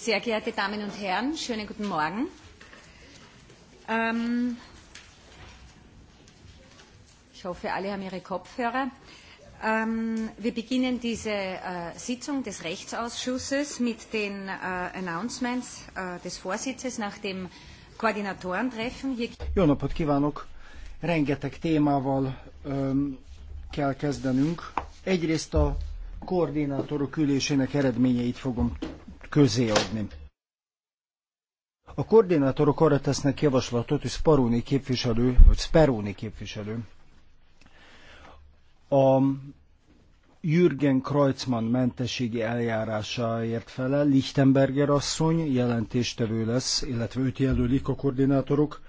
Sehr geehrte Damen und Herren, schönen guten Morgen. Ähm, ich hoffe, alle haben ihre Kopfhörer. Ähm, wir beginnen diese äh, Sitzung des Rechtsausschusses mit den äh, Announcements äh, des Vorsitzes nach dem Koordinatorentreffen. Jó napot kívánok! Rengeteg témával öm, ähm, kell kezdenünk. Egyrészt a koordinátorok ülésének eredményeit fogom közéadni. A koordinátorok arra tesznek javaslatot, hogy Sparoni képviselő, vagy Speroni képviselő, a Jürgen Kreutzmann mentességi eljárásáért fele, Lichtenberger asszony jelentéstevő lesz, illetve őt jelölik a koordinátorok.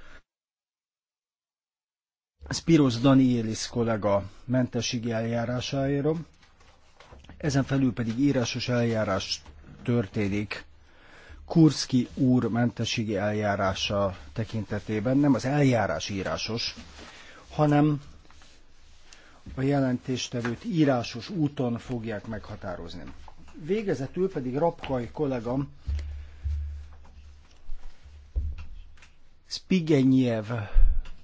Spiros Danielis kollega mentességi eljárásáért, ezen felül pedig írásos eljárást történik Kurszki úr mentességi eljárása tekintetében. Nem az eljárás írásos, hanem a jelentéstevőt írásos úton fogják meghatározni. Végezetül pedig Rapkai kollega Spigenyev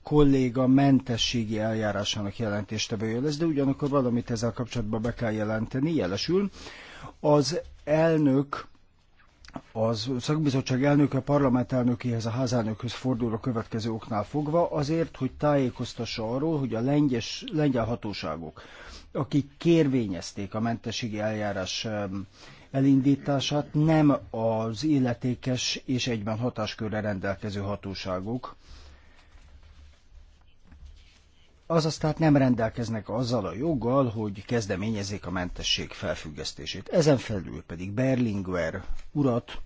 kolléga mentességi eljárásának jelentéstevője lesz, de ugyanakkor valamit ezzel kapcsolatban be kell jelenteni, jelesül, az elnök az szakbizottság elnöke a parlament elnökéhez, a házelnökhöz fordul a következő oknál fogva, azért, hogy tájékoztassa arról, hogy a lengyes, lengyel hatóságok, akik kérvényezték a mentességi eljárás elindítását, nem az illetékes és egyben hatáskörre rendelkező hatóságok, azaz tehát nem rendelkeznek azzal a joggal, hogy kezdeményezzék a mentesség felfüggesztését. Ezen felül pedig Berlinguer urat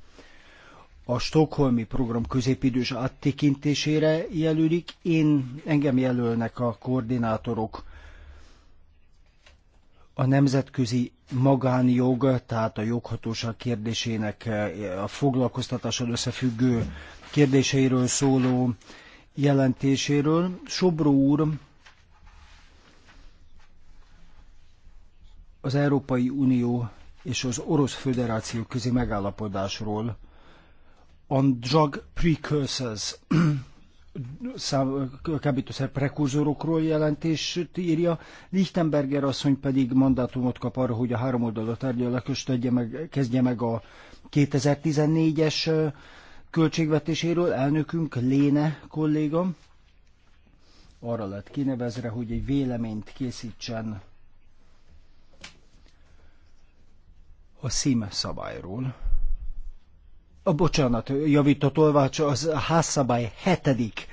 a Stockholmi program középidős áttekintésére jelölik. Én engem jelölnek a koordinátorok a nemzetközi magánjog, tehát a joghatóság kérdésének a foglalkoztatással összefüggő kérdéseiről szóló jelentéséről. Sobró úr az Európai Unió és az Orosz Föderáció közi megállapodásról, on drug precursors, kábítószer prekurzorokról jelentést írja, Lichtenberger asszony pedig mandátumot kap arra, hogy a három oldalra tárgyalakos meg, kezdje meg a 2014-es költségvetéséről, elnökünk Léne kolléga arra lett kinevezve, hogy egy véleményt készítsen a SIM szabályról. A bocsánat, javít a tolvács, az a házszabály hetedik,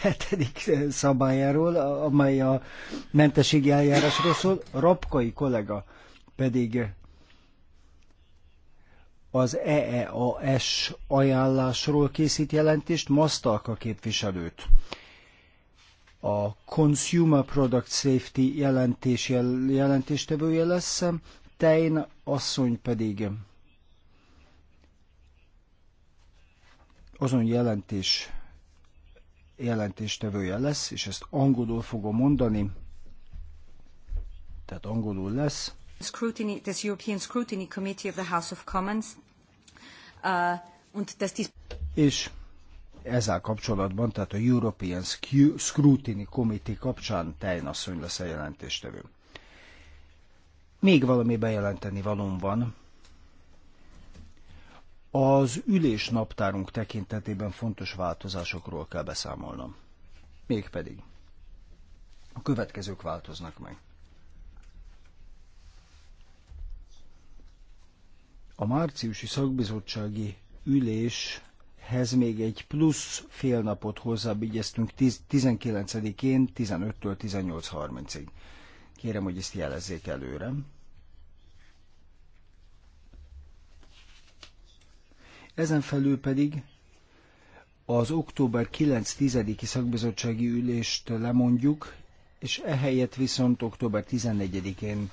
hetedik szabályáról, amely a mentességi eljárásról szól. Rapkai kollega pedig az EEAS ajánlásról készít jelentést, Masztalka képviselőt. A Consumer Product Safety jelentés jel, jelentéstevője lesz, Stein asszony pedig azon jelentés jelentéstevője lesz, és ezt angolul fogom mondani, tehát angolul lesz. Scrutiny, this European Scrutiny Committee of the House of Commons, uh, und das dies... És ezzel kapcsolatban, tehát a European Scrutiny Committee kapcsán Tejnasszony lesz a jelentéstevő. Még valami bejelenteni valóm van. Az ülés naptárunk tekintetében fontos változásokról kell beszámolnom. Mégpedig a következők változnak meg. A márciusi szakbizottsági üléshez még egy plusz fél napot hozzábígyeztünk 19-én 15-től 18.30-ig. Kérem, hogy ezt jelezzék előre. Ezen felül pedig az október 9-10-i szakbizottsági ülést lemondjuk, és ehelyett viszont október 14-én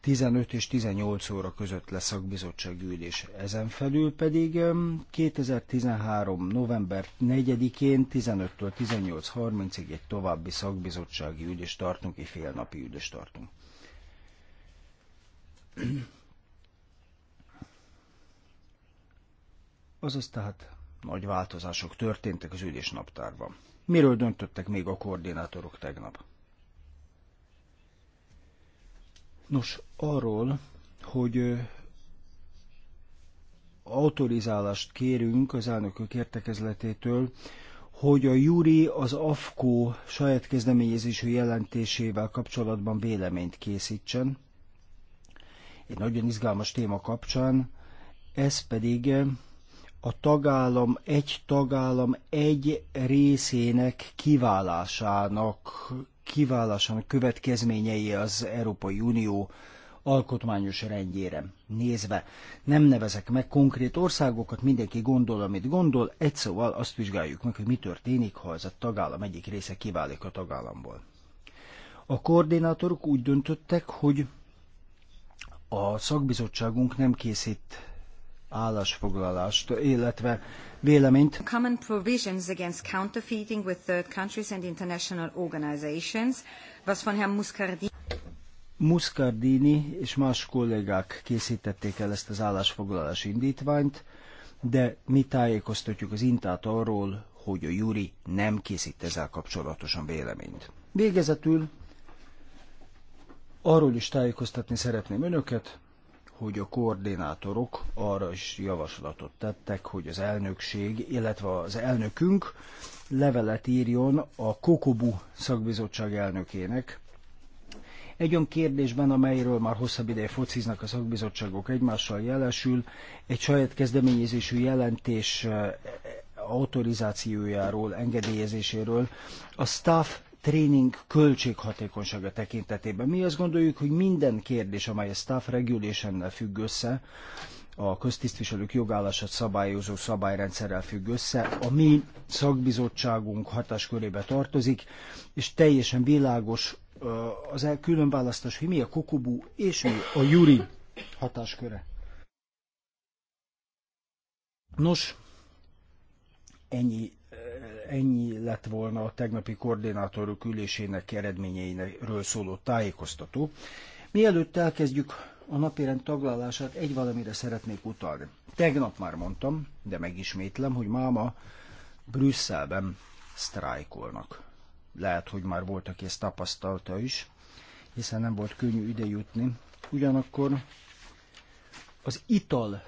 15 és 18 óra között lesz szakbizottsági ülés. Ezen felül pedig 2013. november 4-én 15-től 18.30-ig egy további szakbizottsági ülés tartunk, egy félnapi ülés tartunk. Azaz tehát nagy változások történtek az ülés naptárban. Miről döntöttek még a koordinátorok tegnap? Nos, arról, hogy autorizálást kérünk az elnökök értekezletétől, hogy a Júri az AFKO saját kezdeményezésű jelentésével kapcsolatban véleményt készítsen. Egy nagyon izgalmas téma kapcsán, ez pedig a tagállam, egy tagállam egy részének kiválásának kiválásának következményei az Európai Unió alkotmányos rendjére nézve. Nem nevezek meg konkrét országokat, mindenki gondol, amit gondol, egy szóval azt vizsgáljuk meg, hogy mi történik, ha ez a tagállam egyik része kiválik a tagállamból. A koordinátorok úgy döntöttek, hogy a szakbizottságunk nem készít állásfoglalást, illetve véleményt. Common provisions against counterfeiting with third countries and international organizations, was von Herrn Muscardini. Muscardini és más kollégák készítették el ezt az állásfoglalás indítványt, de mi tájékoztatjuk az intát arról, hogy a Juri nem készít ezzel kapcsolatosan véleményt. Végezetül arról is tájékoztatni szeretném önöket, hogy a koordinátorok arra is javaslatot tettek, hogy az elnökség, illetve az elnökünk levelet írjon a Kokobu szakbizottság elnökének, egy olyan kérdésben, amelyről már hosszabb ideje fociznak a szakbizottságok egymással jelesül, egy saját kezdeményezésű jelentés eh, autorizációjáról, engedélyezéséről, a staff tréning költséghatékonysága tekintetében. Mi azt gondoljuk, hogy minden kérdés, amely a staff regulation függ össze, a köztisztviselők jogállását szabályozó szabályrendszerrel függ össze, a mi szakbizottságunk hatáskörébe tartozik, és teljesen világos az elkülönválasztás, hogy mi a kokobú és mi a juri hatásköre. Nos, ennyi ennyi lett volna a tegnapi koordinátorok ülésének eredményeiről szóló tájékoztató. Mielőtt elkezdjük a napirend taglalását, egy valamire szeretnék utalni. Tegnap már mondtam, de megismétlem, hogy máma Brüsszelben sztrájkolnak. Lehet, hogy már volt, aki ezt tapasztalta is, hiszen nem volt könnyű ide jutni. Ugyanakkor az ital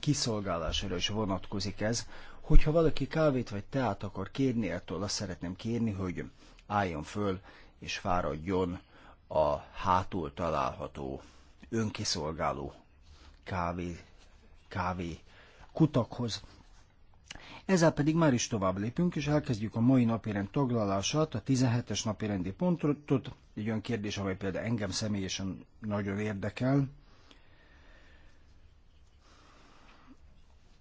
kiszolgálására is vonatkozik ez. Hogyha valaki kávét vagy teát akar kérni, ettől azt szeretném kérni, hogy álljon föl és fáradjon a hátul található önkiszolgáló kávé, kávé kutakhoz. Ezzel pedig már is tovább lépünk, és elkezdjük a mai napirend taglalását, a 17-es napirendi pontot, egy olyan kérdés, amely például engem személyesen nagyon érdekel,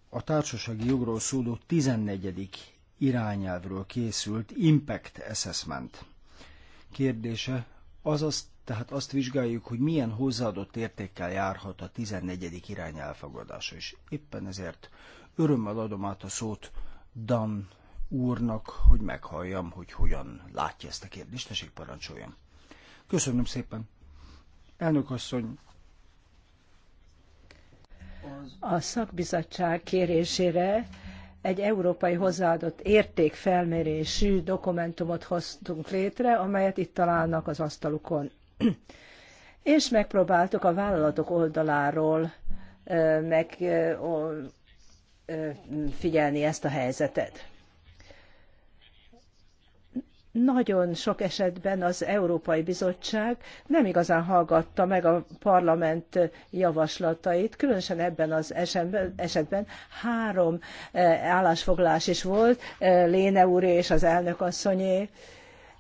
a társasági jogról szóló 14. irányelvről készült Impact Assessment kérdése, azaz tehát azt vizsgáljuk, hogy milyen hozzáadott értékkel járhat a 14. irány elfogadása. És éppen ezért örömmel adom át a szót Dan úrnak, hogy meghalljam, hogy hogyan látja ezt a kérdést. Tessék, parancsoljam. Köszönöm szépen. Elnök asszony, a szakbizottság kérésére egy európai hozzáadott értékfelmérésű dokumentumot hoztunk létre, amelyet itt találnak az asztalukon. És megpróbáltuk a vállalatok oldaláról megfigyelni ezt a helyzetet nagyon sok esetben az Európai Bizottság nem igazán hallgatta meg a parlament javaslatait, különösen ebben az esetben három eh, állásfoglalás is volt, eh, Léne úré és az elnök asszonyé,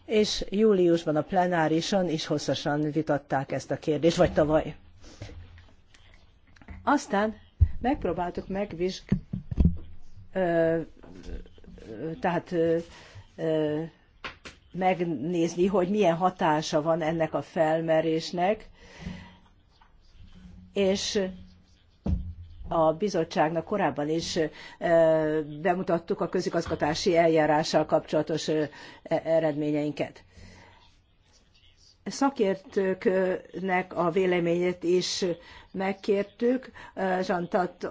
és júliusban a plenárison is hosszasan vitatták ezt a kérdést, vagy tavaly. Aztán megpróbáltuk megvizsgálni, eh, tehát ö, megnézni, hogy milyen hatása van ennek a felmerésnek, és a bizottságnak korábban is bemutattuk a közigazgatási eljárással kapcsolatos e, eredményeinket. Szakértőknek a véleményét is megkértük, Zsantat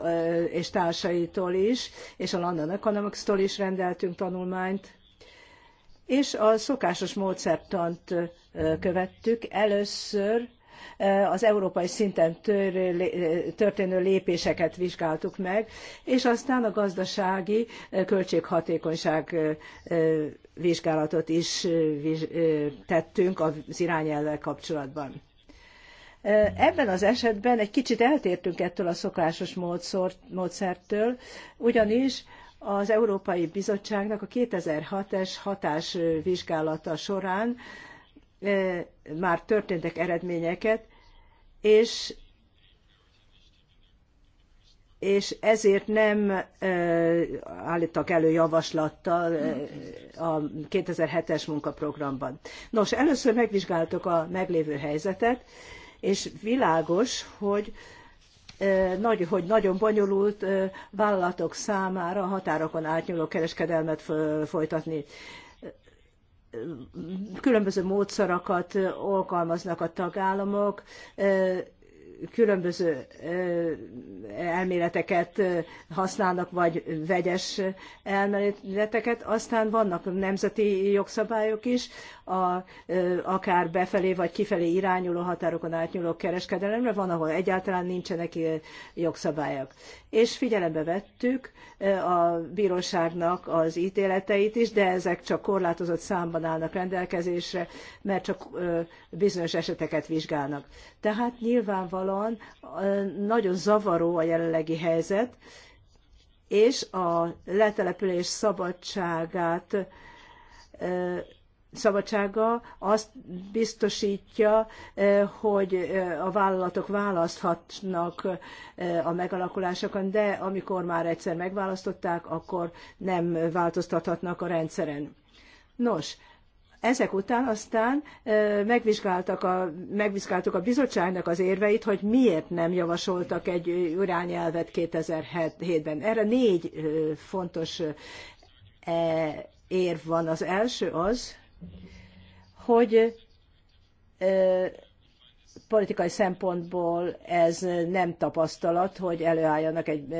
és társaitól is, és a London Economics-tól is rendeltünk tanulmányt, és a szokásos módszertant követtük. Először az európai szinten történő lépéseket vizsgáltuk meg, és aztán a gazdasági költséghatékonyság vizsgálatot is tettünk az irányelvvel kapcsolatban. Ebben az esetben egy kicsit eltértünk ettől a szokásos módszertől, ugyanis az Európai Bizottságnak a 2006-es hatásvizsgálata során e, már történtek eredményeket, és és ezért nem e, állítak elő javaslattal e, a 2007-es munkaprogramban. Nos, először megvizsgáltuk a meglévő helyzetet, és világos, hogy nagy, hogy nagyon bonyolult vállalatok számára határokon átnyúló kereskedelmet folytatni különböző módszereket alkalmaznak a tagállamok, különböző elméleteket használnak, vagy vegyes elméleteket. Aztán vannak nemzeti jogszabályok is, a, akár befelé vagy kifelé irányuló határokon átnyúló kereskedelemre, van, ahol egyáltalán nincsenek jogszabályok. És figyelembe vettük a bíróságnak az ítéleteit is, de ezek csak korlátozott számban állnak rendelkezésre, mert csak bizonyos eseteket vizsgálnak. Tehát nyilvánvalóan nagyon zavaró a jelenlegi helyzet, és a letelepülés szabadságát szabadsága azt biztosítja, eh, hogy eh, a vállalatok választhatnak eh, a megalakulásokon, de amikor már egyszer megválasztották, akkor nem változtathatnak a rendszeren. Nos, ezek után aztán megvizsgáltak a, megvizsgáltuk a bizottságnak az érveit, hogy miért nem javasoltak egy irányelvet 2007-ben. Erre négy fontos érv van. Az első az, hogy politikai szempontból ez nem tapasztalat, hogy előálljanak egy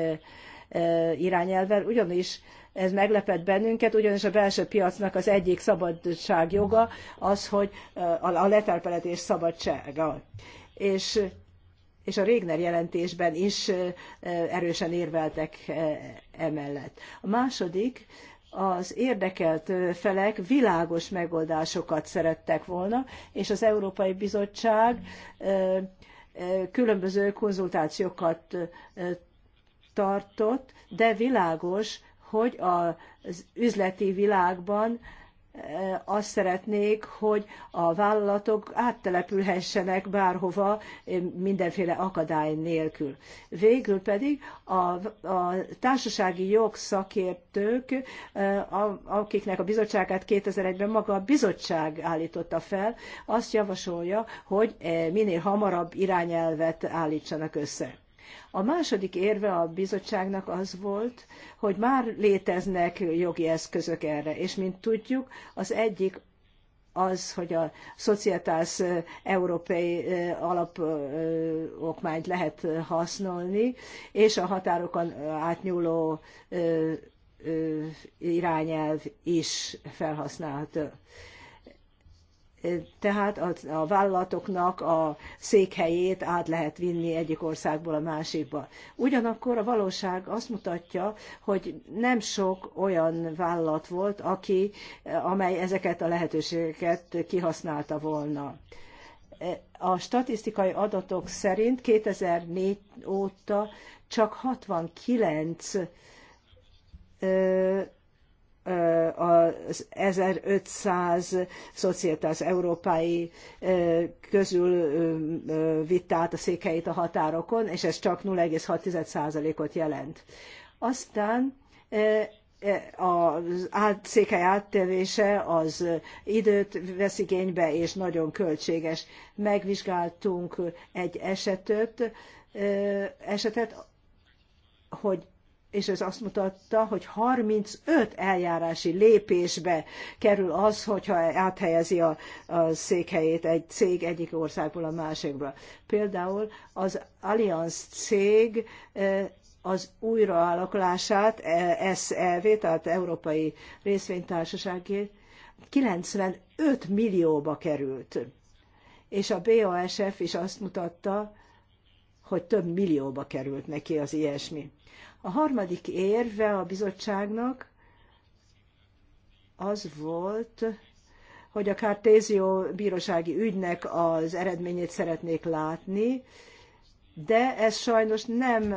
irányelvvel, ugyanis ez meglepett bennünket, ugyanis a belső piacnak az egyik szabadságjoga az, hogy a letelpeledés szabadsága. És, és a Régner jelentésben is erősen érveltek emellett. A második, az érdekelt felek világos megoldásokat szerettek volna, és az Európai Bizottság különböző konzultációkat tartott, de világos, hogy az üzleti világban azt szeretnék, hogy a vállalatok áttelepülhessenek bárhova mindenféle akadály nélkül. Végül pedig a, a társasági jogszakértők, akiknek a bizottságát 2001-ben maga a bizottság állította fel, azt javasolja, hogy minél hamarabb irányelvet állítsanak össze. A második érve a bizottságnak az volt, hogy már léteznek jogi eszközök erre, és mint tudjuk, az egyik az, hogy a Societas Európai Alapokmányt lehet használni, és a határokon átnyúló irányelv is felhasználható tehát a, a vállalatoknak a székhelyét át lehet vinni egyik országból a másikba. Ugyanakkor a valóság azt mutatja, hogy nem sok olyan vállalat volt, aki, amely ezeket a lehetőségeket kihasználta volna. A statisztikai adatok szerint 2004 óta csak 69 ö, az 1500 szociétás európai közül vittát a székeit a határokon, és ez csak 0,6%-ot jelent. Aztán az át, székely áttevése az időt vesz igénybe, és nagyon költséges. Megvizsgáltunk egy esetet, esetet hogy és ez azt mutatta, hogy 35 eljárási lépésbe kerül az, hogyha áthelyezi a, a székhelyét egy cég egyik országból a másikba. Például az Allianz cég e, az újraalakulását, e, SEV, tehát Európai Részvénytársaságét 95 millióba került. És a BASF is azt mutatta, hogy több millióba került neki az ilyesmi. A harmadik érve a bizottságnak az volt, hogy a Kártézió bírósági ügynek az eredményét szeretnék látni, de ez sajnos nem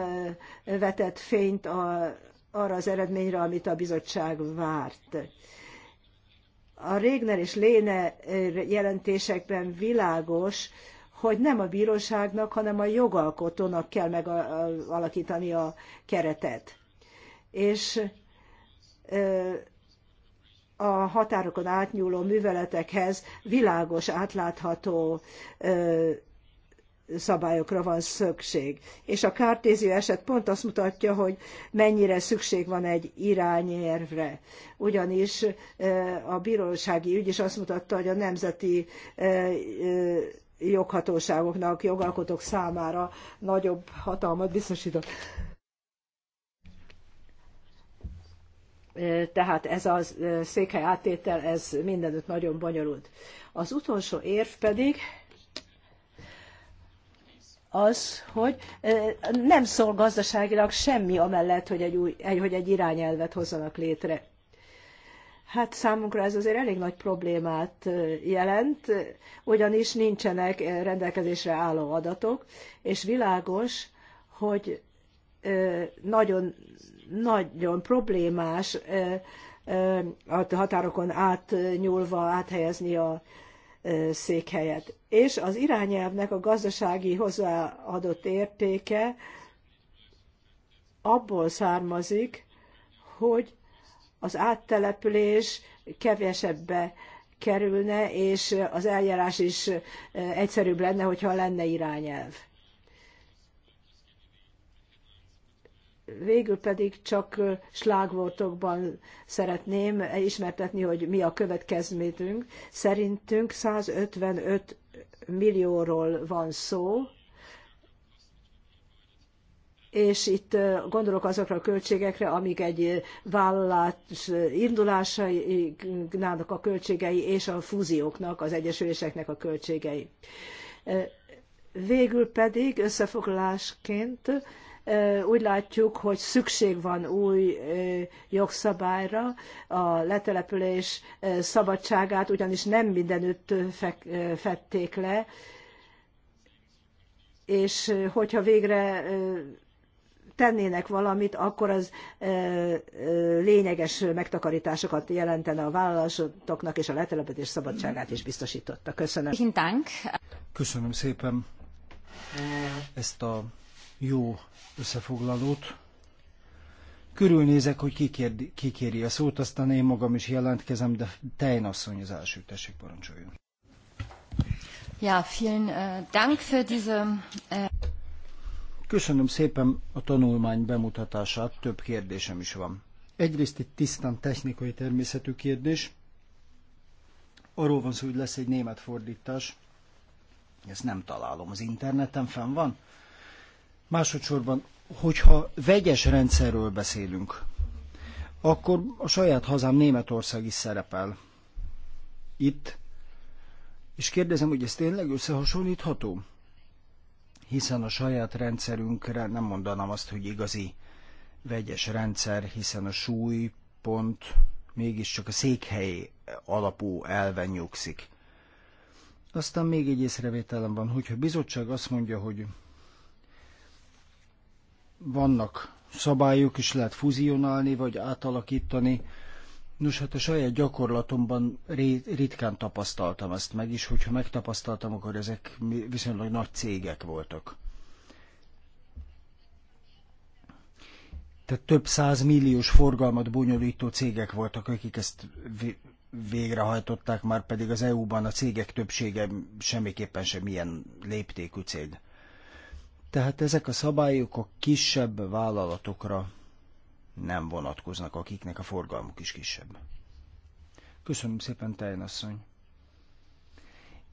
vetett fényt a, arra az eredményre, amit a bizottság várt. A Régner és Léne jelentésekben világos, hogy nem a bíróságnak, hanem a jogalkotónak kell megalakítani a keretet. És a határokon átnyúló műveletekhez világos, átlátható szabályokra van szükség. És a kártézi eset pont azt mutatja, hogy mennyire szükség van egy irányérvre. Ugyanis a bírósági ügy is azt mutatta, hogy a nemzeti joghatóságoknak, jogalkotók számára nagyobb hatalmat biztosított. Tehát ez a székhely áttétel, ez mindenütt nagyon bonyolult. Az utolsó érv pedig, az, hogy nem szól gazdaságilag semmi amellett, hogy egy, új, hogy egy irányelvet hozzanak létre. Hát számunkra ez azért elég nagy problémát jelent, ugyanis nincsenek rendelkezésre álló adatok, és világos, hogy nagyon, nagyon problémás a határokon átnyúlva áthelyezni a székhelyet. És az irányelvnek a gazdasági hozzáadott értéke abból származik, hogy az áttelepülés kevesebbe kerülne, és az eljárás is eh, egyszerűbb lenne, hogyha lenne irányelv. Végül pedig csak eh, slágvortokban szeretném ismertetni, hogy mi a következményünk. Szerintünk 155 millióról van szó, és itt gondolok azokra a költségekre, amik egy vállalás indulásának a költségei és a fúzióknak, az egyesüléseknek a költségei. Végül pedig összefoglalásként úgy látjuk, hogy szükség van új jogszabályra, a letelepülés szabadságát ugyanis nem mindenütt fették le, és hogyha végre tennének valamit, akkor az lényeges megtakarításokat jelentene a vállalatoknak, és a letelepedés szabadságát is biztosította. Köszönöm. Köszönöm szépen ezt a jó összefoglalót. Körülnézek, hogy ki, kéri a szót, aztán én magam is jelentkezem, de Tejnasszony az első, tessék parancsoljon. Ja, vielen Dank für diese... Köszönöm szépen a tanulmány bemutatását, több kérdésem is van. Egyrészt egy tisztán technikai természetű kérdés. Arról van szó, hogy lesz egy német fordítás. Ezt nem találom az interneten, fenn van. Másodszorban, hogyha vegyes rendszerről beszélünk, akkor a saját hazám Németország is szerepel itt. És kérdezem, hogy ez tényleg összehasonlítható? hiszen a saját rendszerünkre nem mondanám azt, hogy igazi vegyes rendszer, hiszen a súlypont mégiscsak a székhelyi alapú elven nyugszik. Aztán még egy észrevételem van, hogyha a bizottság azt mondja, hogy vannak szabályok, és lehet fuzionálni, vagy átalakítani, Nos, hát a saját gyakorlatomban ritkán tapasztaltam ezt meg, is, hogyha megtapasztaltam, akkor ezek viszonylag nagy cégek voltak. Tehát több százmilliós forgalmat bonyolító cégek voltak, akik ezt végrehajtották, már pedig az EU-ban a cégek többsége semmiképpen sem ilyen léptékű cég. Tehát ezek a szabályok a kisebb vállalatokra nem vonatkoznak, akiknek a forgalmuk is kisebb. Köszönöm szépen, Tejnasszony!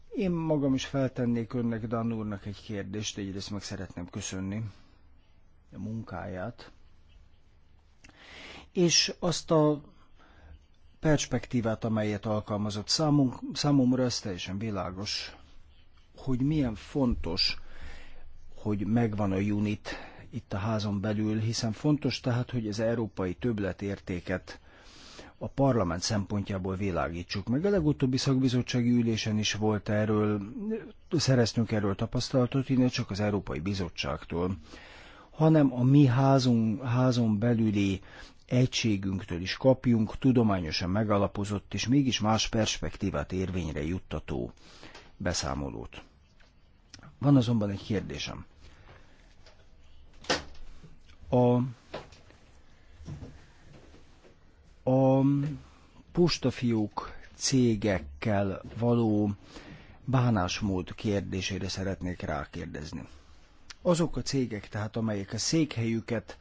Én magam is feltennék önnek, Dan úrnak egy kérdést, egyrészt meg szeretném köszönni a munkáját, és azt a perspektívát, amelyet alkalmazott számunk, számomra, ez teljesen világos, hogy milyen fontos, hogy megvan a unit itt a házon belül, hiszen fontos tehát, hogy az európai többletértéket a parlament szempontjából világítsuk meg. A legutóbbi szakbizottsági ülésen is volt erről, szereztünk erről tapasztalatot, innen csak az Európai Bizottságtól, hanem a mi házunk, házon belüli egységünktől is kapjunk tudományosan megalapozott és mégis más perspektívát érvényre juttató beszámolót. Van azonban egy kérdésem. A, a postafiók cégekkel való bánásmód kérdésére szeretnék rákérdezni. Azok a cégek, tehát amelyek a székhelyüket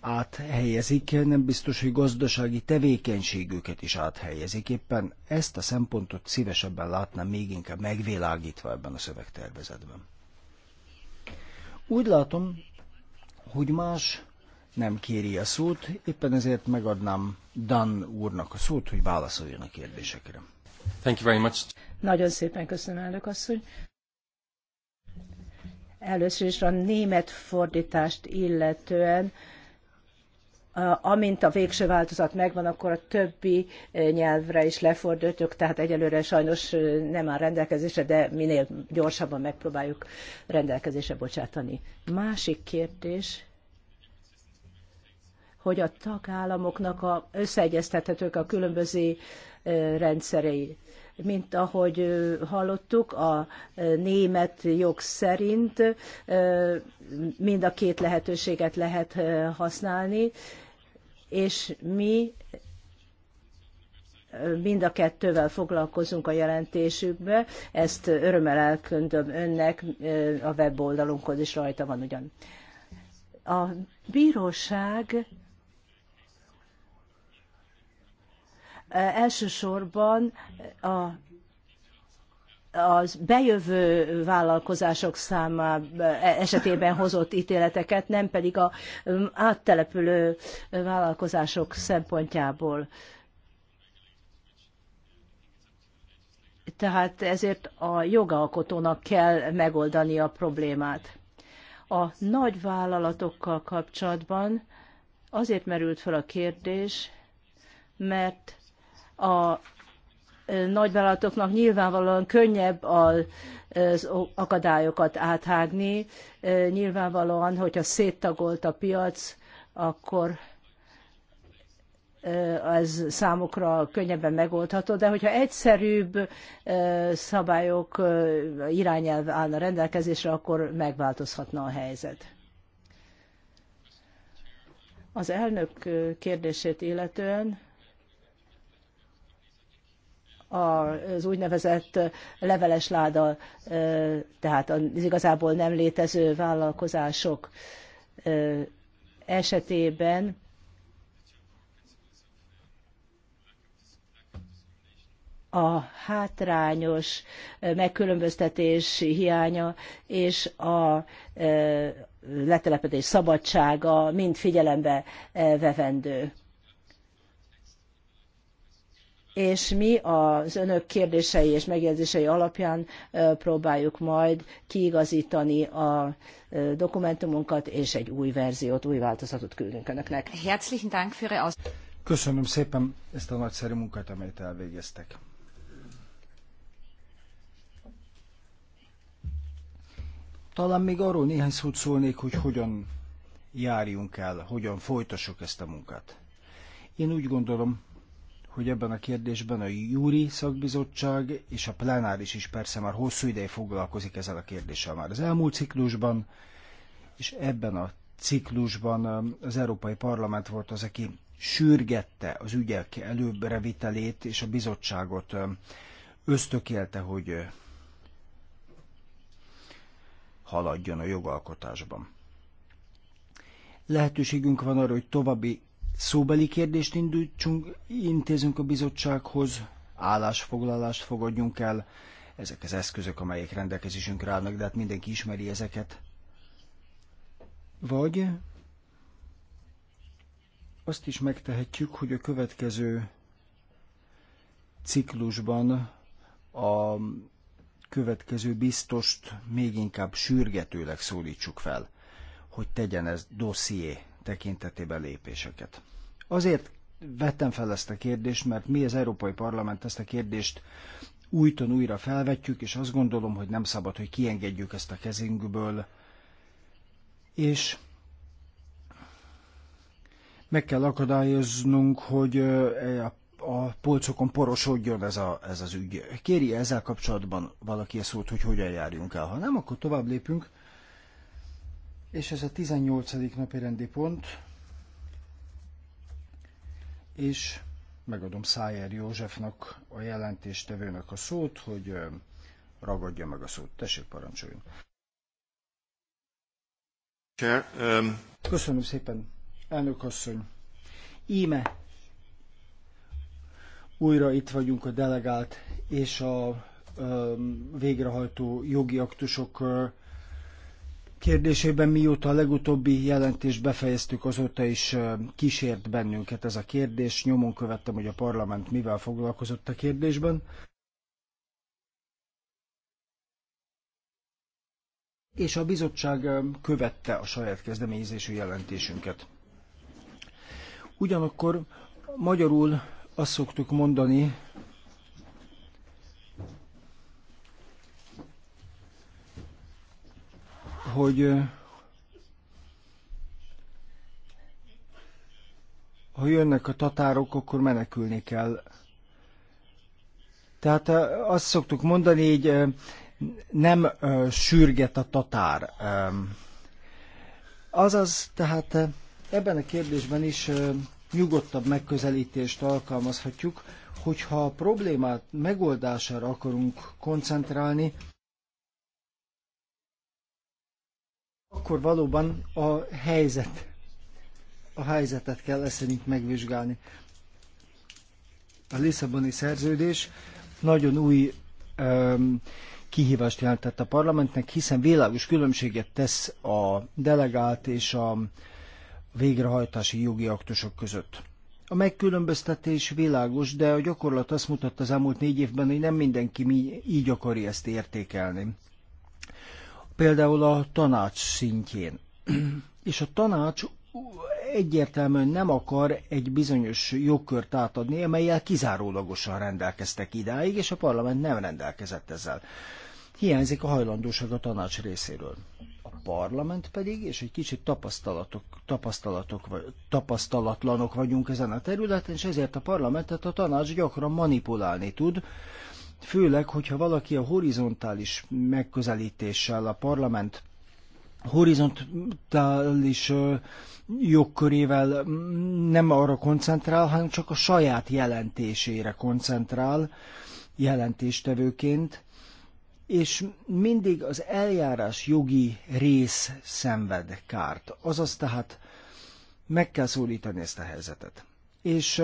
áthelyezik, nem biztos, hogy gazdasági tevékenységüket is áthelyezik. Éppen ezt a szempontot szívesebben látnám még inkább megvilágítva ebben a szövegtervezetben. Úgy látom, hogy más nem kéri a szót, éppen ezért megadnám Dan úrnak a szót, hogy válaszoljon a kérdésekre. Thank you very much. Nagyon szépen köszönöm, elnök asszony. Először is a német fordítást illetően amint a végső változat megvan, akkor a többi eh, nyelvre is lefordítjuk, tehát egyelőre sajnos eh, nem áll rendelkezésre, de minél gyorsabban megpróbáljuk rendelkezésre bocsátani. Másik kérdés, hogy a tagállamoknak a, összeegyeztethetők a különböző eh, rendszerei. Mint ahogy hallottuk, a német jog szerint mind a két lehetőséget lehet használni, és mi mind a kettővel foglalkozunk a jelentésükbe, ezt örömmel elköndöm önnek, a weboldalunkhoz is rajta van ugyan. A bíróság elsősorban a az bejövő vállalkozások száma e, esetében hozott ítéleteket, nem pedig a áttelepülő vállalkozások szempontjából. Tehát ezért a jogalkotónak kell megoldani a problémát. A nagy vállalatokkal kapcsolatban azért merült fel a kérdés, mert a nagyvállalatoknak nyilvánvalóan könnyebb az akadályokat áthágni. Nyilvánvalóan, hogyha széttagolt a piac, akkor ez számukra könnyebben megoldható, de hogyha egyszerűbb szabályok irányelv állna rendelkezésre, akkor megváltozhatna a helyzet. Az elnök kérdését illetően az úgynevezett leveles láda, tehát az igazából nem létező vállalkozások esetében a hátrányos megkülönböztetés hiánya és a letelepedés szabadsága mind figyelembe vevendő és mi az önök kérdései és megjegyzései alapján próbáljuk majd kiigazítani a dokumentumunkat, és egy új verziót, új változatot küldünk önöknek. Herzlichen Dank für Ihre Köszönöm szépen ezt a nagyszerű munkát, amelyet elvégeztek. Talán még arról néhány szót szólnék, hogy hogyan járjunk el, hogyan folytassuk ezt a munkát. Én úgy gondolom, hogy ebben a kérdésben a júri szakbizottság és a plenáris is persze már hosszú ideje foglalkozik ezzel a kérdéssel már az elmúlt ciklusban, és ebben a ciklusban um, az Európai Parlament volt az, aki sürgette az ügyek előbbre vitelét, és a bizottságot um, ösztökélte, hogy uh, haladjon a jogalkotásban. Lehetőségünk van arra, hogy további szóbeli kérdést indítsunk, intézünk a bizottsághoz, állásfoglalást fogadjunk el. Ezek az eszközök, amelyek rendelkezésünkre állnak, de hát mindenki ismeri ezeket. Vagy azt is megtehetjük, hogy a következő ciklusban a következő biztost még inkább sürgetőleg szólítsuk fel, hogy tegyen ez dosszié tekintetében lépéseket. Azért vettem fel ezt a kérdést, mert mi az Európai Parlament ezt a kérdést újton újra felvetjük, és azt gondolom, hogy nem szabad, hogy kiengedjük ezt a kezünkből, és meg kell akadályoznunk, hogy e, a a polcokon porosodjon ez, a, ez az ügy. Kéri ezzel kapcsolatban valaki a szót, hogy hogyan járjunk el. Ha nem, akkor tovább lépünk és ez a 18. napi rendi pont, és megadom Szájer Józsefnak, a jelentéstevőnek a szót, hogy ragadja meg a szót. Tessék, parancsoljon. Um, Köszönöm szépen, elnök asszony. Íme újra itt vagyunk a delegált és a végrehajtó jogi aktusok kérdésében, mióta a legutóbbi jelentést befejeztük, azóta is kísért bennünket ez a kérdés. Nyomon követtem, hogy a parlament mivel foglalkozott a kérdésben. És a bizottság követte a saját kezdeményezésű jelentésünket. Ugyanakkor magyarul azt szoktuk mondani, hogy ha jönnek a tatárok, akkor menekülni kell. Tehát azt szoktuk mondani, így nem sürget a tatár. Azaz, tehát ebben a kérdésben is nyugodtabb megközelítést alkalmazhatjuk, hogyha a problémát megoldására akarunk koncentrálni, akkor valóban a helyzet, a helyzetet kell ezt szerint megvizsgálni. A Lisszaboni szerződés nagyon új um, kihívást jelentett a parlamentnek, hiszen világos különbséget tesz a delegált és a végrehajtási jogi aktusok között. A megkülönböztetés világos, de a gyakorlat azt mutatta az elmúlt négy évben, hogy nem mindenki így akarja ezt értékelni például a tanács szintjén. És a tanács egyértelműen nem akar egy bizonyos jogkört átadni, amelyel kizárólagosan rendelkeztek idáig, és a parlament nem rendelkezett ezzel. Hiányzik a hajlandóság a tanács részéről. A parlament pedig, és egy kicsit tapasztalatok, tapasztalatok, vagy, tapasztalatlanok vagyunk ezen a területen, és ezért a parlamentet a tanács gyakran manipulálni tud, Főleg, hogyha valaki a horizontális megközelítéssel a parlament horizontális jogkörével nem arra koncentrál, hanem csak a saját jelentésére koncentrál jelentéstevőként, és mindig az eljárás jogi rész szenved kárt. Azaz tehát meg kell szólítani ezt a helyzetet. És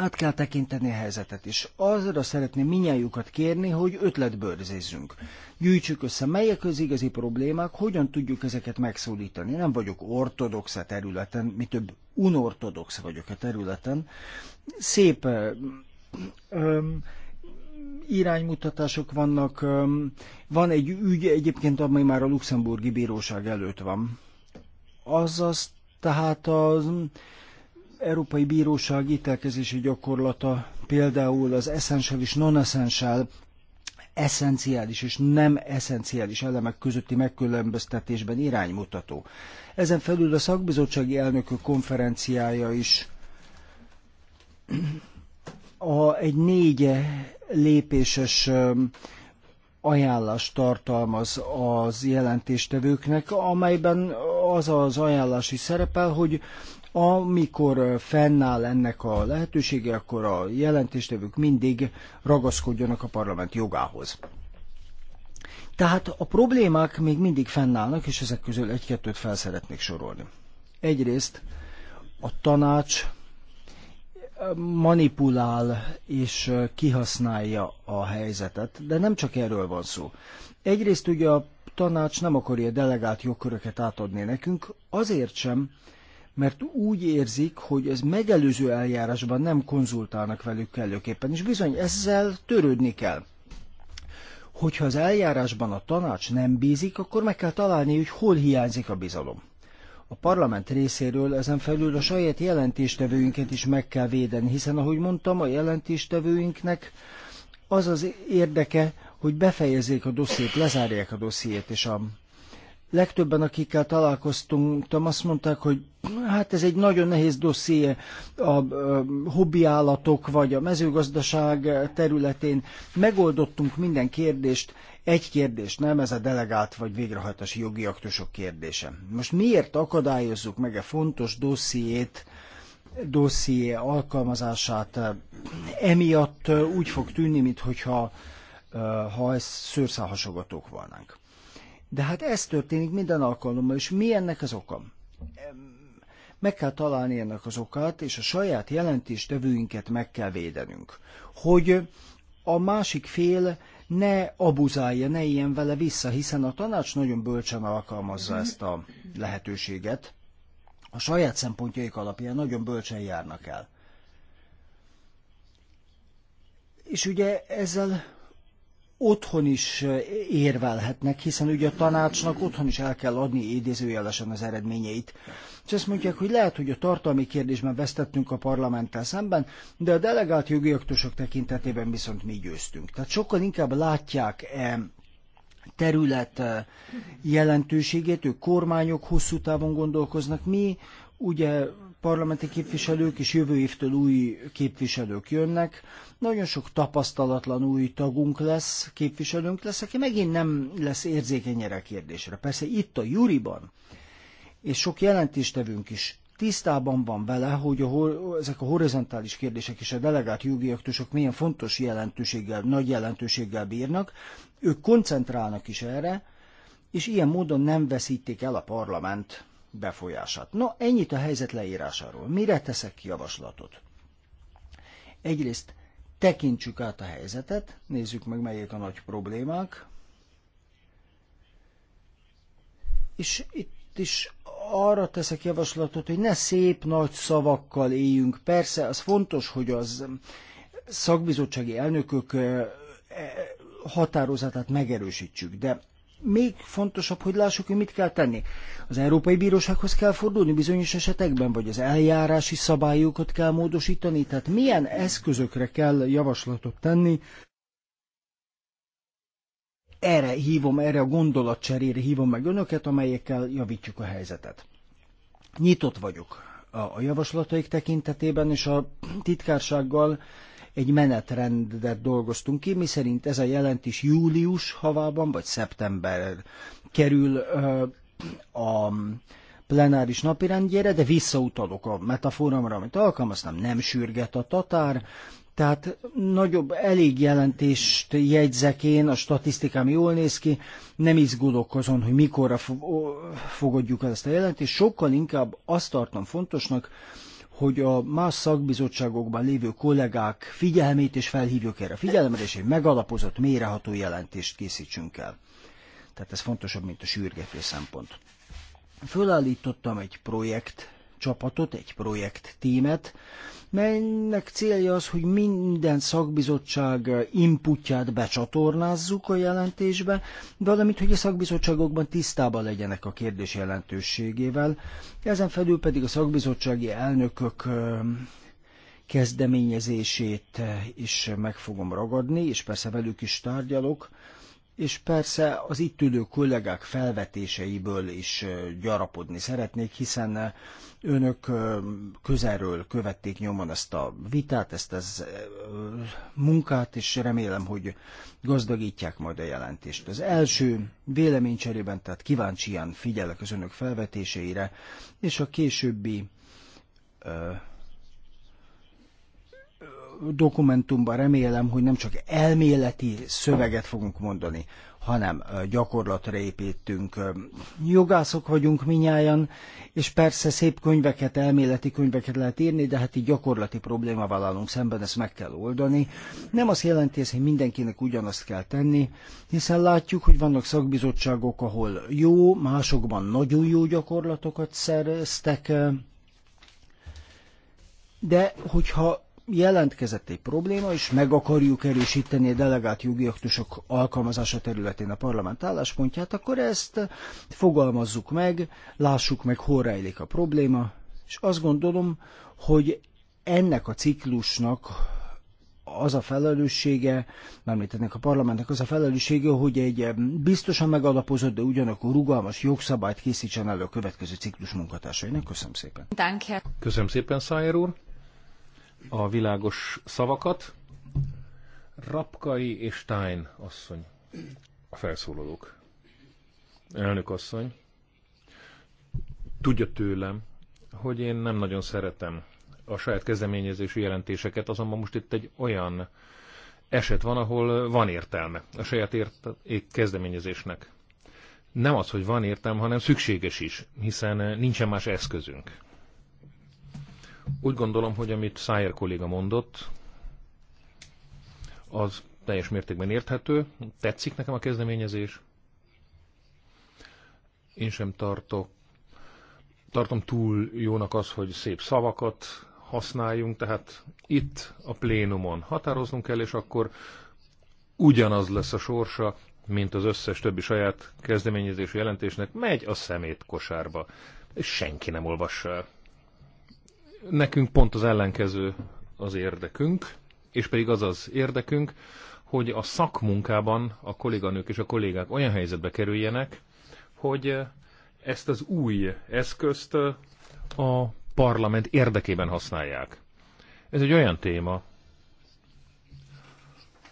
át kell tekinteni a helyzetet, és azra szeretném minnyájukat kérni, hogy ötletbőrzézzünk. Gyűjtsük össze, melyek az igazi problémák, hogyan tudjuk ezeket megszólítani. Nem vagyok ortodox a területen, mi több unortodox vagyok a területen. Szép öm, iránymutatások vannak. Öm, van egy ügy egyébként, ami már a luxemburgi bíróság előtt van. Azaz, tehát az Európai Bíróság ítélkezési gyakorlata például az essential és non-essential eszenciális és nem eszenciális elemek közötti megkülönböztetésben iránymutató. Ezen felül a szakbizottsági elnökök konferenciája is a, egy négy lépéses ajánlást tartalmaz az jelentéstevőknek, amelyben az az ajánlás is szerepel, hogy amikor fennáll ennek a lehetősége, akkor a jelentéstevők mindig ragaszkodjanak a parlament jogához. Tehát a problémák még mindig fennállnak, és ezek közül egy-kettőt fel szeretnék sorolni. Egyrészt a tanács manipulál és kihasználja a helyzetet, de nem csak erről van szó. Egyrészt ugye a tanács nem akarja delegált jogköröket átadni nekünk, azért sem, mert úgy érzik, hogy ez megelőző eljárásban nem konzultálnak velük kellőképpen, és bizony ezzel törődni kell. Hogyha az eljárásban a tanács nem bízik, akkor meg kell találni, hogy hol hiányzik a bizalom. A parlament részéről ezen felül a saját jelentéstevőinket is meg kell védeni, hiszen ahogy mondtam, a jelentéstevőinknek az az érdeke, hogy befejezzék a dossziét, lezárják a dossziét, és a legtöbben, akikkel találkoztunk, azt mondták, hogy hát ez egy nagyon nehéz dosszié a hobbiállatok vagy a mezőgazdaság területén. Megoldottunk minden kérdést, egy kérdés nem, ez a delegált vagy végrehajtási jogi aktusok kérdése. Most miért akadályozzuk meg a fontos dossziét, dosszié alkalmazását? Emiatt úgy fog tűnni, mintha ha szőrszálhasogatók volnánk. De hát ez történik minden alkalommal, és mi ennek az oka? Meg kell találni ennek az okát, és a saját jelentéstevőinket meg kell védenünk. Hogy a másik fél ne abuzálja, ne ilyen vele vissza, hiszen a tanács nagyon bölcsen alkalmazza mhm. ezt a lehetőséget. A saját szempontjaik alapján nagyon bölcsen járnak el. És ugye ezzel otthon is eh, érvelhetnek, hiszen ugye a tanácsnak otthon is el kell adni idézőjelesen az eredményeit. És azt mondják, hogy lehet, hogy a tartalmi kérdésben vesztettünk a parlamenttel szemben, de a delegált jogi aktusok tekintetében viszont mi győztünk. Tehát sokkal inkább látják -e terület eh, jelentőségét, ők kormányok hosszú távon gondolkoznak, mi ugye parlamenti képviselők, és jövő évtől új képviselők jönnek. Nagyon sok tapasztalatlan új tagunk lesz, képviselőnk lesz, aki megint nem lesz érzékeny erre a kérdésre. Persze itt a Juriban, és sok jelentéstevünk is tisztában van vele, hogy a, ezek a horizontális kérdések és a delegált jogi aktusok milyen fontos jelentőséggel, nagy jelentőséggel bírnak. Ők koncentrálnak is erre, és ilyen módon nem veszítik el a parlament befolyását. Na, ennyit a helyzet leírásáról. Mire teszek javaslatot? Egyrészt tekintsük át a helyzetet, nézzük meg, melyek a nagy problémák, és itt is arra teszek javaslatot, hogy ne szép nagy szavakkal éljünk. Persze, az fontos, hogy az szakbizottsági elnökök eh, eh, határozatát megerősítsük, de még fontosabb, hogy lássuk, hogy mit kell tenni. Az Európai Bírósághoz kell fordulni bizonyos esetekben, vagy az eljárási szabályokat kell módosítani, tehát milyen eszközökre kell javaslatot tenni, erre hívom, erre a gondolatcserére hívom meg önöket, amelyekkel javítjuk a helyzetet. Nyitott vagyok a javaslataik tekintetében, és a titkársággal egy menetrendet dolgoztunk ki, miszerint ez a jelentés július havában, vagy szeptember kerül a plenáris napirendjére, de visszautalok a metaforamra, amit alkalmaztam, nem sürget a tatár, tehát nagyobb, elég jelentést jegyzek én, a statisztikám jól néz ki, nem izgulok azon, hogy mikorra fogadjuk el ezt a jelentést, sokkal inkább azt tartom fontosnak, hogy a más szakbizottságokban lévő kollégák figyelmét és felhívjuk erre a figyelemre, és egy megalapozott, mélyreható jelentést készítsünk el. Tehát ez fontosabb, mint a sürgető szempont. Fölállítottam egy projekt csapatot, egy projekt tímet, melynek célja az, hogy minden szakbizottság inputját becsatornázzuk a jelentésbe, valamint, hogy a szakbizottságokban tisztában legyenek a kérdés jelentőségével. Ezen felül pedig a szakbizottsági elnökök kezdeményezését is meg fogom ragadni, és persze velük is tárgyalok, és persze az itt ülő kollégák felvetéseiből is gyarapodni szeretnék, hiszen önök közelről követték nyomon ezt a vitát, ezt az munkát, és remélem, hogy gazdagítják majd a jelentést. Az első véleménycserében, tehát kíváncsian figyelek az önök felvetéseire, és a későbbi dokumentumban remélem, hogy nem csak elméleti szöveget fogunk mondani, hanem gyakorlatra építünk. Jogászok vagyunk minnyáján, és persze szép könyveket, elméleti könyveket lehet írni, de hát így gyakorlati problémával állunk szemben, ezt meg kell oldani. Nem azt jelenti hogy mindenkinek ugyanazt kell tenni, hiszen látjuk, hogy vannak szakbizottságok, ahol jó, másokban nagyon jó gyakorlatokat szereztek, de hogyha jelentkezett egy probléma, és meg akarjuk erősíteni a delegált jogi aktusok alkalmazása területén a parlament álláspontját, akkor ezt fogalmazzuk meg, lássuk meg, hol rejlik a probléma, és azt gondolom, hogy ennek a ciklusnak az a felelőssége, mármint ennek a parlamentnek az a felelőssége, hogy egy biztosan megalapozott, de ugyanakkor rugalmas jogszabályt készítsen elő a következő ciklus munkatársainak. Köszönöm szépen. Danke. Köszönöm szépen, Szájer úr a világos szavakat. Rapkai és Stein asszony, a felszólalók. Elnök asszony, tudja tőlem, hogy én nem nagyon szeretem a saját kezdeményezési jelentéseket, azonban most itt egy olyan eset van, ahol van értelme a saját ért- kezdeményezésnek. Nem az, hogy van értelme, hanem szükséges is, hiszen nincsen más eszközünk. Úgy gondolom, hogy amit Szájer kolléga mondott, az teljes mértékben érthető. Tetszik nekem a kezdeményezés. Én sem tartok, tartom túl jónak az, hogy szép szavakat használjunk, tehát itt a plénumon határoznunk kell, és akkor ugyanaz lesz a sorsa, mint az összes többi saját kezdeményezésű jelentésnek, megy a szemét kosárba, és senki nem olvassa el. Nekünk pont az ellenkező az érdekünk, és pedig az az érdekünk, hogy a szakmunkában a kolléganők és a kollégák olyan helyzetbe kerüljenek, hogy ezt az új eszközt a parlament érdekében használják. Ez egy olyan téma,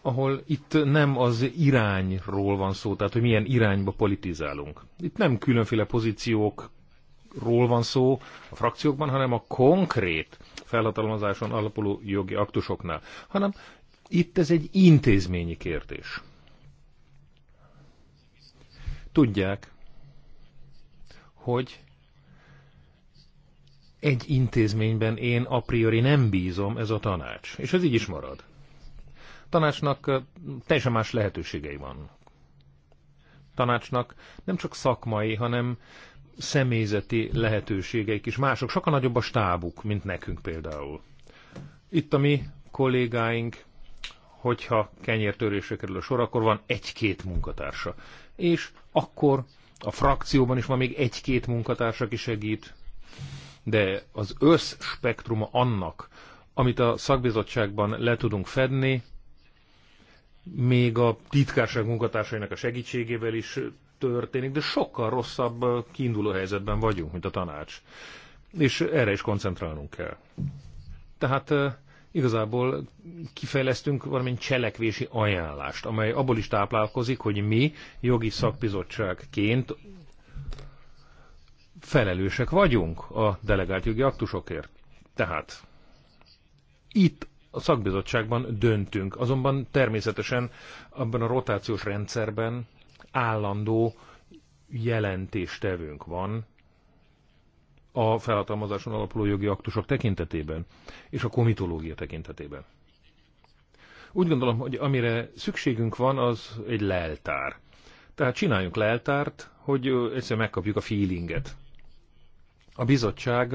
ahol itt nem az irányról van szó, tehát hogy milyen irányba politizálunk. Itt nem különféle pozíciók ról van szó a frakciókban, hanem a konkrét felhatalmazáson alapuló jogi aktusoknál, hanem itt ez egy intézményi kérdés. Tudják, hogy egy intézményben én a priori nem bízom, ez a tanács. És ez így is marad. Tanácsnak teljesen más lehetőségei van. Tanácsnak nem csak szakmai, hanem személyzeti lehetőségeik is mások, sokkal nagyobb a stábuk, mint nekünk például. Itt a mi kollégáink, hogyha kenyértörésre kerül a sor, akkor van egy-két munkatársa. És akkor a frakcióban is van még egy-két munkatársa, aki segít, de az össz spektruma annak, amit a szakbizottságban le tudunk fedni, még a titkárság munkatársainak a segítségével is történik, de sokkal rosszabb kiinduló helyzetben vagyunk, mint a tanács. És erre is koncentrálnunk kell. Tehát igazából kifejlesztünk valamint cselekvési ajánlást, amely abból is táplálkozik, hogy mi jogi szakbizottságként felelősek vagyunk a delegált jogi aktusokért. Tehát itt a szakbizottságban döntünk, azonban természetesen abban a rotációs rendszerben állandó jelentéstevőnk van a felhatalmazáson alapuló jogi aktusok tekintetében és a komitológia tekintetében. Úgy gondolom, hogy amire szükségünk van, az egy leltár. Tehát csináljunk leltárt, hogy egyszerűen megkapjuk a feelinget. A bizottság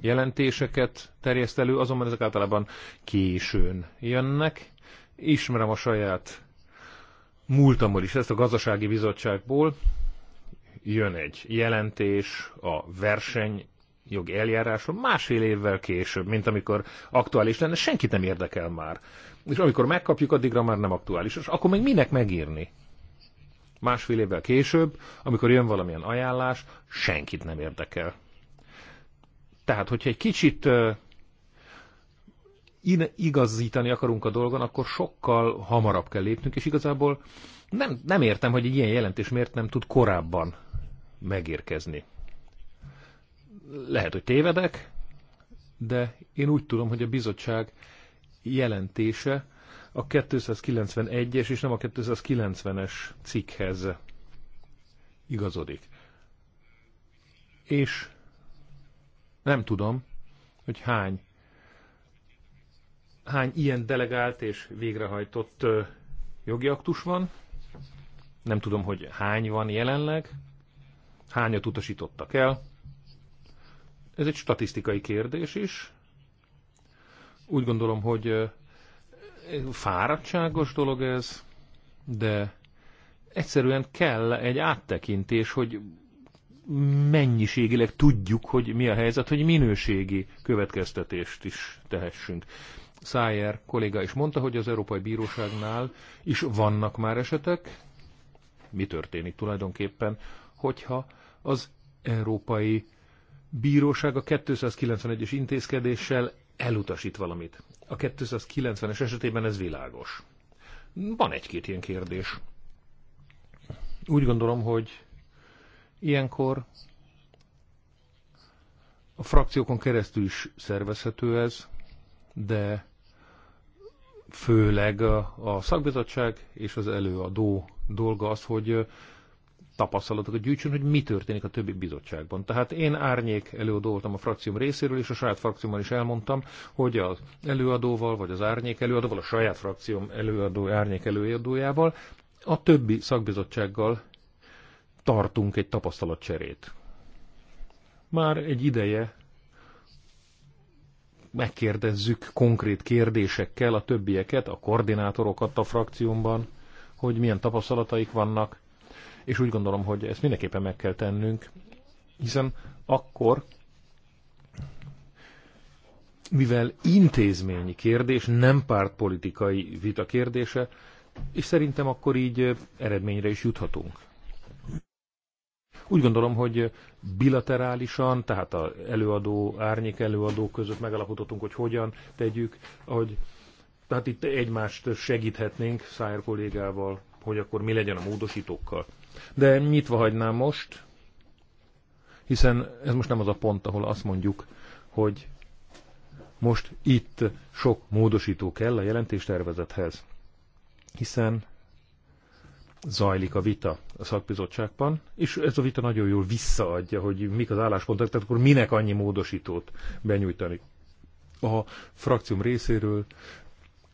jelentéseket terjeszt elő, azonban ezek általában későn jönnek. Ismerem a saját múltamból is, ezt a gazdasági bizottságból jön egy jelentés a verseny jog eljárásról másfél évvel később, mint amikor aktuális lenne, senkit nem érdekel már. És amikor megkapjuk, addigra már nem aktuális. És akkor még minek megírni? Másfél évvel később, amikor jön valamilyen ajánlás, senkit nem érdekel. Tehát, hogyha egy kicsit igazítani akarunk a dolgon, akkor sokkal hamarabb kell lépnünk, és igazából nem, nem értem, hogy egy ilyen jelentés miért nem tud korábban megérkezni. Lehet, hogy tévedek, de én úgy tudom, hogy a bizottság jelentése a 291-es és nem a 290-es cikkhez igazodik. És nem tudom, hogy hány hány ilyen delegált és végrehajtott jogi aktus van. Nem tudom, hogy hány van jelenleg, hányat utasítottak el. Ez egy statisztikai kérdés is. Úgy gondolom, hogy fáradtságos dolog ez, de egyszerűen kell egy áttekintés, hogy mennyiségileg tudjuk, hogy mi a helyzet, hogy minőségi következtetést is tehessünk. Szájer kolléga is mondta, hogy az Európai Bíróságnál is vannak már esetek. Mi történik tulajdonképpen, hogyha az Európai Bíróság a 291-es intézkedéssel elutasít valamit? A 290-es esetében ez világos. Van egy-két ilyen kérdés. Úgy gondolom, hogy ilyenkor a frakciókon keresztül is szervezhető ez, de főleg a szakbizottság és az előadó dolga az, hogy tapasztalatokat gyűjtsön, hogy mi történik a többi bizottságban. Tehát én árnyék előadó voltam a frakcióm részéről, és a saját frakciómmal is elmondtam, hogy az előadóval, vagy az árnyék előadóval, a saját frakcióm előadó, árnyék előadójával, a többi szakbizottsággal tartunk egy tapasztalatcserét. Már egy ideje megkérdezzük konkrét kérdésekkel a többieket, a koordinátorokat a frakciómban, hogy milyen tapasztalataik vannak, és úgy gondolom, hogy ezt mindenképpen meg kell tennünk, hiszen akkor, mivel intézményi kérdés, nem pártpolitikai vita kérdése, és szerintem akkor így eredményre is juthatunk. Úgy gondolom, hogy bilaterálisan, tehát a előadó, árnyék előadó között megalapítottunk, hogy hogyan tegyük, ahogy tehát itt egymást segíthetnénk Szájer kollégával, hogy akkor mi legyen a módosítókkal. De nyitva hagynám most, hiszen ez most nem az a pont, ahol azt mondjuk, hogy most itt sok módosító kell a jelentéstervezethez. Hiszen zajlik a vita a szakbizottságban, és ez a vita nagyon jól visszaadja, hogy mik az álláspontok, tehát akkor minek annyi módosítót benyújtani. A frakcióm részéről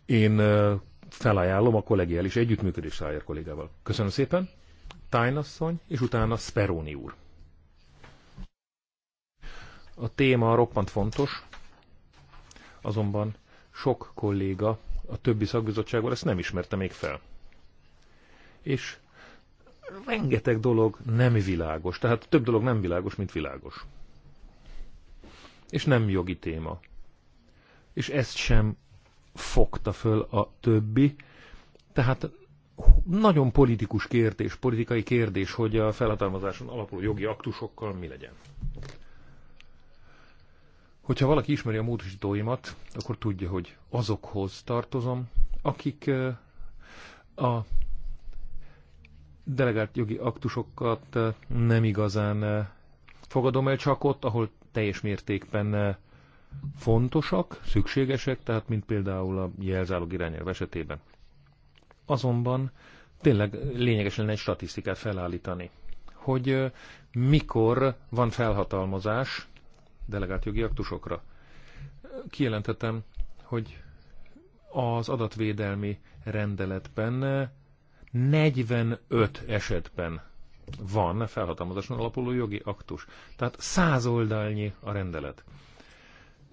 én felajánlom a kollegiális együttműködés Szájer kollégával. Köszönöm szépen, Tájnasszony, és utána Speroni úr. A téma roppant fontos, azonban sok kolléga a többi szakbizottságból ezt nem ismerte még fel és rengeteg dolog nem világos. Tehát több dolog nem világos, mint világos. És nem jogi téma. És ezt sem fogta föl a többi. Tehát nagyon politikus kérdés, politikai kérdés, hogy a felhatalmazáson alapuló jogi aktusokkal mi legyen. Hogyha valaki ismeri a módosítóimat, akkor tudja, hogy azokhoz tartozom, akik a delegált jogi aktusokat eh, nem igazán eh, fogadom el, csak ott, ahol teljes mértékben eh, fontosak, szükségesek, tehát mint például a jelzálog irányelv esetében. Azonban tényleg lényeges lenne egy statisztikát felállítani, hogy mikor van felhatalmazás delegált jogi aktusokra. Kijelentetem, hogy az adatvédelmi rendeletben 45 esetben van felhatalmazáson alapuló jogi aktus. Tehát száz oldalnyi a rendelet.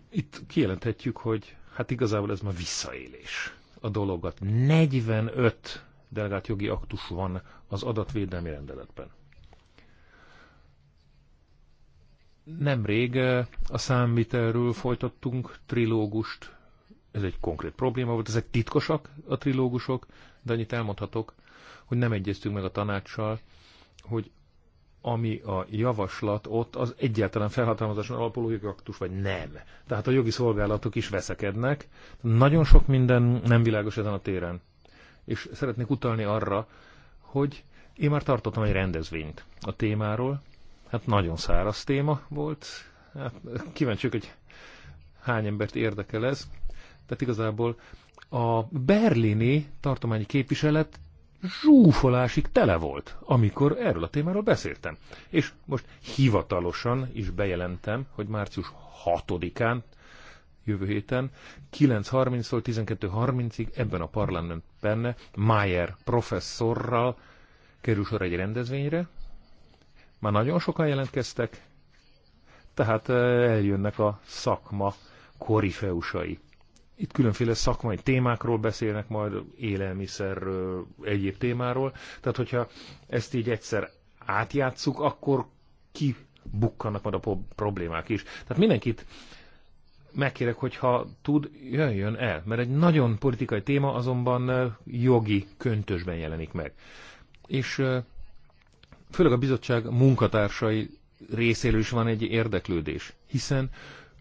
Itt kijelenthetjük, hogy hát igazából ez ma visszaélés a dologat. 45 delegált jogi aktus van az adatvédelmi rendeletben. Nemrég eh, a számviterről folytattunk trilógust, ez egy konkrét probléma volt, ezek titkosak a trilógusok, de annyit elmondhatok, hogy nem egyeztünk meg a tanácssal, hogy ami a javaslat ott, az egyáltalán felhatalmazáson alapuló aktus, vagy nem. Tehát a jogi szolgálatok is veszekednek. Nagyon sok minden nem világos ezen a téren. És szeretnék utalni arra, hogy én már tartottam egy rendezvényt a témáról. Hát nagyon száraz téma volt. Hát kíváncsiak, hogy hány embert érdekel ez. Tehát igazából a berlini tartományi képviselet zsúfolásig tele volt, amikor erről a témáról beszéltem. És most hivatalosan is bejelentem, hogy március 6-án, jövő héten, 9.30-tól 12.30-ig ebben a parlamentben Mayer professzorral kerül sor egy rendezvényre. Már nagyon sokan jelentkeztek, tehát eh, eljönnek a szakma korifeusai. Itt különféle szakmai témákról beszélnek majd, élelmiszerről, egyéb témáról. Tehát, hogyha ezt így egyszer átjátszuk, akkor ki bukkannak majd a problémák is. Tehát mindenkit megkérek, hogyha tud, jöjjön el, mert egy nagyon politikai téma azonban jogi köntösben jelenik meg. És főleg a bizottság munkatársai részéről is van egy érdeklődés, hiszen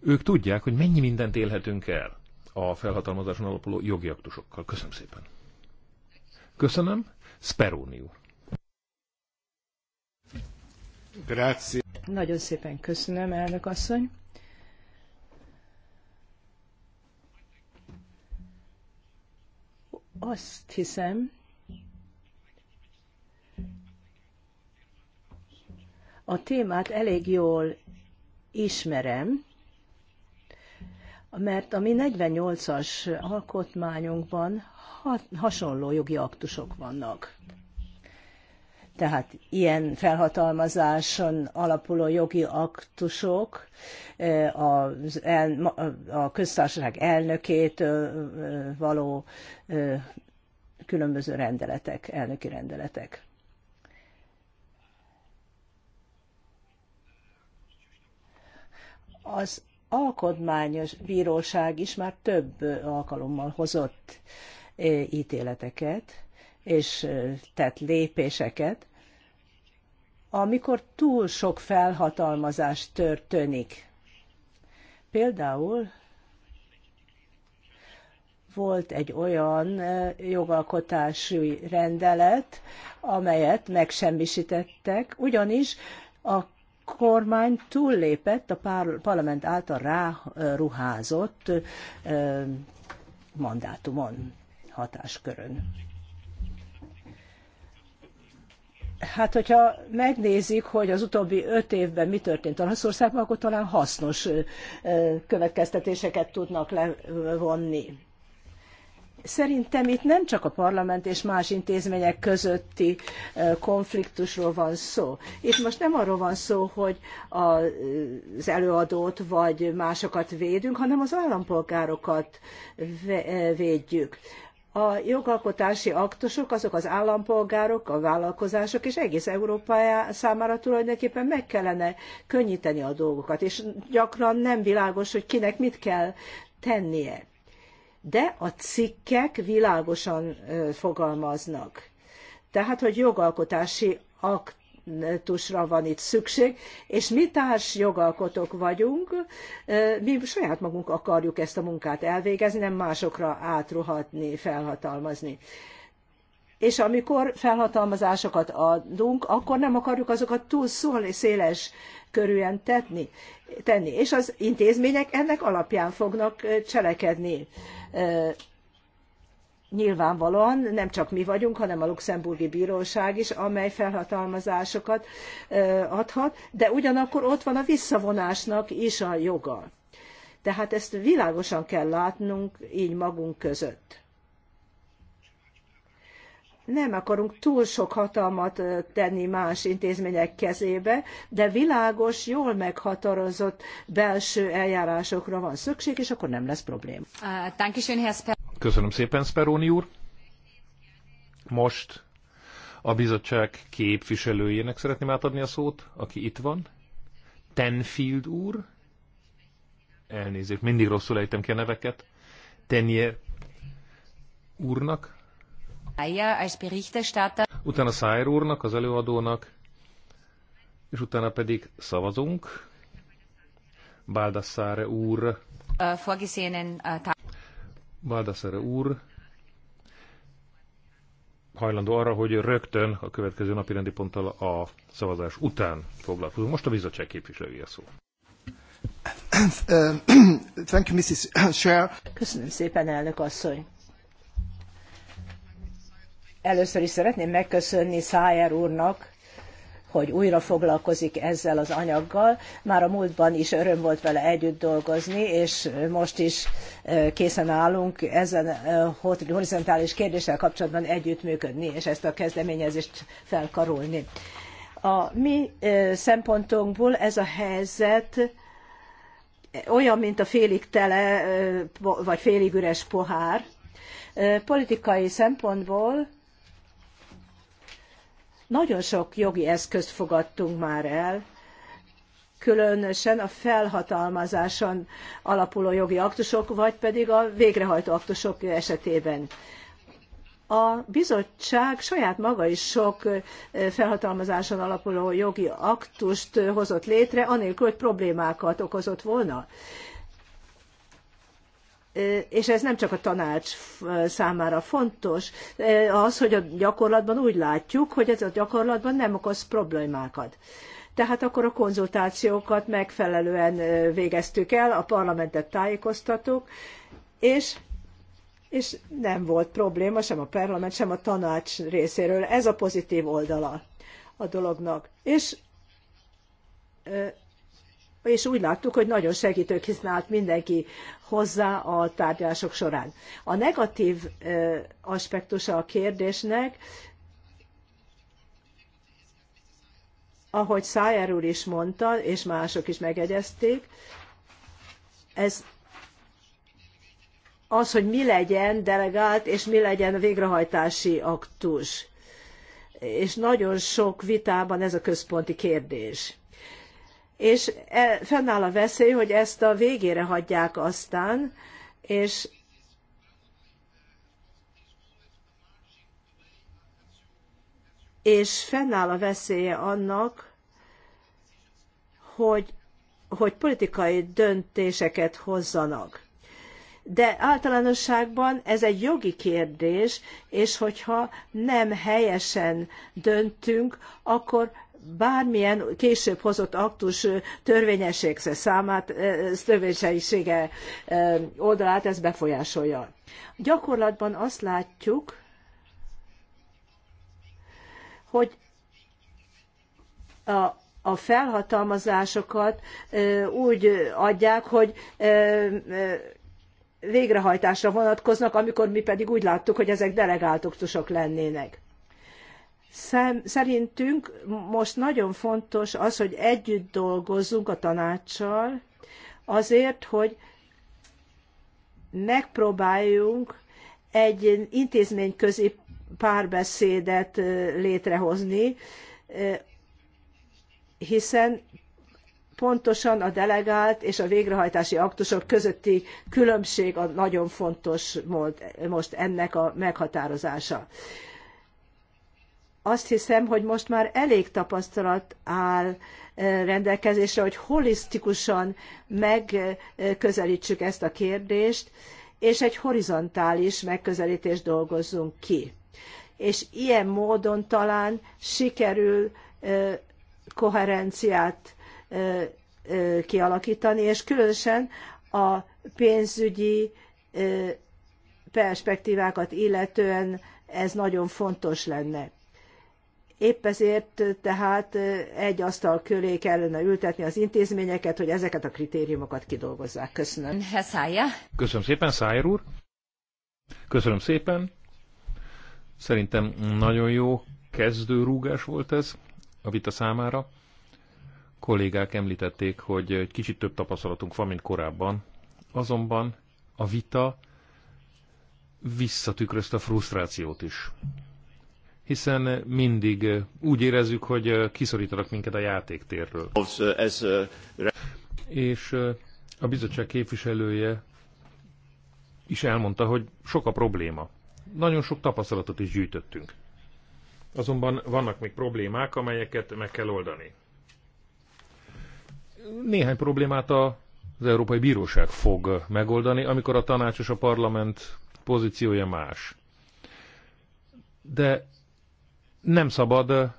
ők tudják, hogy mennyi mindent élhetünk el a felhatalmazáson alapuló jogi aktusokkal. Köszönöm szépen. Köszönöm. Speróni úr. Grazie. Nagyon szépen köszönöm, elnök asszony. Azt hiszem, a témát elég jól ismerem, mert a mi 48-as alkotmányunkban hasonló jogi aktusok vannak. Tehát ilyen felhatalmazáson alapuló jogi aktusok eh, az el, a köztársaság elnökét eh, való eh, különböző rendeletek, elnöki rendeletek. Az alkotmányos bíróság is már több alkalommal hozott eh, ítéleteket, és eh, tett lépéseket, amikor túl sok felhatalmazás történik. Például volt egy olyan eh, jogalkotási rendelet, amelyet megsemmisítettek, ugyanis a kormány túllépett a parlament által ráruházott mandátumon, hatáskörön. Hát, hogyha megnézik, hogy az utóbbi öt évben mi történt Olaszországban, akkor talán hasznos következtetéseket tudnak levonni. Szerintem itt nem csak a parlament és más intézmények közötti konfliktusról van szó. Itt most nem arról van szó, hogy az előadót vagy másokat védünk, hanem az állampolgárokat védjük. A jogalkotási aktusok azok az állampolgárok, a vállalkozások és egész Európája számára tulajdonképpen meg kellene könnyíteni a dolgokat, és gyakran nem világos, hogy kinek mit kell tennie de a cikkek világosan fogalmaznak. Tehát, hogy jogalkotási aktusra van itt szükség, és mi társ jogalkotók vagyunk, mi saját magunk akarjuk ezt a munkát elvégezni, nem másokra átruhatni, felhatalmazni és amikor felhatalmazásokat adunk, akkor nem akarjuk azokat túl széles körűen tetni, tenni. És az intézmények ennek alapján fognak cselekedni. Nyilvánvalóan nem csak mi vagyunk, hanem a luxemburgi bíróság is, amely felhatalmazásokat adhat, de ugyanakkor ott van a visszavonásnak is a joga. Tehát ezt világosan kell látnunk így magunk között nem akarunk túl sok hatalmat tenni más intézmények kezébe, de világos, jól meghatározott belső eljárásokra van szükség, és akkor nem lesz probléma. Köszönöm szépen, Speroni úr. Most a bizottság képviselőjének szeretném átadni a szót, aki itt van. Tenfield úr. Elnézést, mindig rosszul ejtem ki a neveket. Tenyer úrnak Utána Szájer úrnak, az előadónak, és utána pedig szavazunk. Baldassare úr. Baldassare úr hajlandó arra, hogy rögtön a következő napi rendi ponttal a szavazás után foglalkozunk. Most a bizottság képviselője szó. Thank you, Mrs. Chair. Köszönöm szépen, elnök asszony. Először is szeretném megköszönni Szájer úrnak, hogy újra foglalkozik ezzel az anyaggal. Már a múltban is öröm volt vele együtt dolgozni, és most is készen állunk ezen horizontális kérdéssel kapcsolatban együttműködni, és ezt a kezdeményezést felkarolni. A mi szempontunkból ez a helyzet olyan, mint a félig tele vagy félig üres pohár. Politikai szempontból nagyon sok jogi eszközt fogadtunk már el, különösen a felhatalmazáson alapuló jogi aktusok, vagy pedig a végrehajtó aktusok esetében. A bizottság saját maga is sok felhatalmazáson alapuló jogi aktust hozott létre, anélkül, hogy problémákat okozott volna és ez nem csak a tanács számára fontos, az, hogy a gyakorlatban úgy látjuk, hogy ez a gyakorlatban nem okoz problémákat. Tehát akkor a konzultációkat megfelelően végeztük el, a parlamentet tájékoztatók, és és nem volt probléma sem a parlament, sem a tanács részéről. Ez a pozitív oldala a dolognak. És és úgy láttuk, hogy nagyon segítőkészen állt mindenki hozzá a tárgyalások során. A negatív aspektusa a kérdésnek, ahogy Szájer úr is mondta, és mások is megegyezték, ez az, hogy mi legyen delegált, és mi legyen végrehajtási aktus. És nagyon sok vitában ez a központi kérdés és e, fennáll a veszély, hogy ezt a végére hagyják aztán, és és fennáll a veszélye annak, hogy, hogy politikai döntéseket hozzanak. De általánosságban ez egy jogi kérdés, és hogyha nem helyesen döntünk, akkor bármilyen később hozott aktus törvényességse számát, törvényessége oldalát ez befolyásolja. Gyakorlatban azt látjuk, hogy a, a felhatalmazásokat úgy adják, hogy végrehajtásra vonatkoznak, amikor mi pedig úgy láttuk, hogy ezek delegált oktusok lennének. Szerintünk most nagyon fontos az, hogy együtt dolgozzunk a tanácssal, azért, hogy megpróbáljunk egy intézményközi párbeszédet létrehozni, hiszen pontosan a delegált és a végrehajtási aktusok közötti különbség a nagyon fontos most ennek a meghatározása azt hiszem, hogy most már elég tapasztalat áll eh, rendelkezésre, hogy holisztikusan megközelítsük ezt a kérdést, és egy horizontális megközelítést dolgozzunk ki. És ilyen módon talán sikerül eh, koherenciát eh, kialakítani, és különösen a pénzügyi perspektívákat illetően ez nagyon fontos lenne. Épp ezért tehát egy asztal köré kellene ültetni az intézményeket, hogy ezeket a kritériumokat kidolgozzák. Köszönöm. Szája. Köszönöm szépen, Szájer úr. Köszönöm szépen. Szerintem nagyon jó kezdőrúgás volt ez a vita számára. Kollégák említették, hogy egy kicsit több tapasztalatunk van, mint korábban. Azonban a vita visszatükrözte a frusztrációt is hiszen mindig eh, úgy érezzük, hogy eh, kiszorítanak minket a játéktérről. És eh, a bizottság képviselője is elmondta, hogy sok a probléma. Nagyon sok tapasztalatot is gyűjtöttünk. Azonban vannak még problémák, amelyeket meg kell oldani. Néhány problémát az Európai Bíróság fog megoldani, amikor a tanács és a parlament pozíciója más. De nem szabad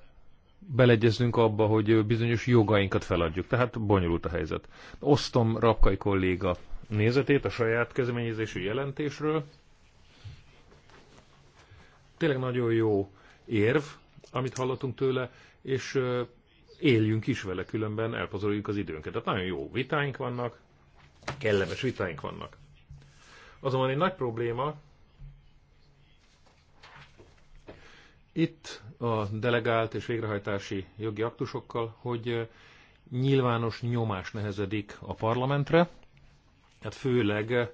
beleegyeznünk abba, hogy bizonyos jogainkat feladjuk. Tehát bonyolult a helyzet. Osztom Rapkai kolléga nézetét a saját kezdeményezésű jelentésről. Tényleg nagyon jó érv, amit hallottunk tőle, és éljünk is vele, különben elpazaroljuk az időnket. Tehát nagyon jó vitáink vannak, kellemes vitáink vannak. Azonban egy nagy probléma itt a delegált és végrehajtási jogi aktusokkal, hogy nyilvános nyomás nehezedik a parlamentre, hát főleg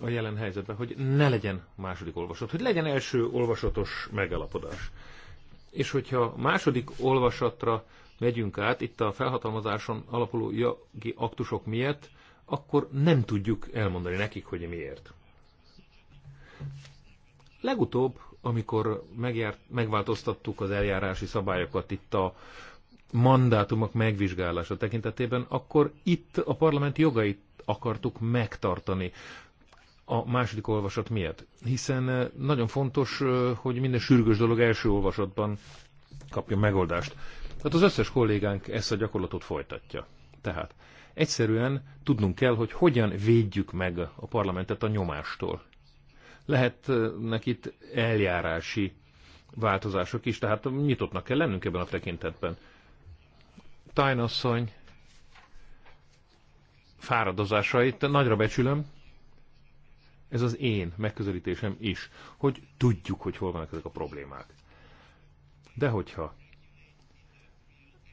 a jelen helyzetben, hogy ne legyen második olvasat, hogy legyen első olvasatos megalapodás. És hogyha második olvasatra megyünk át, itt a felhatalmazáson alapuló jogi aktusok miatt, akkor nem tudjuk elmondani nekik, hogy miért. Legutóbb amikor megjárt, megváltoztattuk az eljárási szabályokat itt a mandátumok megvizsgálása tekintetében, akkor itt a parlament jogait akartuk megtartani a második olvasat miatt. Hiszen eh, nagyon fontos, eh, hogy minden sürgős dolog első olvasatban kapjon megoldást. Tehát az összes kollégánk ezt a gyakorlatot folytatja. Tehát egyszerűen tudnunk kell, hogy hogyan védjük meg a parlamentet a nyomástól lehetnek itt eljárási változások is, tehát nyitottnak kell lennünk ebben a tekintetben. Tájnasszony fáradozásait nagyra becsülöm, ez az én megközelítésem is, hogy tudjuk, hogy hol vannak ezek a problémák. De hogyha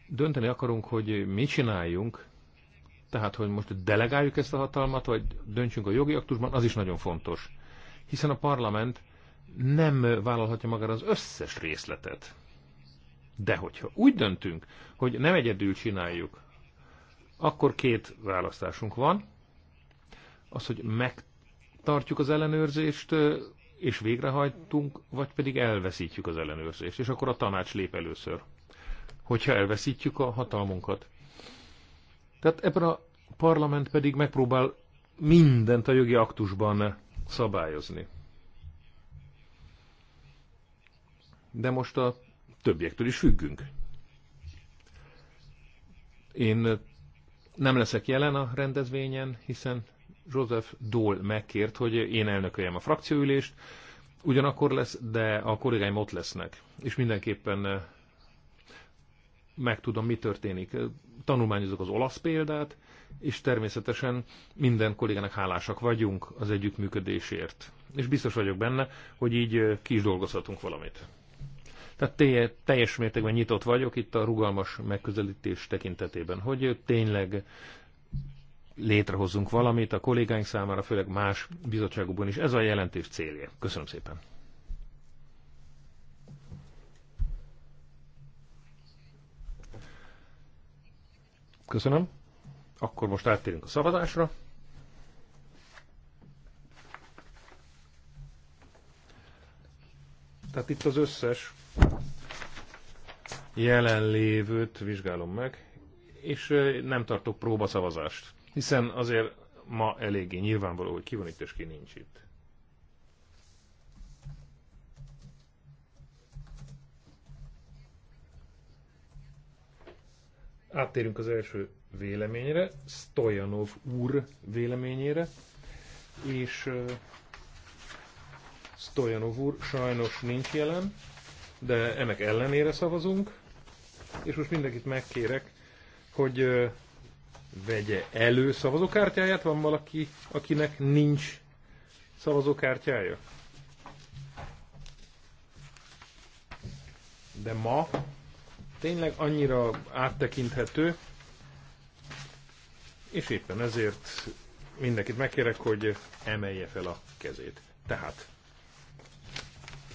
dönteni akarunk, hogy mit csináljunk, tehát, hogy most delegáljuk ezt a hatalmat, vagy döntsünk a jogi aktusban, az is nagyon fontos hiszen a parlament nem vállalhatja magára az összes részletet. De hogyha úgy döntünk, hogy nem egyedül csináljuk, akkor két választásunk van. Az, hogy megtartjuk az ellenőrzést, és végrehajtunk, vagy pedig elveszítjük az ellenőrzést, és akkor a tanács lép először, hogyha elveszítjük a hatalmunkat. Tehát ebben a parlament pedig megpróbál mindent a jogi aktusban szabályozni. De most a többiektől is függünk. Én nem leszek jelen a rendezvényen, hiszen Joseph Dole megkért, hogy én elnököljem a frakcióülést, ugyanakkor lesz, de a kollégáim ott lesznek, és mindenképpen eh, megtudom, mi történik. Tanulmányozok az olasz példát, és természetesen minden kollégának hálásak vagyunk az együttműködésért. És biztos vagyok benne, hogy így ki is dolgozhatunk valamit. Tehát teljes mértékben nyitott vagyok itt a rugalmas megközelítés tekintetében, hogy tényleg létrehozzunk valamit a kollégáink számára, főleg más bizottságokban is. Ez a jelentés célja. Köszönöm szépen. Köszönöm. Akkor most áttérünk a szavazásra. Tehát itt az összes jelenlévőt vizsgálom meg, és nem tartok próbaszavazást, hiszen azért ma eléggé nyilvánvaló, hogy ki van itt és ki nincs itt. Áttérünk az első véleményre, Stojanov úr véleményére, és Stojanov úr sajnos nincs jelen, de ennek ellenére szavazunk, és most mindenkit megkérek, hogy vegye elő szavazókártyáját. Van valaki, akinek nincs szavazókártyája? De ma tényleg annyira áttekinthető, és éppen ezért mindenkit megkérek, hogy emelje fel a kezét. Tehát,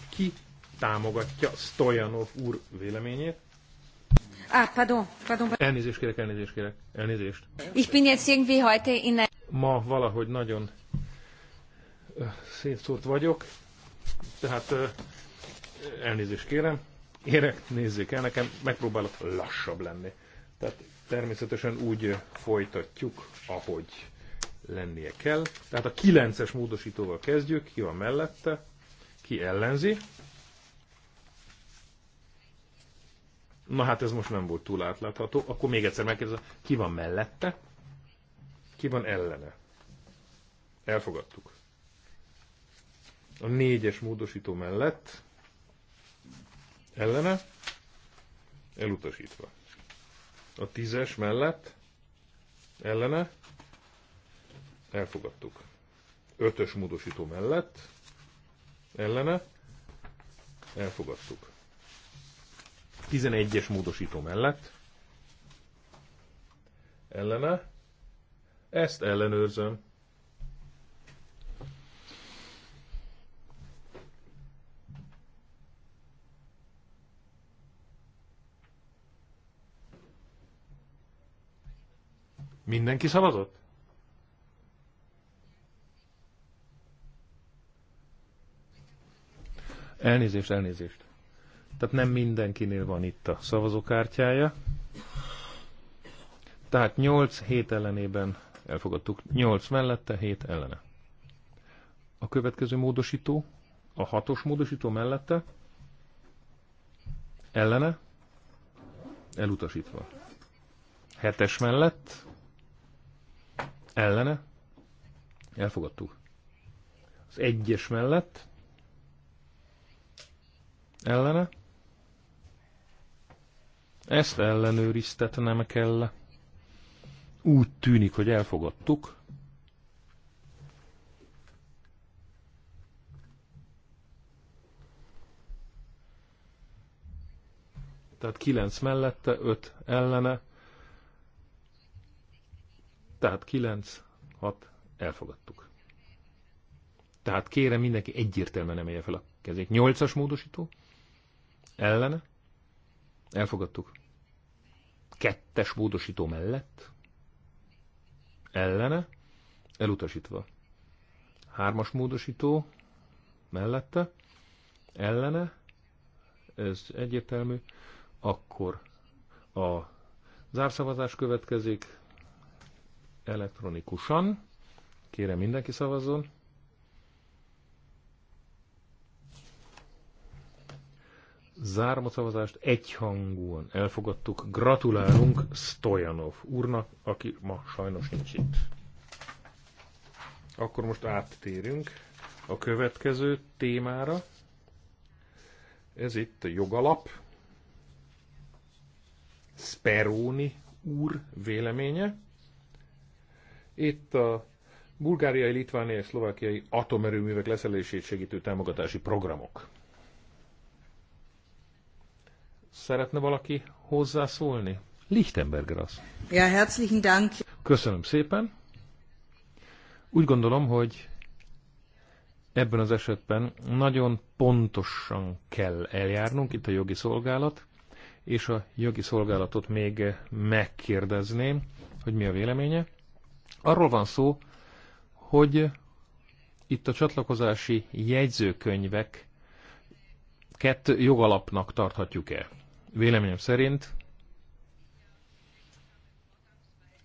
ki támogatja Stojanov úr véleményét? Ah, pardon, pardon. Elnézést kérek, elnézést kérek, elnézést. Ich bin jetzt irgendwie heute in Ma valahogy nagyon szétszórt vagyok, tehát elnézést kérem. Érek, nézzék el nekem, megpróbálok lassabb lenni. Tehát természetesen úgy folytatjuk, ahogy lennie kell. Tehát a 9-es módosítóval kezdjük, ki van mellette, ki ellenzi. Na hát ez most nem volt túl átlátható. Akkor még egyszer megkérdezem, ki van mellette, ki van ellene. Elfogadtuk. A négyes módosító mellett ellene elutasítva a tízes mellett, ellene, elfogadtuk. Ötös módosító mellett, ellene, elfogadtuk. 11-es módosító mellett, ellene, ezt ellenőrzöm. Mindenki szavazott? Elnézést, elnézést. Tehát nem mindenkinél van itt a szavazókártyája. Tehát 8 hét ellenében elfogadtuk. 8 mellette, 7 ellene. A következő módosító, a hatos módosító mellette, ellene, elutasítva. Hetes mellett, ellene, elfogadtuk. Az egyes mellett, ellene, ezt ellenőriztetnem kell. Úgy tűnik, hogy elfogadtuk. Tehát 9 mellette, 5 ellene, tehát 9, 6, elfogadtuk. Tehát kérem mindenki egyértelműen emelje fel a kezét. 8-as módosító, ellene, elfogadtuk. Kettes módosító mellett, ellene, elutasítva. Hármas módosító mellette, ellene, ez egyértelmű, akkor a zárszavazás következik, elektronikusan. Kérem mindenki szavazzon. Zárom a szavazást, egyhangúan elfogadtuk. Gratulálunk Stojanov úrnak, aki ma sajnos nincs itt. Akkor most áttérünk a következő témára. Ez itt a jogalap. Speroni úr véleménye. Itt a bulgáriai, litvániai és szlovákiai atomerőművek leszelését segítő támogatási programok. Szeretne valaki hozzászólni? Lichtenberger az. Ja, herzlichen Dank. Köszönöm szépen. Úgy gondolom, hogy ebben az esetben nagyon pontosan kell eljárnunk, itt a jogi szolgálat, és a jogi szolgálatot még megkérdezném, hogy mi a véleménye. Arról van szó, hogy itt a csatlakozási jegyzőkönyvek kett jogalapnak tarthatjuk-e? Véleményem szerint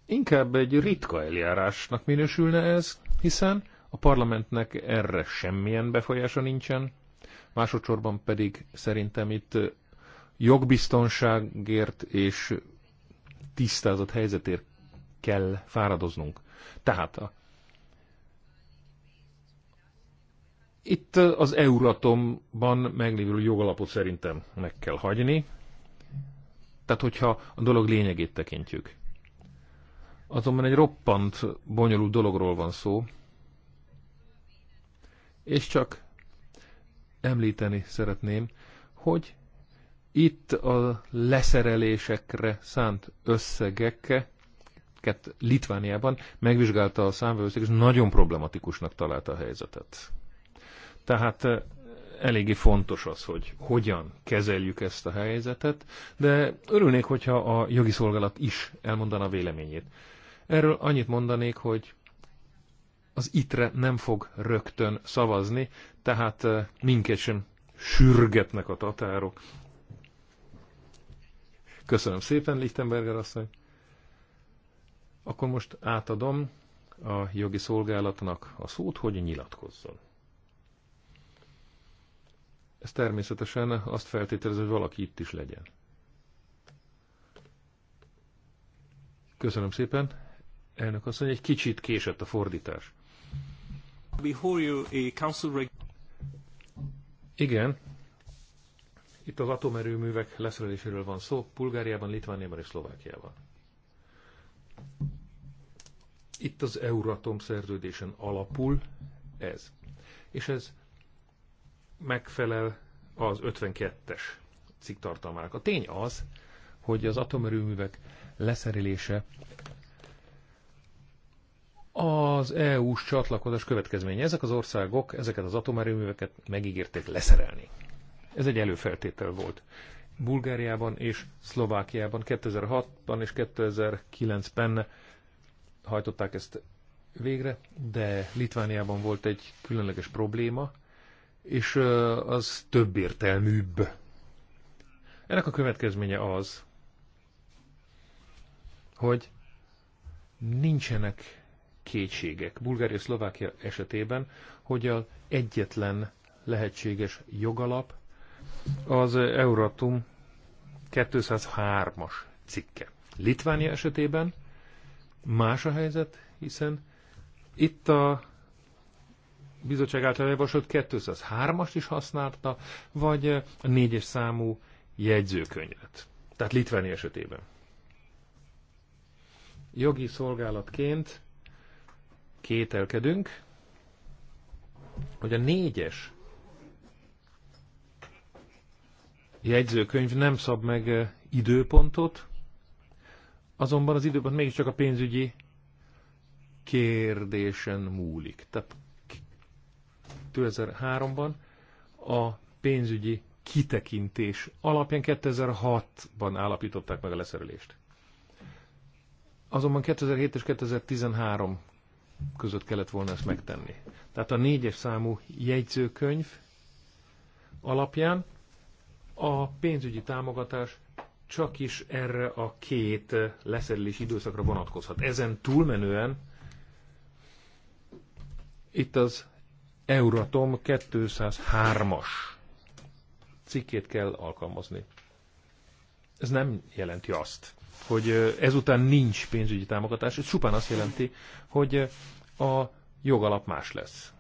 inkább egy ritka eljárásnak minősülne ez, hiszen a parlamentnek erre semmilyen befolyása nincsen, másodszorban pedig szerintem itt jogbiztonságért és tisztázott helyzetért kell fáradoznunk. Tehát a Itt az Euratomban meglévő jogalapot szerintem meg kell hagyni. Tehát, hogyha a dolog lényegét tekintjük. Azonban egy roppant bonyolult dologról van szó, és csak említeni szeretném, hogy itt a leszerelésekre szánt összegek Litvániában megvizsgálta a számvevőszék, és nagyon problematikusnak találta a helyzetet. Tehát eh, eléggé fontos az, hogy hogyan kezeljük ezt a helyzetet, de örülnék, hogyha a jogi szolgálat is elmondana a véleményét. Erről annyit mondanék, hogy az ITRE nem fog rögtön szavazni, tehát eh, minket sem sürgetnek a tatárok. Köszönöm szépen, Lichtenberger asszony! Akkor most átadom a jogi szolgálatnak a szót, hogy nyilatkozzon. Ez természetesen azt feltételez, hogy valaki itt is legyen. Köszönöm szépen. Elnök asszony, egy kicsit késett a fordítás. Igen, itt az atomerőművek leszereléséről van szó, Bulgáriában, Litvániában és Szlovákiában. Itt az Euratom szerződésen alapul ez. És ez megfelel az 52-es cikk tartalmának. A tény az, hogy az atomerőművek leszerelése az EU-s csatlakozás következménye. Ezek az országok ezeket az atomerőműveket megígérték leszerelni. Ez egy előfeltétel volt. Bulgáriában és Szlovákiában 2006-ban és 2009-ben hajtották ezt végre, de Litvániában volt egy különleges probléma, és az több értelműbb. Ennek a következménye az, hogy nincsenek kétségek Bulgária Szlovákia esetében, hogy az egyetlen lehetséges jogalap az Euratom 203-as cikke. Litvánia esetében Más a helyzet, hiszen itt a bizottság által javasolt 203-ast is használta, vagy a négyes számú jegyzőkönyvet. Tehát Litvánia esetében. Jogi szolgálatként kételkedünk, hogy a négyes jegyzőkönyv nem szab meg időpontot, Azonban az időpont mégiscsak a pénzügyi kérdésen múlik. Tehát 2003-ban a pénzügyi kitekintés alapján 2006-ban állapították meg a leszerelést. Azonban 2007 és 2013 között kellett volna ezt megtenni. Tehát a négyes számú jegyzőkönyv alapján a pénzügyi támogatás csak is erre a két leszerelési időszakra vonatkozhat. Ezen túlmenően itt az Euratom 203-as cikkét kell alkalmazni. Ez nem jelenti azt, hogy ezután nincs pénzügyi támogatás, ez csupán azt jelenti, hogy a jogalap más lesz.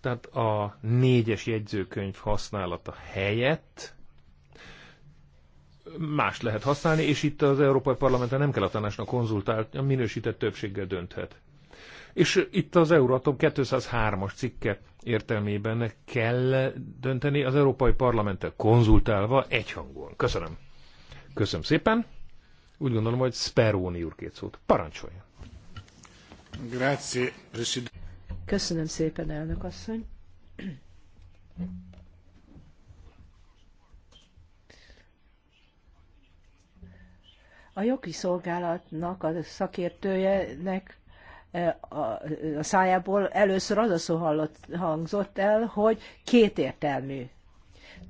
Tehát a négyes jegyzőkönyv használata helyett más lehet használni, és itt az Európai Parlamenten nem kell a tanácsnak konzultálni, a minősített többséggel dönthet. És itt az Euratom 203-as cikke értelmében kell dönteni az Európai Parlamenttel konzultálva egyhangúan. Köszönöm. Köszönöm szépen. Úgy gondolom, hogy Speroni úr két szót. Parancsoljon. Grazie, Köszönöm szépen, elnök asszony. A jogi szolgálatnak, a szakértőjenek e, a szájából először az a szó hallott, hangzott el, hogy kétértelmű.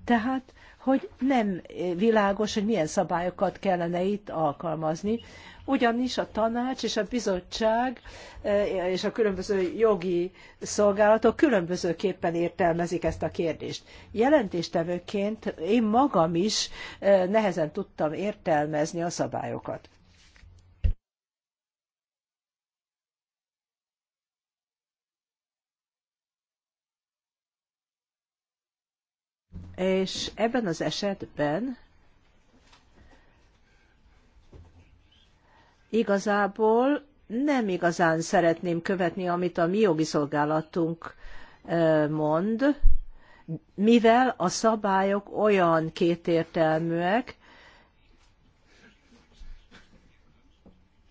Tehát hogy nem világos, hogy milyen szabályokat kellene itt alkalmazni, ugyanis a tanács és a bizottság e, és a különböző jogi szolgálatok különbözőképpen értelmezik ezt a kérdést. Jelentéstevőként én magam is e, nehezen tudtam értelmezni a szabályokat. És ebben az esetben igazából nem igazán szeretném követni, amit a mi jogi szolgálatunk mond, mivel a szabályok olyan kétértelműek,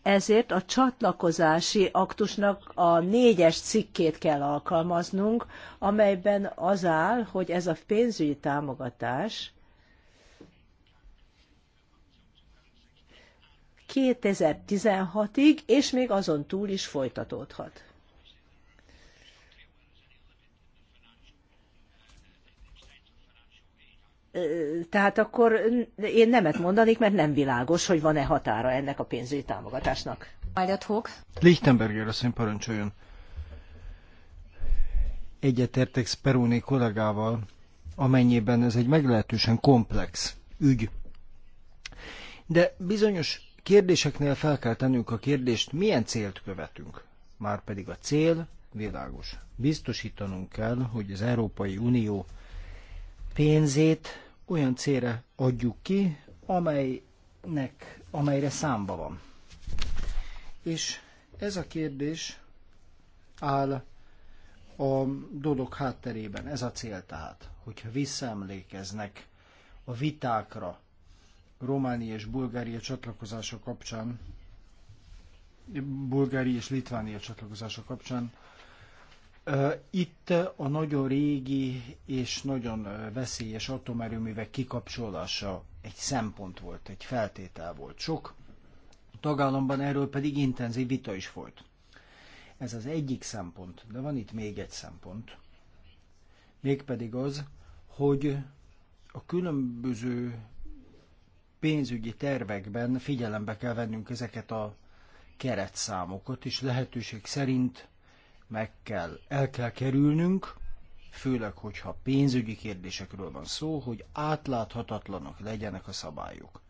ezért a csatlakozási aktusnak a négyes cikkét kell alkalmaznunk, amelyben az áll, hogy ez a pénzügyi támogatás 2016-ig, és még azon túl is folytatódhat. tehát akkor én nemet mondanék, mert nem világos, hogy van-e határa ennek a pénzügyi támogatásnak. Ágyathók. Lichtenberger asszony parancsoljon. Egyetértek Speroni kollégával, amennyiben ez egy meglehetősen komplex ügy. De bizonyos kérdéseknél fel kell tennünk a kérdést, milyen célt követünk. Márpedig a cél világos. Biztosítanunk kell, hogy az Európai Unió pénzét olyan célra adjuk ki, amelynek, amelyre számba van. És ez a kérdés áll a dolog hátterében, ez a cél tehát, hogyha visszaemlékeznek a vitákra Románia és Bulgária csatlakozása kapcsán, Bulgária és Litvánia csatlakozása kapcsán, itt a nagyon régi és nagyon veszélyes atomerőművek kikapcsolása egy szempont volt, egy feltétel volt. Sok tagállamban erről pedig intenzív vita is folyt. Ez az egyik szempont, de van itt még egy szempont. Mégpedig az, hogy a különböző pénzügyi tervekben figyelembe kell vennünk ezeket a keretszámokat, és lehetőség szerint meg kell, el kell kerülnünk, főleg, hogyha pénzügyi kérdésekről van szó, hogy átláthatatlanok legyenek a szabályok.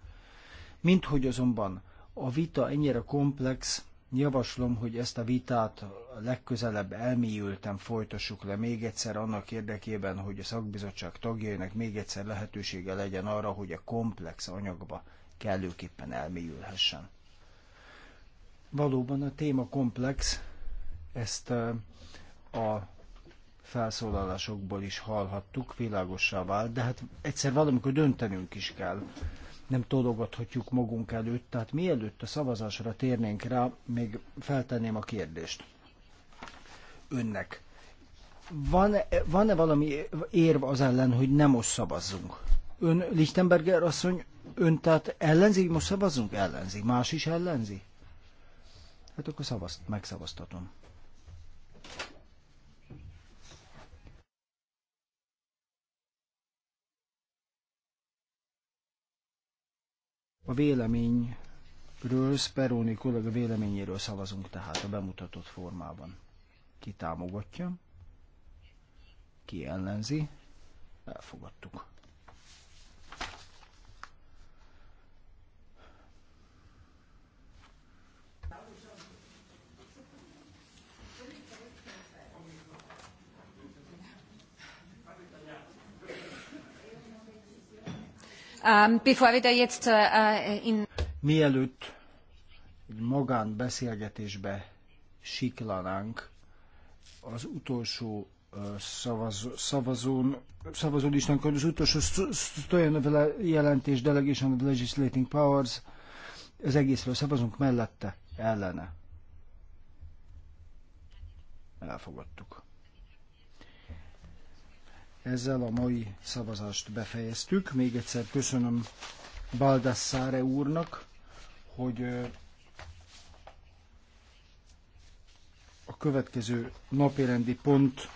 Mint hogy azonban a vita ennyire komplex, javaslom, hogy ezt a vitát legközelebb elmélyülten folytassuk le még egyszer annak érdekében, hogy a szakbizottság tagjainak még egyszer lehetősége legyen arra, hogy a komplex anyagba kellőképpen elmélyülhessen. Valóban a téma komplex, ezt a felszólalásokból is hallhattuk, világossá vált, de hát egyszer valamikor döntenünk is kell. Nem tologathatjuk magunk előtt, tehát mielőtt a szavazásra térnénk rá, még feltenném a kérdést önnek. Van-e, van-e valami érv az ellen, hogy nem most szavazzunk? Ön, Lichtenberger asszony, ön tehát ellenzi, most szavazzunk? Ellenzi. Más is ellenzi? Hát akkor szavazt, megszavaztatom. A véleményről, Speroni kollega véleményéről szavazunk tehát a bemutatott formában. Ki támogatja? Ki ellenzi? Elfogadtuk. Um, uh, uh, Mielőtt egy magánbeszélgetésbe siklanánk, az utolsó uh, szavaz, szavazón, szavazólistánkon az utolsó Stojanov jelentés Delegation of Legislating Powers, az egészről szavazunk mellette, ellene. Elfogadtuk. Ezzel a mai szavazást befejeztük. Még egyszer köszönöm Baldassare úrnak, hogy a következő napirendi pont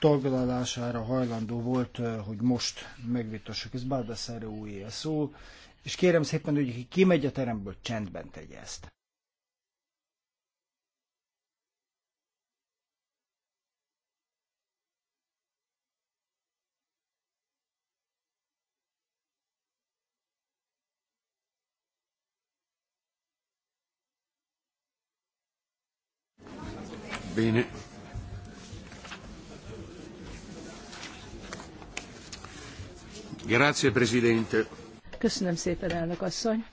taglalására hajlandó volt, hogy most megvitassuk. Ez Baldassare újé szó, és kérem szépen, hogy ki kimegy a teremből, csendben tegye ezt. Bene. Grazie, Presidente. Köszönöm szépen, elnök asszony.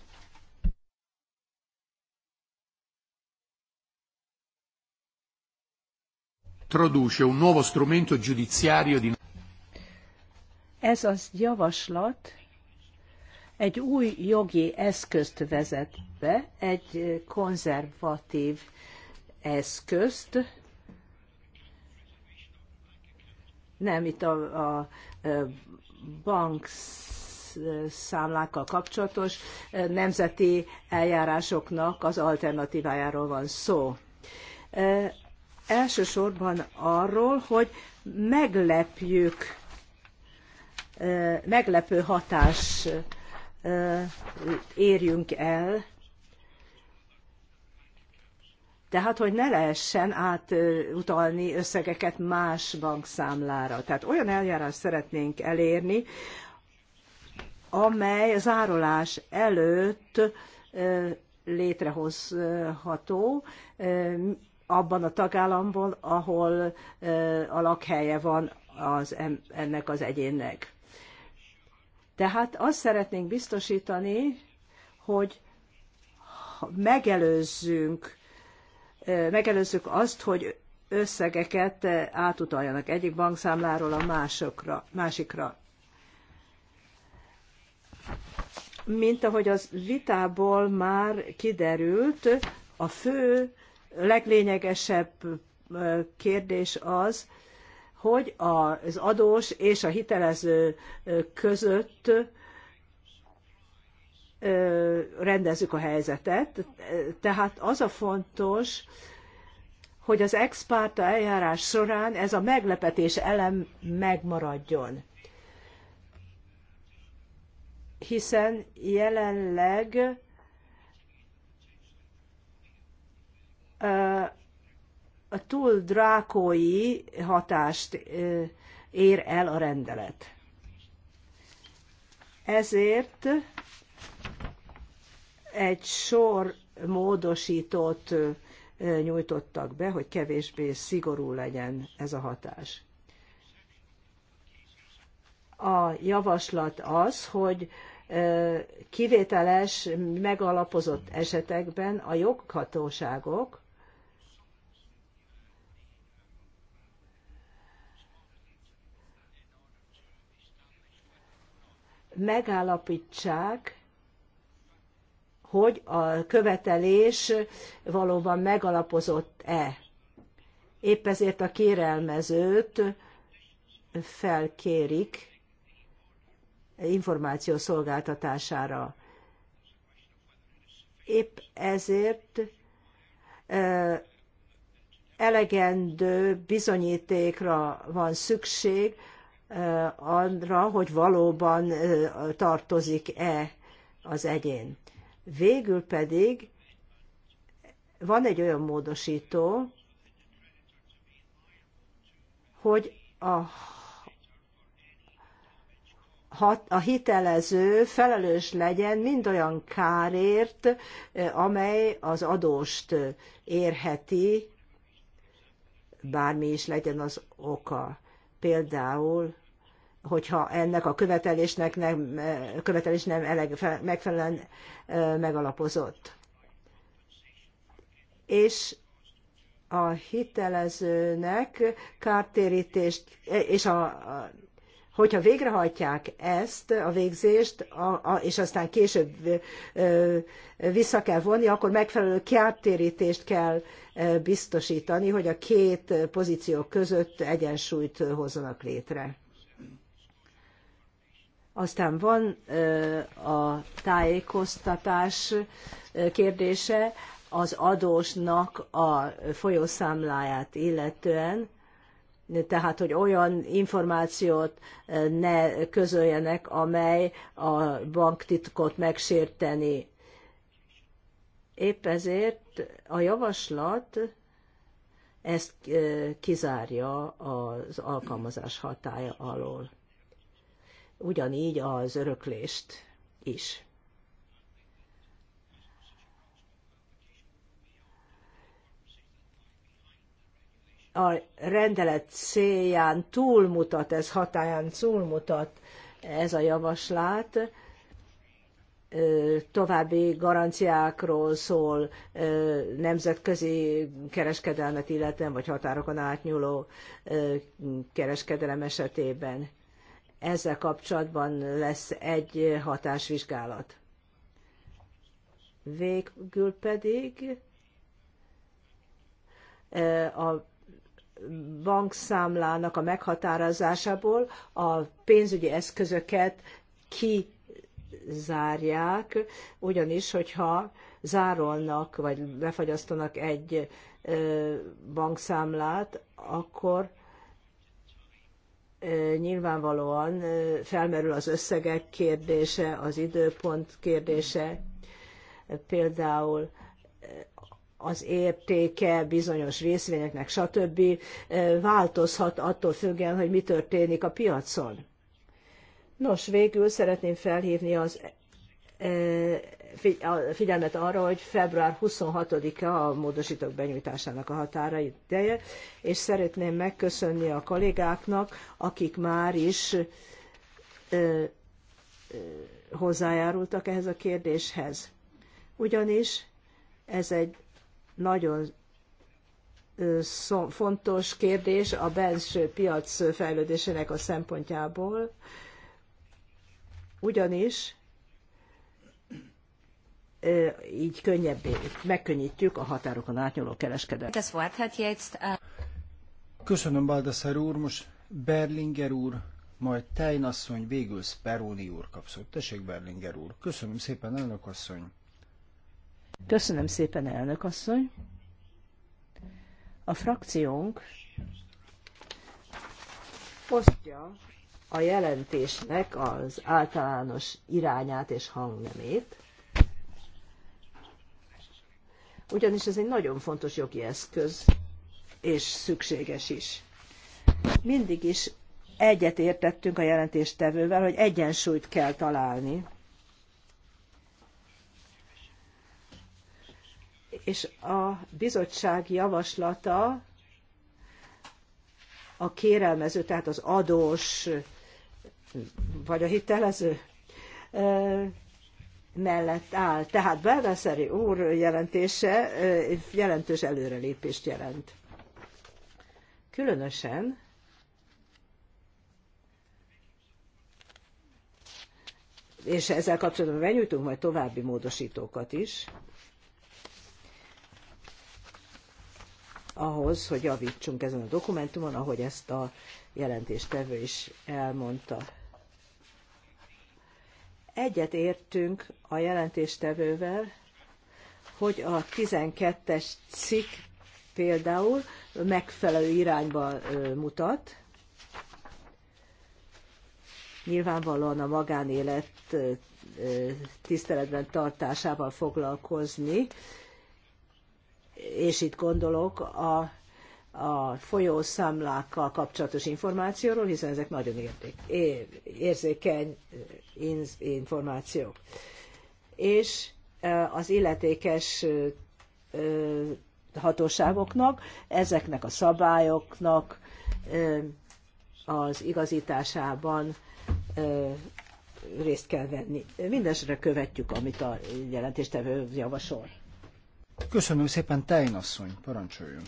Ez az javaslat egy új jogi eszközt vezet be, egy konzervatív eszközt. Nem, itt a, a bank számlákkal kapcsolatos nemzeti eljárásoknak az alternatívájáról van szó. Elsősorban arról, hogy meglepjük, meglepő hatás érjünk el tehát, hogy ne lehessen átutalni összegeket más bankszámlára. Tehát olyan eljárást szeretnénk elérni, amely zárolás előtt létrehozható abban a tagállamban, ahol a lakhelye van az, ennek az egyénnek. Tehát azt szeretnénk biztosítani, hogy megelőzzünk megelőzzük azt, hogy összegeket átutaljanak egyik bankszámláról a másokra, másikra. Mint ahogy az vitából már kiderült, a fő leglényegesebb kérdés az, hogy az adós és a hitelező között rendezzük a helyzetet. Tehát az a fontos, hogy az expárta eljárás során ez a meglepetés elem megmaradjon. Hiszen jelenleg a túl drákói hatást ér el a rendelet. Ezért egy sor módosítót nyújtottak be, hogy kevésbé szigorú legyen ez a hatás. A javaslat az, hogy kivételes, megalapozott esetekben a joghatóságok megállapítsák, hogy a követelés valóban megalapozott-e. Épp ezért a kérelmezőt felkérik információ szolgáltatására. Épp ezért elegendő bizonyítékra van szükség arra, hogy valóban tartozik-e az egyén. Végül pedig van egy olyan módosító, hogy a, a hitelező felelős legyen mind olyan kárért, amely az adóst érheti, bármi is legyen az oka. Például hogyha ennek a követelésnek nem, követelés nem eleg, megfelelően megalapozott. És a hitelezőnek kártérítést, e, és a, hogyha végrehajtják ezt a végzést, a, a, és aztán később ö, vissza kell vonni, akkor megfelelő kártérítést kell ö, biztosítani, hogy a két pozíció között egyensúlyt hozzanak létre. Aztán van a tájékoztatás kérdése az adósnak a folyószámláját illetően, tehát hogy olyan információt ne közöljenek, amely a banktitkot megsérteni. Épp ezért a javaslat ezt kizárja az alkalmazás hatája alól ugyanígy az öröklést is. a rendelet célján túlmutat, ez hatáján túlmutat ez a javaslát, további garanciákról szól, nemzetközi kereskedelmet illetően, vagy határokon átnyúló kereskedelem esetében ezzel kapcsolatban lesz egy hatásvizsgálat. Végül pedig e, a bankszámlának a meghatározásából a pénzügyi eszközöket kizárják, ugyanis, hogyha zárolnak vagy befagyasztanak egy e, bankszámlát, akkor nyilvánvalóan felmerül az összegek kérdése, az időpont kérdése, például az értéke bizonyos részvényeknek, stb. változhat attól függően, hogy mi történik a piacon. Nos, végül szeretném felhívni az figyelmet arra, hogy február 26-a a módosítók benyújtásának a határa ideje, és szeretném megköszönni a kollégáknak, akik már is hozzájárultak ehhez a kérdéshez. Ugyanis ez egy nagyon fontos kérdés a belső piac fejlődésének a szempontjából, ugyanis így könnyebbé, megkönnyítjük a határokon átnyúló kereskedelmet. Köszönöm, Baldassar úr, most Berlinger úr, majd Tejnasszony, végül Speroni úr kapszott. Tessék, Berlinger úr. Köszönöm szépen, elnök asszony. Köszönöm szépen, elnök asszony. A frakciónk osztja a jelentésnek az általános irányát és hangnemét, ugyanis ez egy nagyon fontos jogi eszköz, és szükséges is. Mindig is egyet értettünk a jelentéstevővel, hogy egyensúlyt kell találni. És a bizottság javaslata a kérelmező, tehát az adós vagy a hitelező mellett áll. Tehát Belveszeri úr jelentése jelentős előrelépést jelent. Különösen és ezzel kapcsolatban benyújtunk majd további módosítókat is, ahhoz, hogy javítsunk ezen a dokumentumon, ahogy ezt a jelentéstevő is elmondta. Egyet értünk a jelentéstevővel, hogy a 12-es cikk például megfelelő irányba mutat. Nyilvánvalóan a magánélet tiszteletben tartásával foglalkozni, és itt gondolok a a folyószámlákkal kapcsolatos információról, hiszen ezek nagyon érték, érzékeny eh, információk. És eh, az illetékes eh, hatóságoknak, ezeknek a szabályoknak az igazításában részt kell venni. Mindesre követjük, amit a jelentéstevő javasol. Köszönöm szépen, Tejnasszony, parancsoljon.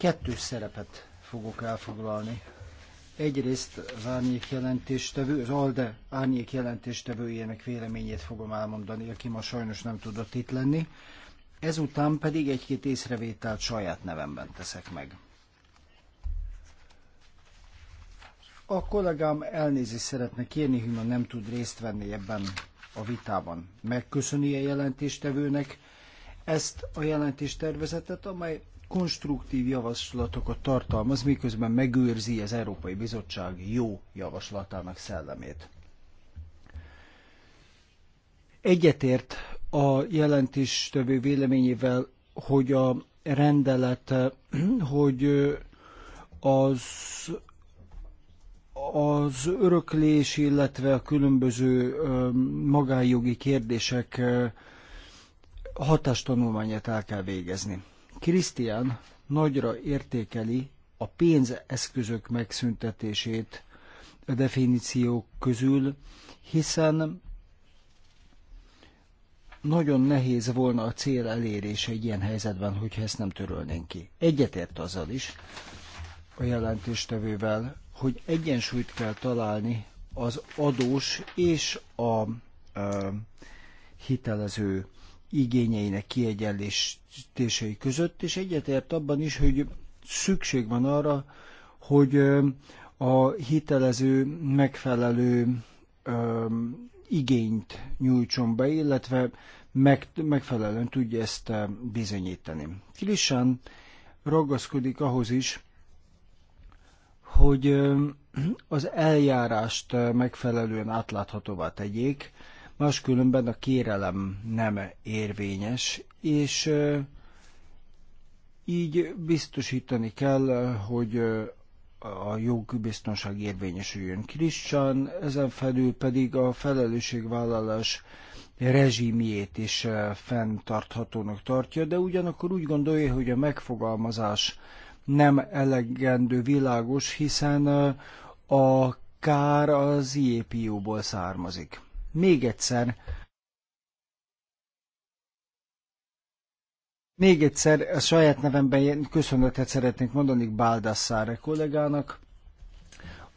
Kettős szerepet fogok elfoglalni. Egyrészt az árnyék jelentéstevő, az ALDE árnyék jelentéstevőjének véleményét fogom elmondani, aki ma sajnos nem tudott itt lenni. Ezután pedig egy-két észrevételt saját nevemben teszek meg. A kollégám elnézést szeretne kérni, hogy ma nem tud részt venni ebben a vitában. Megköszöni a jelentéstevőnek ezt a jelentéstervezetet, amely konstruktív javaslatokat tartalmaz, miközben megőrzi az Európai Bizottság jó javaslatának szellemét. Egyetért a jelentés többi véleményével, hogy a rendelet, hogy az az öröklés, illetve a különböző magájogi kérdések hatástanulmányát el kell végezni. Krisztián nagyra értékeli a pénzeszközök megszüntetését a definíciók közül, hiszen nagyon nehéz volna a cél elérése egy ilyen helyzetben, hogyha ezt nem törölnénk ki. Egyetért azzal is a jelentéstevővel, hogy egyensúlyt kell találni az adós és a, a hitelező igényeinek kiegyenlítései között, és egyetért abban is, hogy szükség van arra, hogy a hitelező megfelelő igényt nyújtson be, illetve meg, megfelelően tudja ezt bizonyítani. Kilisan ragaszkodik ahhoz is, hogy az eljárást megfelelően átláthatóvá tegyék, máskülönben a kérelem nem érvényes, és így biztosítani kell, hogy a jogbiztonság érvényesüljön. Krisztán ezen felül pedig a felelősségvállalás rezsimjét is fenntarthatónak tartja, de ugyanakkor úgy gondolja, hogy a megfogalmazás nem elegendő világos, hiszen a kár az IEPU-ból származik. Még egyszer, Még egyszer a saját nevemben köszönetet szeretnék mondani Baldassare kollégának,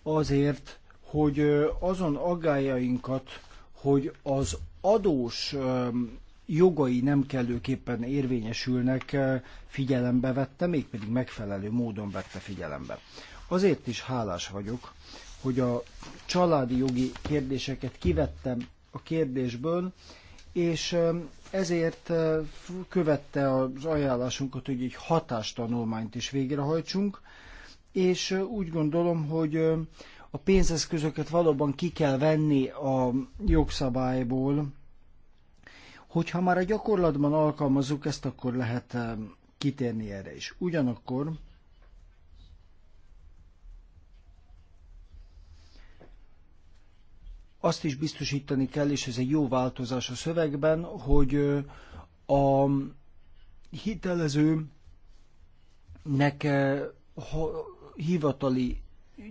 azért, hogy azon aggájainkat, hogy az adós jogai nem kellőképpen érvényesülnek, figyelembe vette, mégpedig megfelelő módon vette figyelembe. Azért is hálás vagyok, hogy a családi jogi kérdéseket kivettem a kérdésből, és ezért követte az ajánlásunkat, hogy egy hatástanulmányt is végrehajtsunk, és úgy gondolom, hogy a pénzeszközöket valóban ki kell venni a jogszabályból, hogyha már a gyakorlatban alkalmazzuk ezt, akkor lehet kitérni erre is. Ugyanakkor azt is biztosítani kell, és ez egy jó változás a szövegben, hogy a hitelezőnek hivatali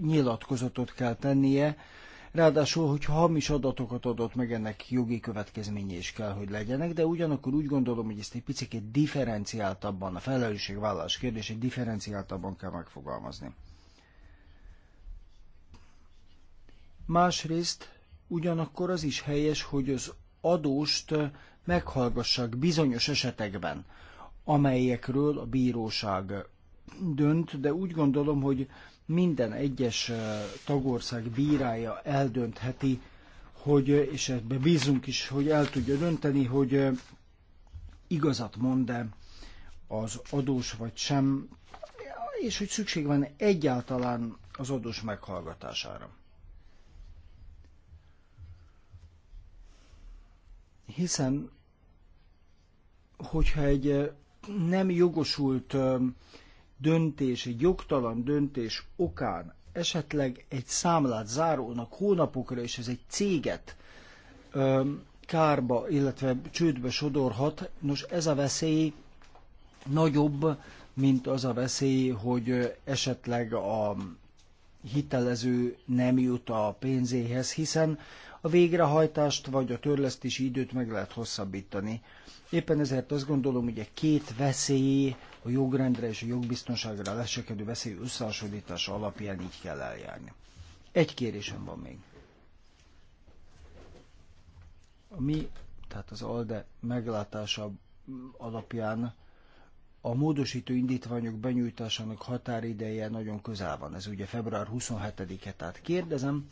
nyilatkozatot kell tennie, Ráadásul, hogy hamis adatokat adott meg, ennek jogi következménye is kell, hogy legyenek, de ugyanakkor úgy gondolom, hogy ezt egy picit differenciáltabban, a felelősségvállalás kérdését differenciáltabban kell megfogalmazni. Másrészt Ugyanakkor az is helyes, hogy az adóst meghallgassák bizonyos esetekben, amelyekről a bíróság dönt, de úgy gondolom, hogy minden egyes tagország bírája eldöntheti, hogy, és ebbe bízunk is, hogy el tudja dönteni, hogy igazat mond-e az adós vagy sem, és hogy szükség van egyáltalán az adós meghallgatására. hiszen hogyha egy nem jogosult döntés, egy jogtalan döntés okán esetleg egy számlát zárulnak hónapokra, és ez egy céget kárba, illetve csődbe sodorhat, nos ez a veszély nagyobb, mint az a veszély, hogy esetleg a hitelező nem jut a pénzéhez, hiszen a végrehajtást vagy a törlesztési időt meg lehet hosszabbítani. Éppen ezért azt gondolom, hogy a két veszély, a jogrendre és a jogbiztonságra lesekedő veszély összehasonlítása alapján így kell eljárni. Egy kérésem van még. A mi, tehát az ALDE meglátása alapján a módosító indítványok benyújtásának határideje nagyon közel van. Ez ugye február 27-e, tehát kérdezem,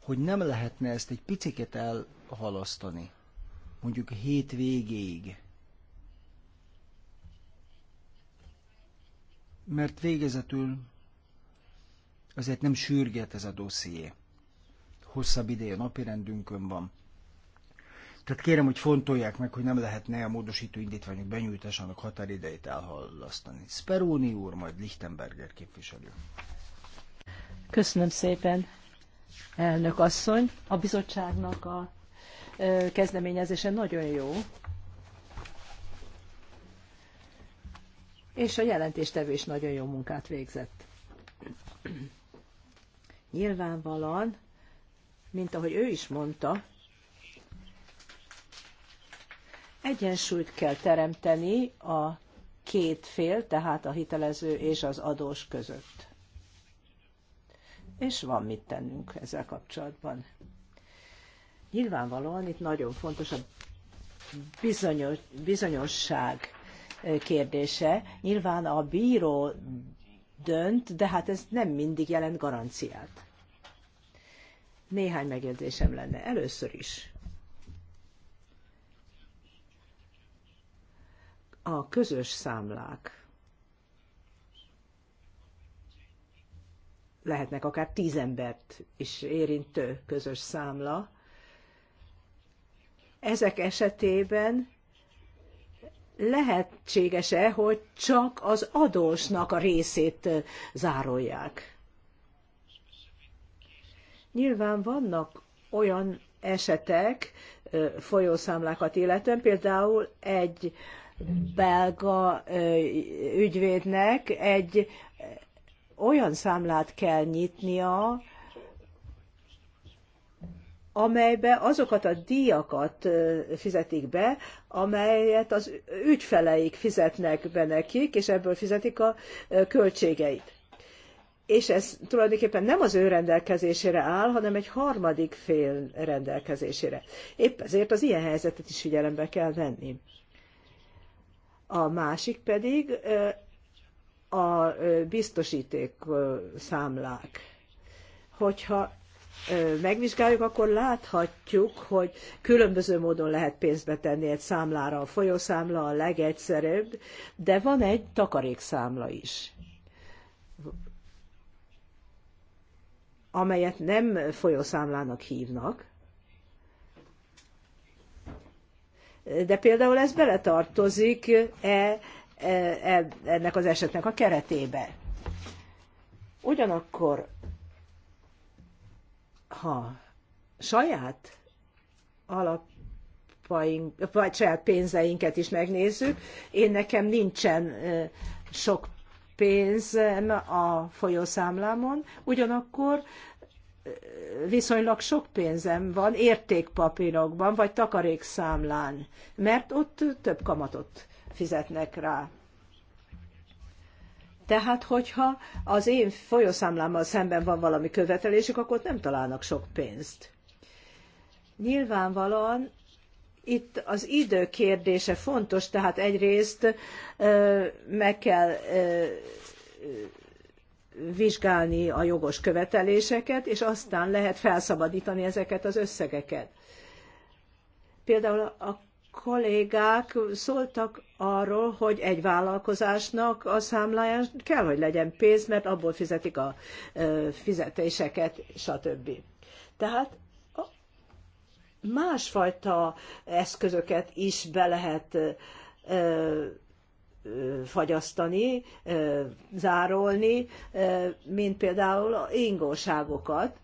hogy nem lehetne ezt egy picit elhalasztani, mondjuk hét végéig. Mert végezetül azért nem sürget ez a dosszié. Hosszabb ideje napirendünkön van. Tehát kérem, hogy fontolják meg, hogy nem lehetne a módosító indítványok benyújtásának határidejét elhalasztani. Speroni úr, majd Lichtenberger képviselő. Köszönöm szépen elnök asszony. A bizottságnak a kezdeményezése nagyon jó. És a jelentéstevő is nagyon jó munkát végzett. Nyilvánvalóan, mint ahogy ő is mondta, egyensúlyt kell teremteni a két fél, tehát a hitelező és az adós között és van mit tennünk ezzel kapcsolatban. Nyilvánvalóan itt nagyon fontos a bizonyos, bizonyosság eh, kérdése. Nyilván a bíró dönt, de hát ez nem mindig jelent garanciát. Néhány megjegyzésem lenne. Először is. A közös számlák lehetnek akár tíz embert is érintő közös számla. Ezek esetében lehetséges-e, hogy csak az adósnak a részét zárolják? Nyilván vannak olyan esetek folyószámlákat illetően, például egy belga ügyvédnek egy olyan számlát kell nyitnia, amelybe azokat a díjakat fizetik be, amelyet az ügyfeleik fizetnek be nekik, és ebből fizetik a költségeit. És ez tulajdonképpen nem az ő rendelkezésére áll, hanem egy harmadik fél rendelkezésére. Épp ezért az ilyen helyzetet is figyelembe kell venni. A másik pedig a biztosíték számlák. Hogyha megvizsgáljuk, akkor láthatjuk, hogy különböző módon lehet pénzt betenni egy számlára. A folyószámla a legegyszerűbb, de van egy takarékszámla is, amelyet nem folyószámlának hívnak, de például ez beletartozik e E, e, ennek az esetnek a keretébe. Ugyanakkor, ha saját alap vagy saját pénzeinket is megnézzük. Én nekem nincsen e, sok pénzem a folyószámlámon, ugyanakkor viszonylag sok pénzem van értékpapírokban, vagy takarékszámlán, mert ott több kamatot fizetnek rá. Tehát, hogyha az én folyószámlámmal szemben van valami követelésük, akkor nem találnak sok pénzt. Nyilvánvalóan itt az idő kérdése fontos, tehát egyrészt meg kell vizsgálni a jogos követeléseket, és aztán lehet felszabadítani ezeket az összegeket. Például a kollégák szóltak arról, hogy egy vállalkozásnak a számláján kell, hogy legyen pénz, mert abból fizetik a fizetéseket, stb. Tehát másfajta eszközöket is be lehet fagyasztani, zárolni, mint például ingóságokat,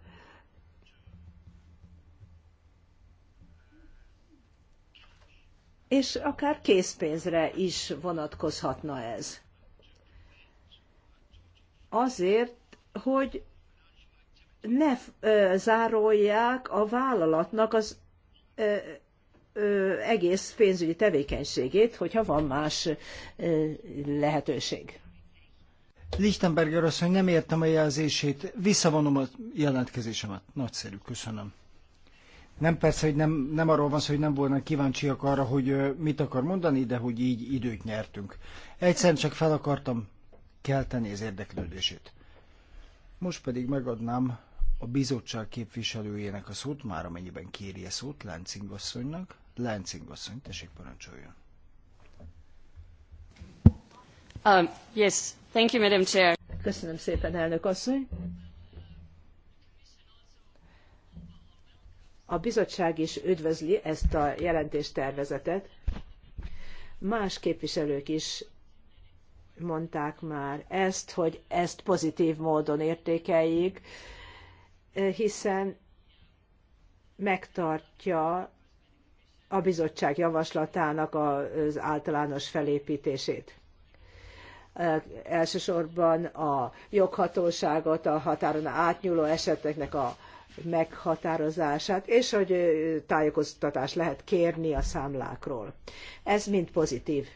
és akár készpénzre is vonatkozhatna ez. Azért, hogy ne zárolják a vállalatnak az egész pénzügyi tevékenységét, hogyha van más lehetőség. Lichtenberger asszony, hogy nem értem a jelzését, visszavonom a jelentkezésemet. Nagyszerű, köszönöm. Nem persze, hogy nem, nem arról van szó, hogy nem volna kíváncsiak arra, hogy mit akar mondani, de hogy így időt nyertünk. Egyszerűen csak fel akartam kelteni az érdeklődését. Most pedig megadnám a bizottság képviselőjének a szót, már amennyiben kéri a szót, Láncing asszonynak. Láncing asszony, tessék parancsoljon. Um, yes, thank you, Madam Chair. Köszönöm szépen, elnök asszony. A bizottság is üdvözli ezt a jelentéstervezetet. Más képviselők is mondták már ezt, hogy ezt pozitív módon értékeljük, hiszen megtartja a bizottság javaslatának az általános felépítését. Elsősorban a joghatóságot, a határon átnyúló eseteknek a meghatározását, és hogy tájékoztatást lehet kérni a számlákról. Ez mind pozitív.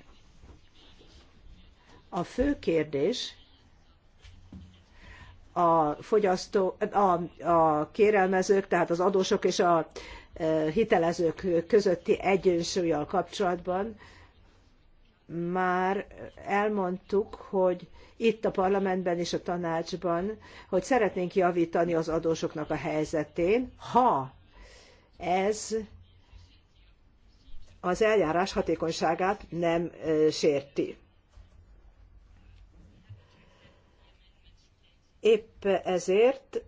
A fő kérdés a, fogyasztó, a, a kérelmezők, tehát az adósok és a hitelezők közötti egyensúlyjal kapcsolatban, már elmondtuk, hogy itt a parlamentben és a tanácsban, hogy szeretnénk javítani az adósoknak a helyzetén, ha ez az eljárás hatékonyságát nem sérti. Épp ezért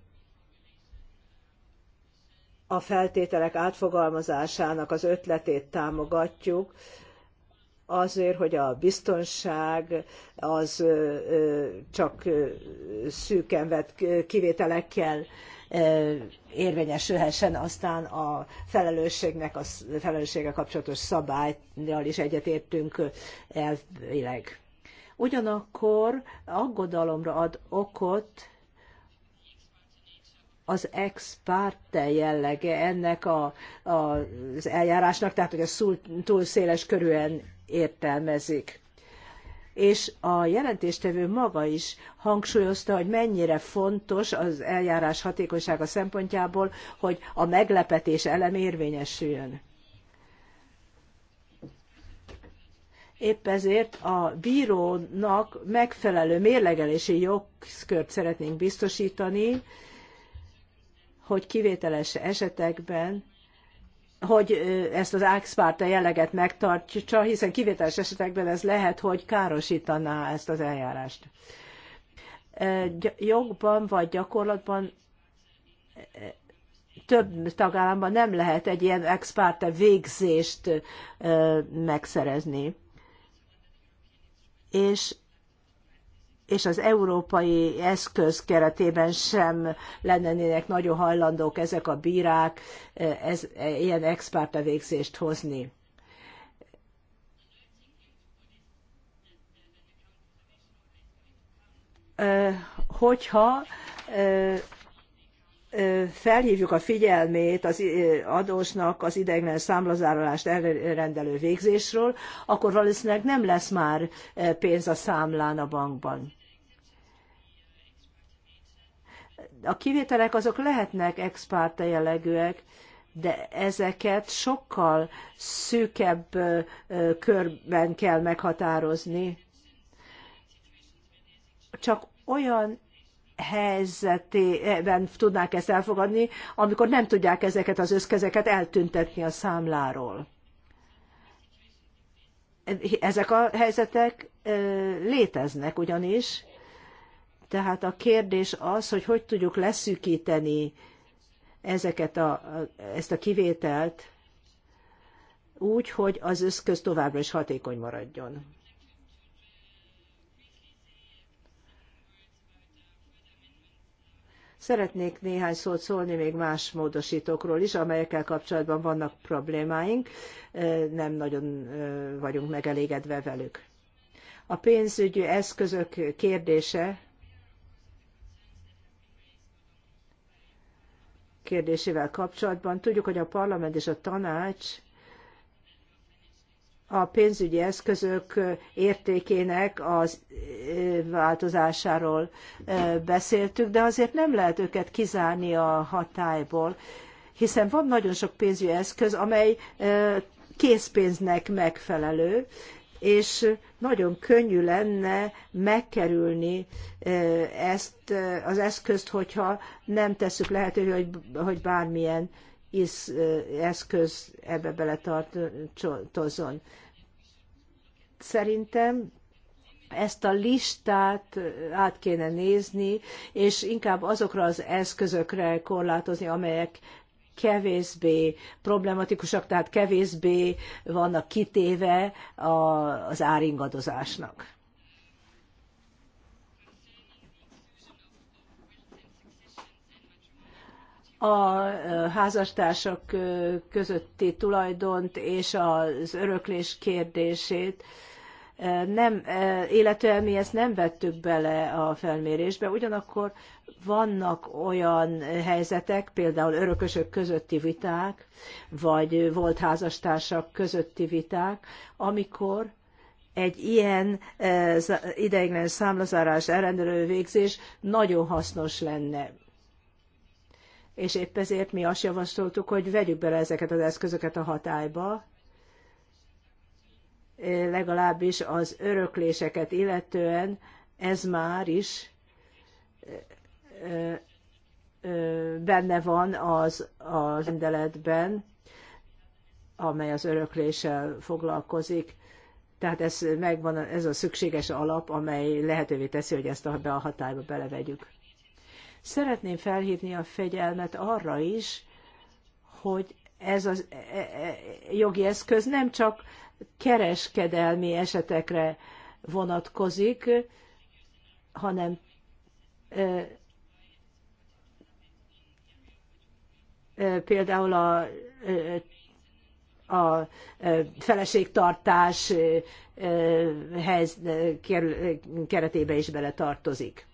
a feltételek átfogalmazásának az ötletét támogatjuk, azért, hogy a biztonság az csak szűken vett kivételekkel érvényesülhessen, aztán a felelősségnek, a felelőssége kapcsolatos szabályjal is egyetértünk elvileg. Ugyanakkor aggodalomra ad okot az ex parte jellege ennek a, a, az eljárásnak, tehát hogy a túl széles körűen értelmezik. És a jelentéstevő maga is hangsúlyozta, hogy mennyire fontos az eljárás hatékonysága szempontjából, hogy a meglepetés elem érvényesüljön. Épp ezért a bírónak megfelelő mérlegelési jogkört szeretnénk biztosítani, hogy kivételes esetekben hogy ezt az ágszpárta jelleget megtartsa, hiszen kivételes esetekben ez lehet, hogy károsítaná ezt az eljárást. Jogban vagy gyakorlatban több tagállamban nem lehet egy ilyen expárte végzést megszerezni. És és az európai eszköz keretében sem lennének nagyon hajlandók ezek a bírák e, ez, e, ilyen végzést hozni. E, hogyha felhívjuk a figyelmét az adósnak az ideiglenes számlazárolást elrendelő végzésről, akkor valószínűleg nem lesz már pénz a számlán a bankban. a kivételek azok lehetnek expárta jellegűek, de ezeket sokkal szűkebb körben kell meghatározni. Csak olyan helyzetében tudnák ezt elfogadni, amikor nem tudják ezeket az összkezeket eltüntetni a számláról. Ezek a helyzetek léteznek ugyanis, tehát a kérdés az, hogy hogy tudjuk leszűkíteni ezeket a, ezt a kivételt úgy, hogy az eszköz továbbra is hatékony maradjon. Szeretnék néhány szót szólni még más módosítókról is, amelyekkel kapcsolatban vannak problémáink, nem nagyon vagyunk megelégedve velük. A pénzügyi eszközök kérdése kérdésével kapcsolatban. Tudjuk, hogy a parlament és a tanács a pénzügyi eszközök értékének az változásáról beszéltük, de azért nem lehet őket kizárni a hatályból, hiszen van nagyon sok pénzügyi eszköz, amely készpénznek megfelelő, és nagyon könnyű lenne megkerülni e, ezt e, az eszközt, hogyha nem tesszük lehetővé, hogy, hogy bármilyen e, eszköz ebbe beletartozon. Szerintem ezt a listát át kéne nézni, és inkább azokra az eszközökre korlátozni, amelyek kevésbé problematikusak, tehát kevésbé vannak kitéve az áringadozásnak. a házastársak közötti tulajdont és az öröklés kérdését nem, illetően mi ezt nem vettük bele a felmérésbe, ugyanakkor vannak olyan helyzetek, például örökösök közötti viták, vagy volt házastársak közötti viták, amikor egy ilyen ideiglenes számlazárás elrendelő végzés nagyon hasznos lenne. És épp ezért mi azt javasoltuk, hogy vegyük bele ezeket az eszközöket a hatályba, legalábbis az örökléseket illetően ez már is benne van az, az rendeletben, amely az örökléssel foglalkozik. Tehát ez, megvan, ez a szükséges alap, amely lehetővé teszi, hogy ezt a, a hatályba belevegyük. Szeretném felhívni a fegyelmet arra is, hogy ez a e, e, e, jogi eszköz nem csak kereskedelmi esetekre vonatkozik, hanem például a, a feleségtartás helyz, keretébe is bele tartozik.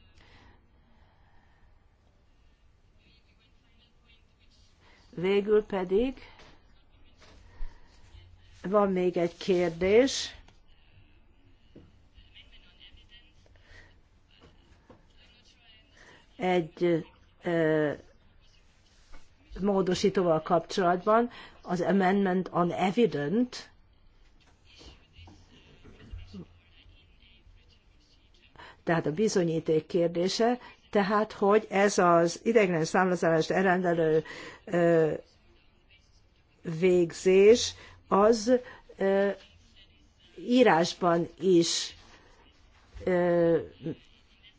Végül pedig van még egy kérdés. Egy ö, módosítóval kapcsolatban az Amendment on Evident, tehát a bizonyíték kérdése, tehát hogy ez az idegen számlazást elrendelő végzés az írásban is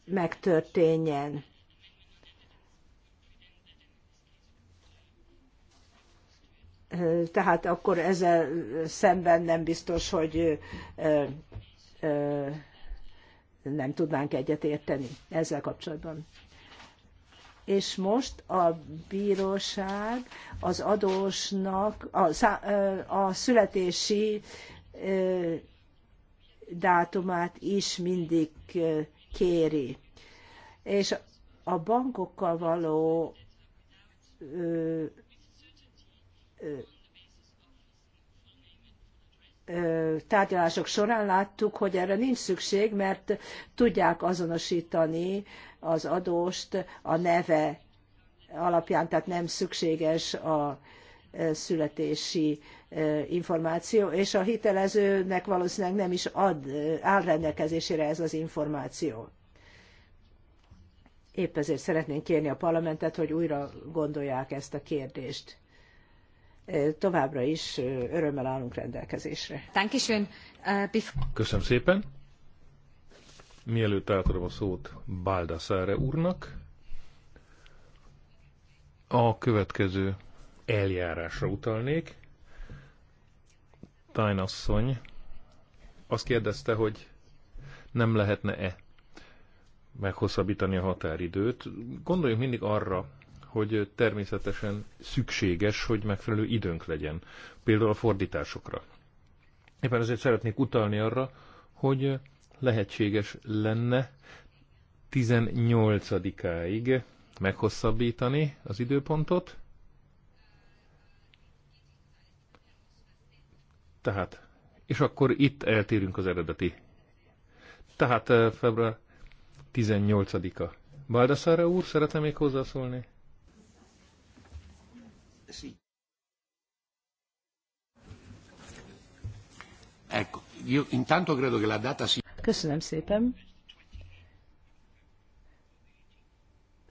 megtörténjen. Tehát akkor ezzel szemben nem biztos, hogy nem tudnánk egyet érteni ezzel kapcsolatban és most a bíróság az adósnak a, a születési dátumát is mindig kéri. És a bankokkal való tárgyalások során láttuk, hogy erre nincs szükség, mert tudják azonosítani az adóst a neve alapján, tehát nem szükséges a e, születési e, információ, és a hitelezőnek valószínűleg nem is ad, e, áll rendelkezésére ez az információ. Épp ezért szeretnénk kérni a parlamentet, hogy újra gondolják ezt a kérdést. Továbbra is örömmel állunk rendelkezésre. Äh, Köszönöm szépen. Mielőtt átadom a szót Baldassare úrnak, a következő eljárásra utalnék. Tájnasszony azt kérdezte, hogy nem lehetne-e meghosszabbítani a határidőt. Gondoljunk mindig arra, hogy természetesen szükséges, hogy megfelelő időnk legyen, például a fordításokra. Éppen ezért szeretnék utalni arra, hogy lehetséges lenne 18-áig meghosszabbítani az időpontot. Tehát, és akkor itt eltérünk az eredeti. Tehát eh, február 18-a. Baldassarra úr, szeretne még hozzászólni? Sì. Ecco, io intanto credo che la data sia... Köszönöm szépen.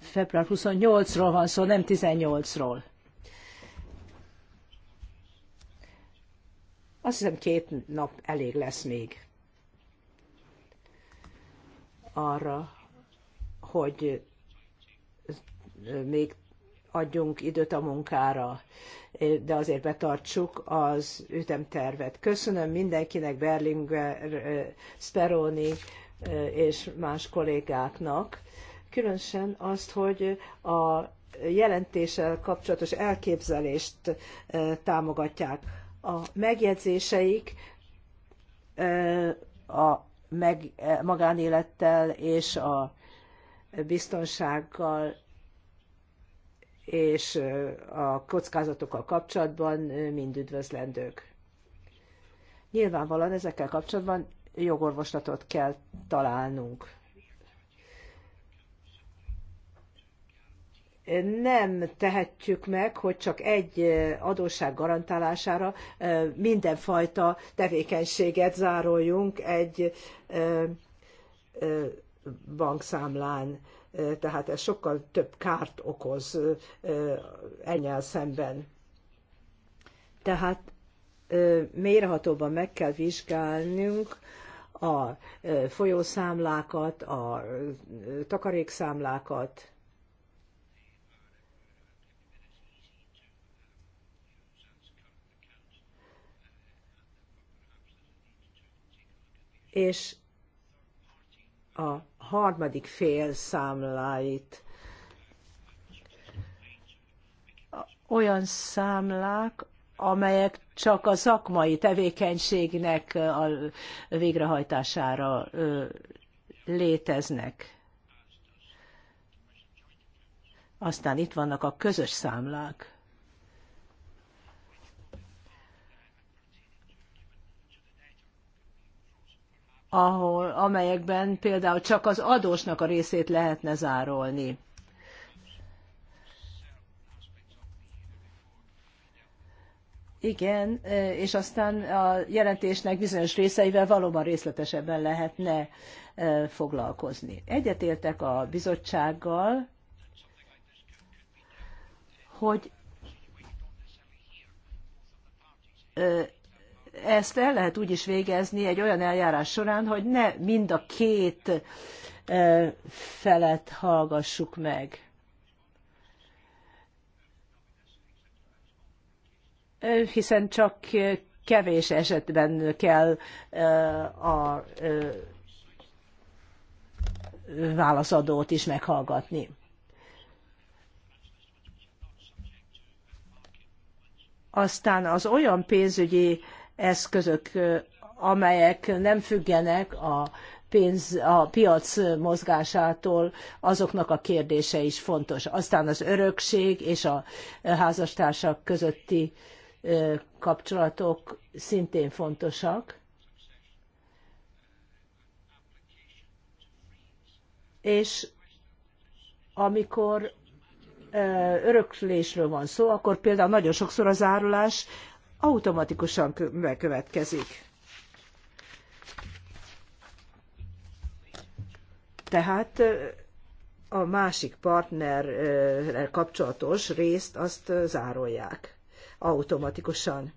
Február 28-ról van szó, nem 18-ról. Azt hiszem két nap elég lesz még arra, hogy még adjunk időt a munkára, de azért betartsuk az ütemtervet. Köszönöm mindenkinek, Berlinger, Speroni és más kollégáknak, különösen azt, hogy a jelentéssel kapcsolatos elképzelést e, támogatják. A megjegyzéseik e, a meg, e, magánélettel és a biztonsággal és a kockázatokkal kapcsolatban mind üdvözlendők. Nyilvánvalóan ezekkel kapcsolatban jogorvoslatot kell találnunk. nem tehetjük meg, hogy csak egy adósság garantálására mindenfajta tevékenységet zároljunk egy bankszámlán tehát ez sokkal több kárt okoz ennyel szemben. Tehát mérhatóban meg kell vizsgálnunk a folyószámlákat, a takarékszámlákat, és a harmadik fél számláit. Olyan számlák, amelyek csak a szakmai tevékenységnek a végrehajtására léteznek. Aztán itt vannak a közös számlák. ahol, amelyekben például csak az adósnak a részét lehetne zárolni. Igen, és aztán a jelentésnek bizonyos részeivel valóban részletesebben lehetne e, foglalkozni. Egyetértek a bizottsággal, hogy e, ezt el lehet úgy is végezni egy olyan eljárás során, hogy ne mind a két e, felet hallgassuk meg. E, hiszen csak kevés esetben kell e, a válaszadót is meghallgatni. Aztán az olyan pénzügyi eszközök, amelyek nem függenek a pénz, a piac mozgásától, azoknak a kérdése is fontos. Aztán az örökség és a házastársak közötti kapcsolatok szintén fontosak. És amikor öröklésről van szó, akkor például nagyon sokszor az árulás automatikusan bekövetkezik. Tehát a másik partnerrel kapcsolatos részt azt zárolják automatikusan.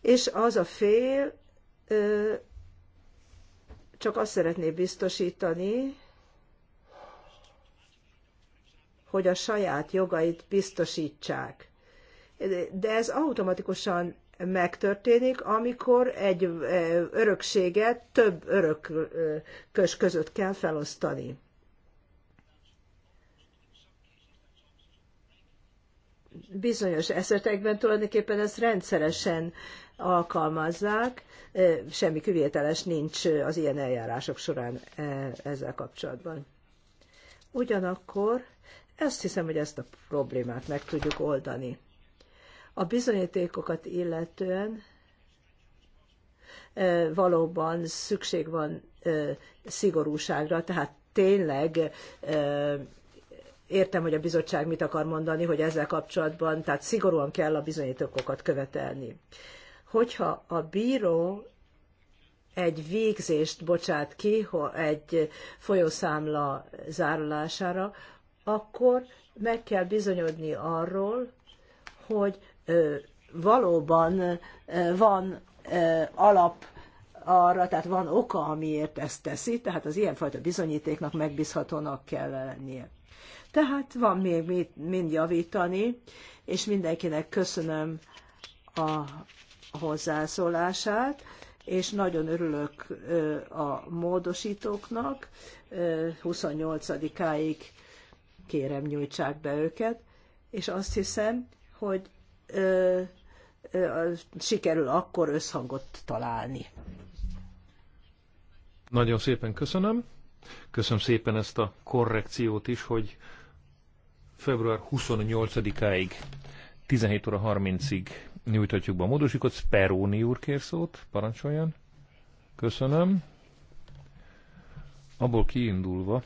És az a fél csak azt szeretné biztosítani, hogy a saját jogait biztosítsák de ez automatikusan megtörténik, amikor egy örökséget több örökös között kell felosztani. Bizonyos esetekben tulajdonképpen ezt rendszeresen alkalmazzák, semmi kivételes nincs az ilyen eljárások során ezzel kapcsolatban. Ugyanakkor ezt hiszem, hogy ezt a problémát meg tudjuk oldani a bizonyítékokat illetően e, valóban szükség van e, szigorúságra, tehát tényleg e, értem, hogy a bizottság mit akar mondani, hogy ezzel kapcsolatban, tehát szigorúan kell a bizonyítékokat követelni. Hogyha a bíró egy végzést bocsát ki egy folyószámla zárulására, akkor meg kell bizonyodni arról, hogy valóban van alap arra, tehát van oka, amiért ezt teszi, tehát az ilyenfajta bizonyítéknak megbízhatónak kell lennie. Tehát van még mit, mind javítani, és mindenkinek köszönöm a hozzászólását, és nagyon örülök a módosítóknak, 28-áig kérem nyújtsák be őket, és azt hiszem, hogy sikerül akkor összhangot találni. Nagyon szépen köszönöm. Köszönöm szépen ezt a korrekciót is, hogy február 28-áig 17 óra 30-ig nyújthatjuk be a módosítót. Speróni úr kér szót, parancsoljon. Köszönöm. Abból kiindulva,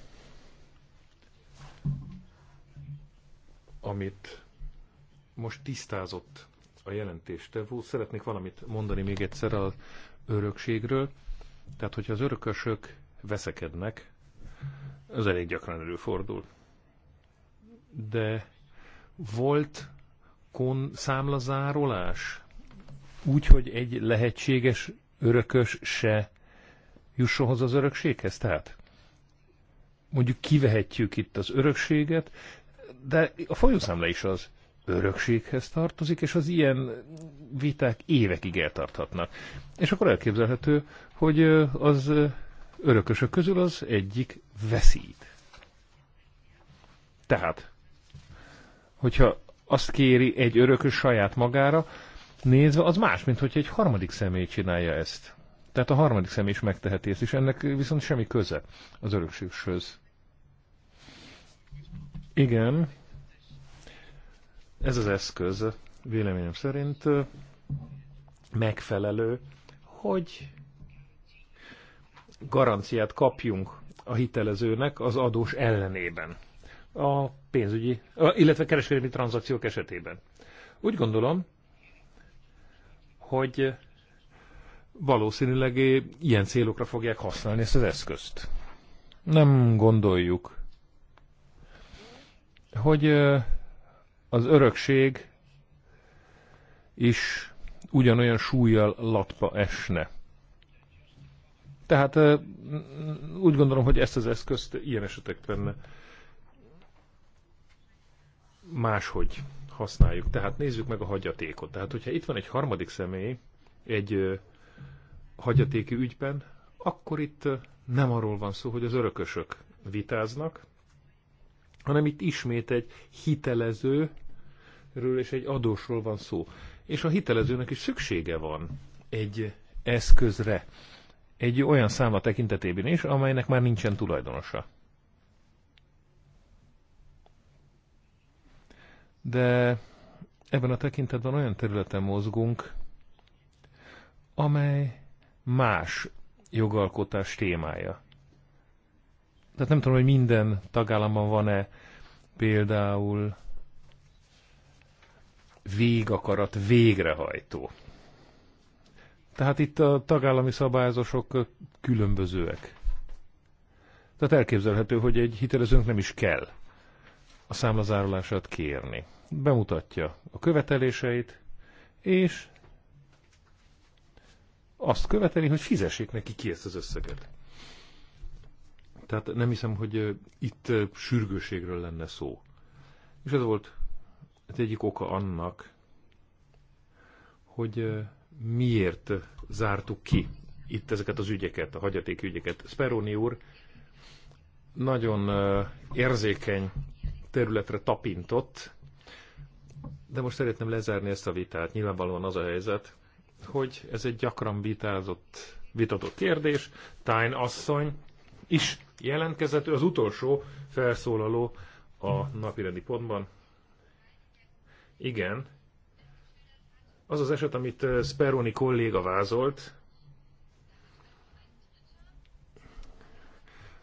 amit most tisztázott a jelentéstevő. Szeretnék valamit mondani még egyszer az örökségről. Tehát, hogyha az örökösök veszekednek, ez elég gyakran előfordul. De volt kon számlazárolás, úgy, hogy egy lehetséges örökös se jusson hozzá az örökséghez? Tehát mondjuk kivehetjük itt az örökséget, de a folyószámla is az örökséghez tartozik, és az ilyen viták évekig eltarthatnak. És akkor elképzelhető, hogy az örökösök közül az egyik veszít. Tehát, hogyha azt kéri egy örökös saját magára, nézve, az más, mint hogyha egy harmadik személy csinálja ezt. Tehát a harmadik személy is megteheti ezt, és ennek viszont semmi köze az örökséghez. Igen, ez az eszköz véleményem szerint megfelelő, hogy garanciát kapjunk a hitelezőnek az adós ellenében a pénzügyi, illetve kereskedelmi tranzakciók esetében. Úgy gondolom, hogy valószínűleg ilyen célokra fogják használni ezt az eszközt. Nem gondoljuk, hogy az örökség is ugyanolyan súlyjal latba esne. Tehát úgy gondolom, hogy ezt az eszközt ilyen esetekben máshogy használjuk. Tehát nézzük meg a hagyatékot. Tehát, hogyha itt van egy harmadik személy egy hagyatéki ügyben, akkor itt nem arról van szó, hogy az örökösök vitáznak, hanem itt ismét egy hitelező ről és egy adósról van szó. És a hitelezőnek is szüksége van egy eszközre, egy olyan száma tekintetében is, amelynek már nincsen tulajdonosa. De ebben a tekintetben olyan területen mozgunk, amely más jogalkotás témája. Tehát nem tudom, hogy minden tagállamban van-e például végakarat végrehajtó. Tehát itt a tagállami szabályozások különbözőek. Tehát elképzelhető, hogy egy hitelezőnk nem is kell a számlazárulását kérni. Bemutatja a követeléseit, és azt követeli, hogy fizessék neki ki ezt az összeget. Tehát nem hiszem, hogy itt sürgőségről lenne szó. És ez volt az hát egyik oka annak, hogy miért zártuk ki itt ezeket az ügyeket, a hagyatékügyeket. Speroni úr nagyon érzékeny területre tapintott, de most szeretném lezárni ezt a vitát. Nyilvánvalóan az a helyzet, hogy ez egy gyakran vitázott, vitatott kérdés. Tájn asszony is jelentkezett, az utolsó felszólaló a napirendi pontban. Igen. Az az eset, amit Speroni kolléga vázolt,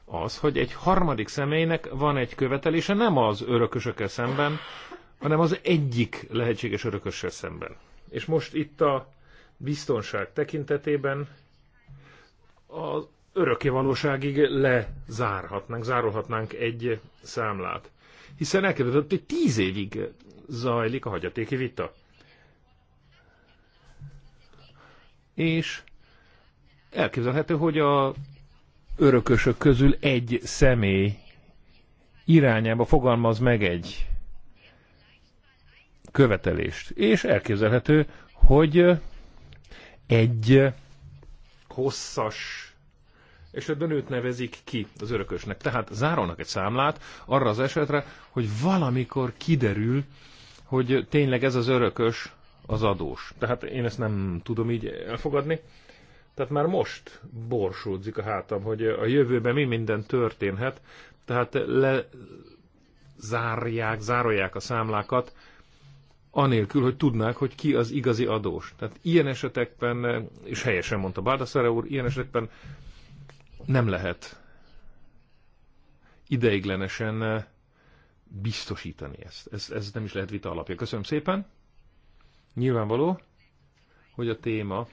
az, hogy egy harmadik személynek van egy követelése nem az örökösökkel szemben, hanem az egyik lehetséges örökössel szemben. És most itt a biztonság tekintetében az örökké valóságig lezárhatnánk, zárolhatnánk egy számlát. Hiszen elképzelhető, hogy tíz évig zajlik a hagyatéki vita. És elképzelhető, hogy a örökösök közül egy személy irányába fogalmaz meg egy követelést. És elképzelhető, hogy egy hosszas esetben őt nevezik ki az örökösnek. Tehát zárolnak egy számlát arra az esetre, hogy valamikor kiderül, hogy tényleg ez az örökös az adós. Tehát én ezt nem tudom így elfogadni. Tehát már most borsódzik a hátam, hogy a jövőben mi minden történhet. Tehát lezárják, zárolják a számlákat, anélkül, hogy tudnák, hogy ki az igazi adós. Tehát ilyen esetekben, és helyesen mondta Bárdaszere úr, ilyen esetekben nem lehet ideiglenesen biztosítani ezt. Ez, ez nem is lehet vita alapja. Köszönöm szépen. Nyilvánvaló, hogy a téma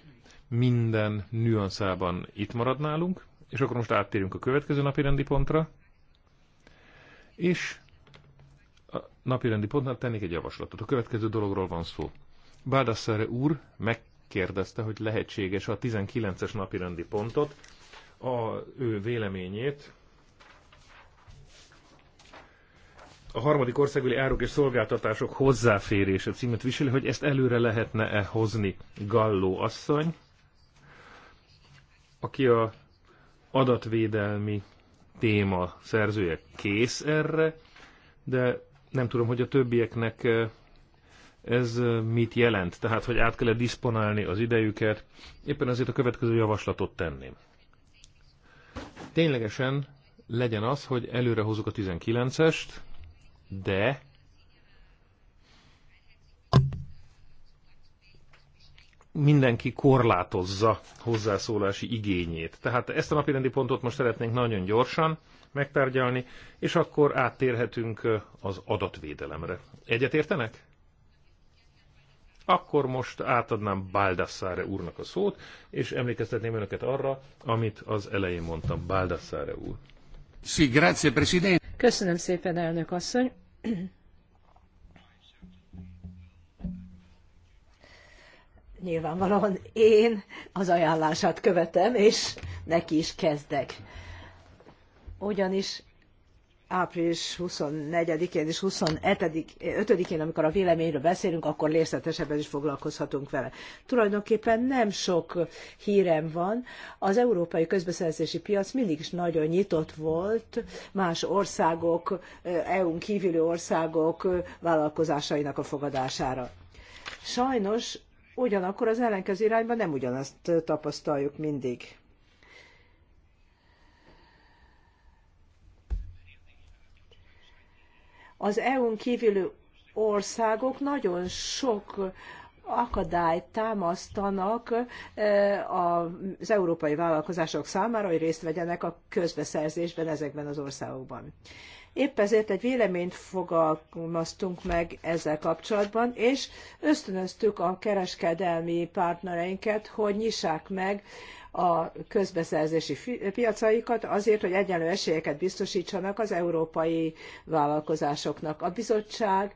minden nüanszában itt marad nálunk, és akkor most áttérünk a következő napi rendi pontra, és a napi rendi pontnál tennék egy javaslatot. A következő dologról van szó. Bádasszere úr megkérdezte, hogy lehetséges a 19-es napi rendi pontot, a ő véleményét a harmadik országbeli áruk és szolgáltatások hozzáférése címet viseli, hogy ezt előre lehetne-e hozni Galló asszony, aki a adatvédelmi téma szerzője kész erre, de nem tudom, hogy a többieknek eh, ez eh, mit jelent, tehát hogy át kell -e diszponálni az idejüket, éppen ezért a következő javaslatot tenném. Ténylegesen legyen az, hogy előre hozzuk a 19-est, de mindenki korlátozza hozzászólási igényét. Tehát ezt a rendi pontot most szeretnénk nagyon gyorsan megtárgyalni, és akkor áttérhetünk az adatvédelemre. Egyet értenek? Akkor most átadnám Baldassare úrnak a szót, és emlékeztetném önöket arra, amit az elején mondtam, Baldassare úr. Köszönöm szépen, elnök asszony. Nyilvánvalóan én az ajánlását követem, és neki is kezdek. Ugyanis április 24-én és 25-én, amikor a véleményről beszélünk, akkor részletesebben is foglalkozhatunk vele. Tulajdonképpen nem sok hírem van. Az európai közbeszerzési piac mindig is nagyon nyitott volt más országok, EU-n kívüli országok vállalkozásainak a fogadására. Sajnos ugyanakkor az ellenkező irányban nem ugyanazt tapasztaljuk mindig Az EU-n kívüli országok nagyon sok akadályt támasztanak eh, az európai vállalkozások számára, hogy részt vegyenek a közbeszerzésben ezekben az országokban. Épp ezért egy véleményt fogalmaztunk meg ezzel kapcsolatban, és ösztönöztük a kereskedelmi partnereinket, hogy nyissák meg a közbeszerzési piacaikat azért, hogy egyenlő esélyeket biztosítsanak az európai vállalkozásoknak. A bizottság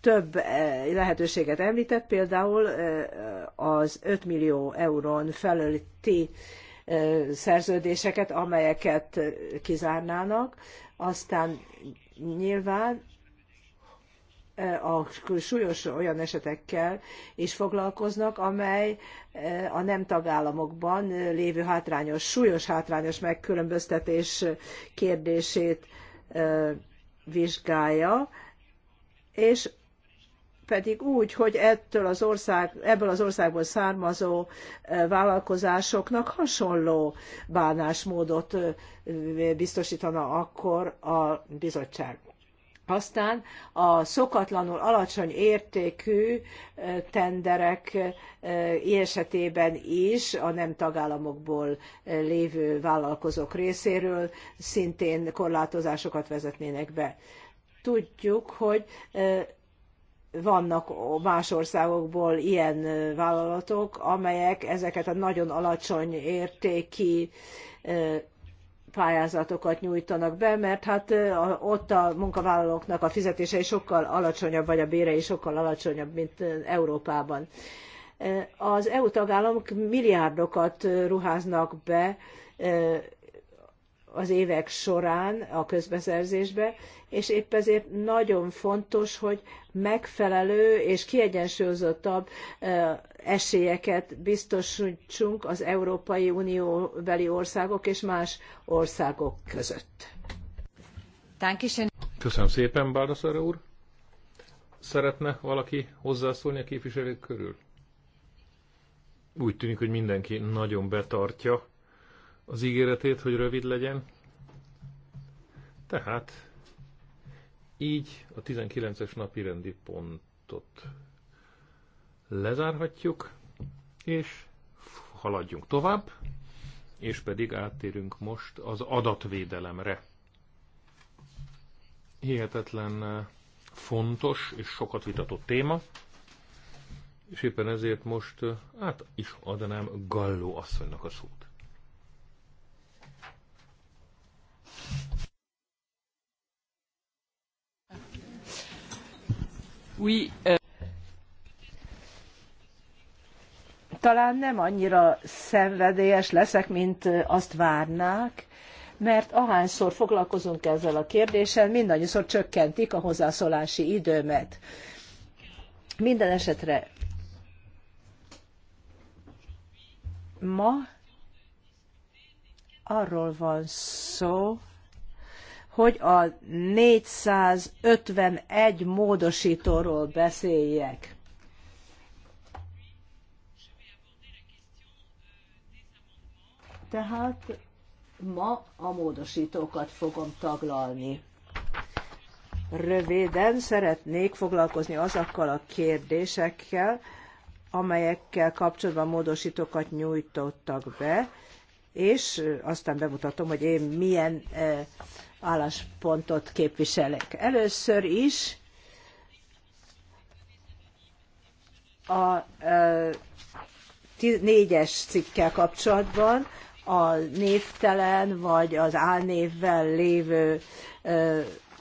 több lehetőséget említett, például az 5 millió eurón fölötti szerződéseket, amelyeket kizárnának, aztán nyilván a súlyos olyan esetekkel is foglalkoznak, amely eh, a nem tagállamokban eh, lévő hátrányos, súlyos hátrányos megkülönböztetés kérdését eh, vizsgálja, és pedig úgy, hogy ettől az ország, ebből az országból származó vállalkozásoknak hasonló bánásmódot biztosítana akkor a bizottság. Aztán a szokatlanul alacsony értékű tenderek esetében is a nem tagállamokból lévő vállalkozók részéről szintén korlátozásokat vezetnének be. Tudjuk, hogy vannak más országokból ilyen vállalatok, amelyek ezeket a nagyon alacsony értéki pályázatokat nyújtanak be, mert hát ott a munkavállalóknak a fizetései sokkal alacsonyabb, vagy a bérei sokkal alacsonyabb, mint Európában. Az EU tagállamok milliárdokat ruháznak be az évek során a közbeszerzésbe, és épp ezért nagyon fontos, hogy megfelelő és kiegyensúlyozottabb esélyeket biztosítsunk az Európai Unió országok és más országok között. Köszönöm szépen, Báldaszara úr. Szeretne valaki hozzászólni a képviselők körül? Úgy tűnik, hogy mindenki nagyon betartja az ígéretét, hogy rövid legyen. Tehát így a 19-es napi rendi pontot lezárhatjuk, és haladjunk tovább, és pedig áttérünk most az adatvédelemre. Hihetetlen eh, fontos és sokat vitatott téma, és éppen ezért most eh, át is adnám Galló asszonynak a szót. Oui, euh... talán nem annyira szenvedélyes leszek, mint azt várnák, mert ahányszor foglalkozunk ezzel a kérdéssel, mindannyiszor csökkentik a hozzászólási időmet. Minden esetre ma arról van szó, hogy a 451 módosítóról beszéljek. Tehát ma a módosítókat fogom taglalni. Röviden szeretnék foglalkozni azokkal a kérdésekkel, amelyekkel kapcsolatban módosítókat nyújtottak be, és aztán bemutatom, hogy én milyen e, álláspontot képviselek. Először is a e, négyes cikkel kapcsolatban, a névtelen vagy az álnévvel lévő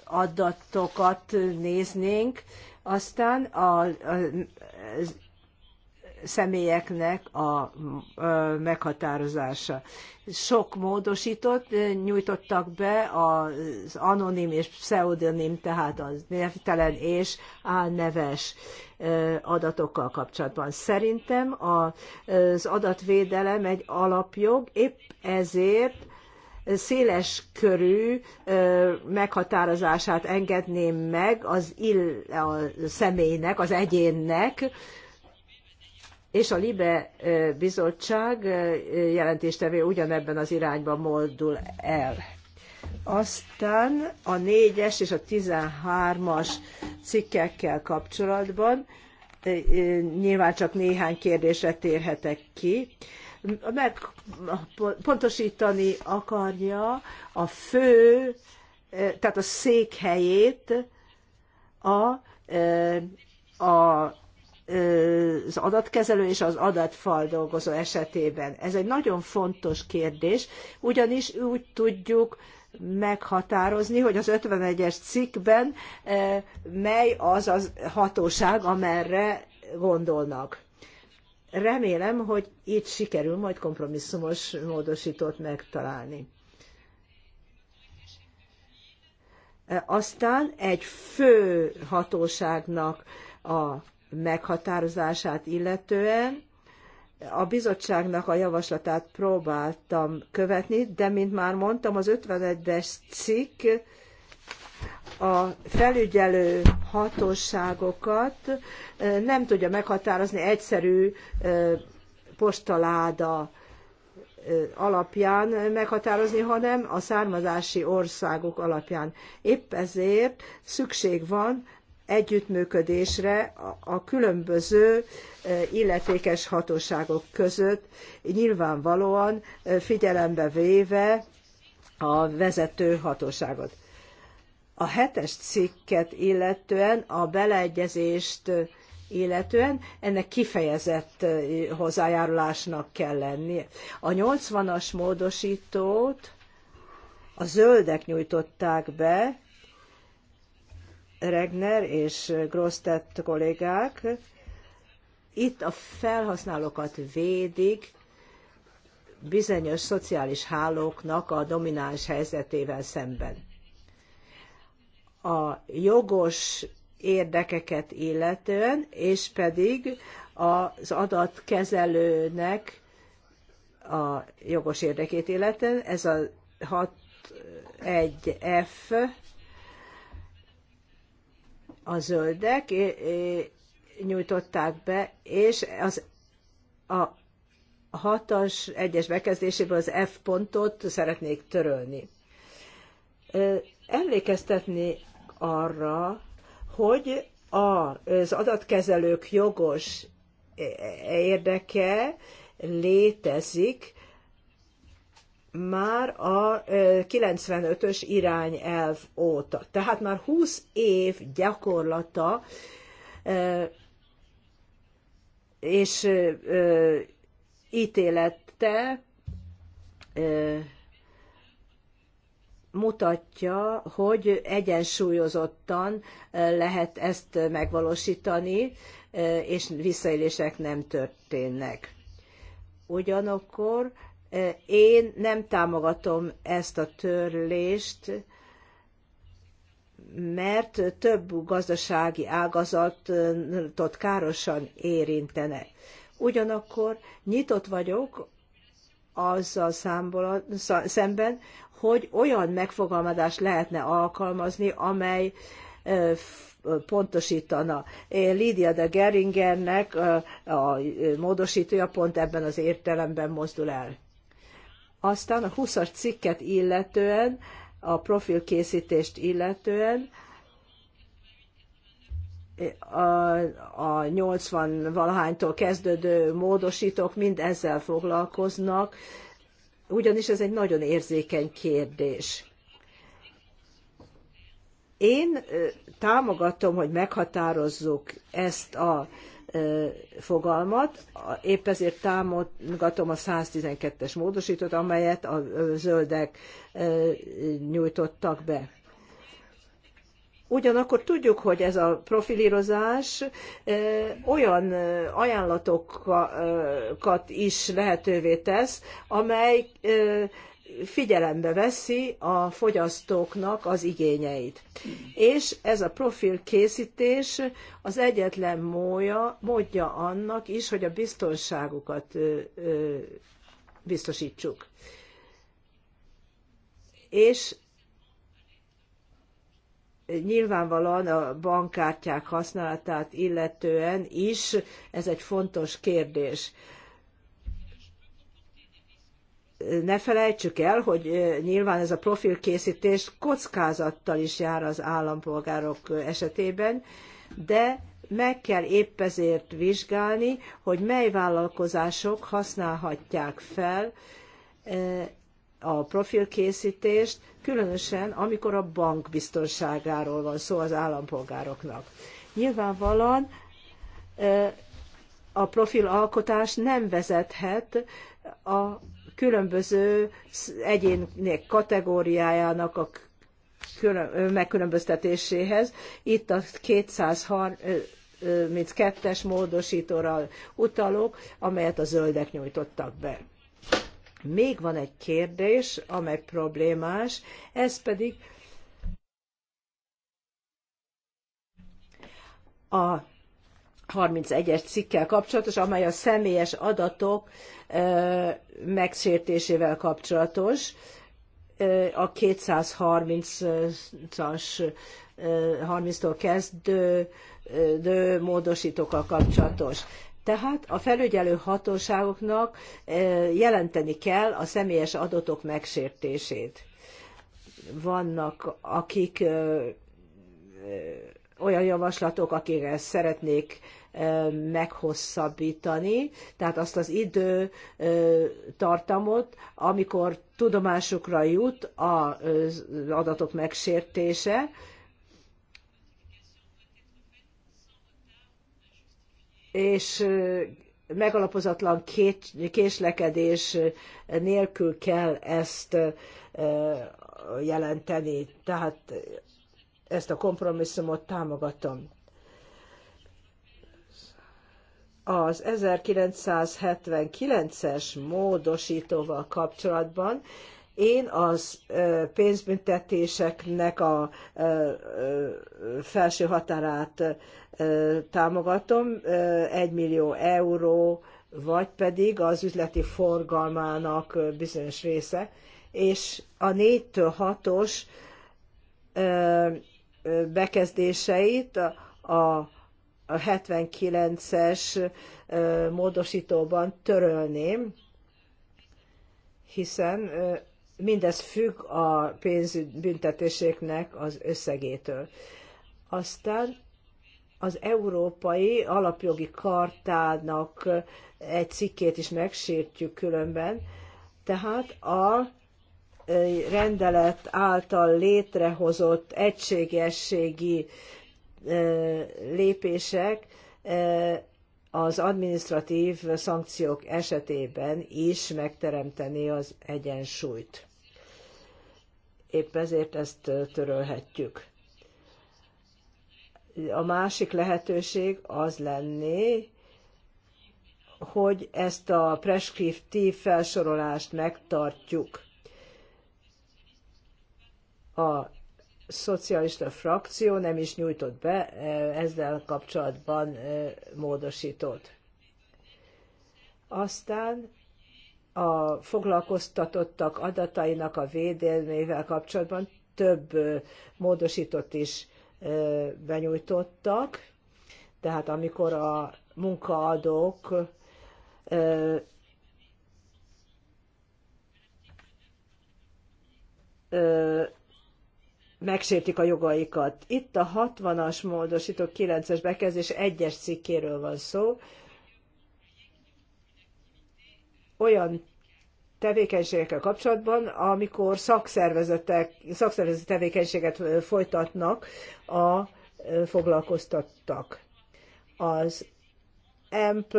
adatokat néznénk, aztán a, a, az személyeknek a meghatározása. Sok módosított nyújtottak be az anonim és pseudonim, tehát az névtelen és álneves adatokkal kapcsolatban. Szerintem az adatvédelem egy alapjog, épp ezért széles körű meghatározását engedném meg az ill, a személynek, az egyénnek, és a LIBE bizottság jelentéstevő ugyanebben az irányban moldul el. Aztán a 4-es és a 13-as cikkekkel kapcsolatban nyilván csak néhány kérdésre térhetek ki meg pontosítani akarja a fő, tehát a székhelyét a, a az adatkezelő és az adatfal dolgozó esetében. Ez egy nagyon fontos kérdés, ugyanis úgy tudjuk meghatározni, hogy az 51-es cikkben e, mely az az hatóság, amerre gondolnak. Remélem, hogy itt sikerül majd kompromisszumos módosítót megtalálni. E, aztán egy fő hatóságnak a meghatározását illetően a bizottságnak a javaslatát próbáltam követni, de mint már mondtam, az 51-es cikk a felügyelő hatóságokat nem tudja meghatározni egyszerű postaláda alapján meghatározni, hanem a származási országok alapján. Épp ezért szükség van együttműködésre a különböző e, illetékes hatóságok között, nyilvánvalóan e, figyelembe véve a vezető hatóságot. A hetes cikket illetően, a beleegyezést illetően ennek kifejezett e, hozzájárulásnak kell lennie. A 80-as módosítót a zöldek nyújtották be, Regner és Grosztett kollégák itt a felhasználókat védik bizonyos szociális hálóknak a domináns helyzetével szemben. A jogos érdekeket illetően, és pedig az adatkezelőnek a jogos érdekét illetően, ez a 6.1f a zöldek nyújtották be, és az a hatas egyes bekezdéséből az F pontot szeretnék törölni. Emlékeztetni arra, hogy az adatkezelők jogos érdeke létezik, már a 95-ös irányelv óta. Tehát már 20 év gyakorlata és ítélette mutatja, hogy egyensúlyozottan lehet ezt megvalósítani, és visszaélések nem történnek. Ugyanakkor én nem támogatom ezt a törlést, mert több gazdasági ágazatot károsan érintene. Ugyanakkor nyitott vagyok azzal számból, szemben, hogy olyan megfogalmazást lehetne alkalmazni, amely pontosítana. Lídia de Geringernek a módosítója pont ebben az értelemben mozdul el. Aztán a 20-as cikket illetően, a profilkészítést illetően, a, a 80 valahánytól kezdődő módosítók mind ezzel foglalkoznak, ugyanis ez egy nagyon érzékeny kérdés. Én támogatom, hogy meghatározzuk ezt a fogalmat. Épp ezért támogatom a 112-es módosítót, amelyet a zöldek nyújtottak be. Ugyanakkor tudjuk, hogy ez a profilírozás olyan ajánlatokat is lehetővé tesz, amely figyelembe veszi a fogyasztóknak az igényeit. És ez a profilkészítés az egyetlen módja, módja annak is, hogy a biztonságukat biztosítsuk. És nyilvánvalóan a bankkártyák használatát illetően is ez egy fontos kérdés ne felejtsük el, hogy nyilván ez a profilkészítés kockázattal is jár az állampolgárok esetében, de meg kell épp ezért vizsgálni, hogy mely vállalkozások használhatják fel a profilkészítést, különösen amikor a bank biztonságáról van szó az állampolgároknak. Nyilvánvalóan a profilalkotás nem vezethet a különböző egyének kategóriájának a külön, megkülönböztetéséhez. Itt a 232-es módosítóra utalok, amelyet a zöldek nyújtottak be. Még van egy kérdés, amely problémás, ez pedig a 31-es cikkel kapcsolatos, amely a személyes adatok megsértésével kapcsolatos. A 230-as 30-tól kezdő de módosítókkal kapcsolatos. Tehát a felügyelő hatóságoknak jelenteni kell a személyes adatok megsértését. Vannak, akik olyan javaslatok, akik szeretnék meghosszabbítani, tehát azt az idő tartamot, amikor tudomásukra jut az adatok megsértése, és megalapozatlan késlekedés nélkül kell ezt jelenteni. Tehát ezt a kompromisszumot támogatom az 1979-es módosítóval kapcsolatban én az pénzbüntetéseknek a felső határát támogatom, 1 millió euró, vagy pedig az üzleti forgalmának bizonyos része, és a 4-től 6-os bekezdéseit a a 79-es módosítóban törölném, hiszen mindez függ a pénzbüntetéseknek az összegétől. Aztán az Európai Alapjogi Kartának egy cikkét is megsértjük különben, tehát a rendelet által létrehozott egységességi lépések az administratív szankciók esetében is megteremteni az egyensúlyt. Épp ezért ezt törölhetjük. A másik lehetőség az lenné, hogy ezt a preskriptív felsorolást megtartjuk. A szocialista frakció nem is nyújtott be ezzel kapcsolatban módosított. Aztán a foglalkoztatottak adatainak a védelmével kapcsolatban több módosítót is benyújtottak, tehát amikor a munkaadók megsértik a jogaikat. Itt a 60-as módosító 9-es bekezdés egyes es cikkéről van szó. Olyan tevékenységekkel kapcsolatban, amikor szakszervezetek, szakszervezeti tevékenységet folytatnak a foglalkoztattak. Az EMPL,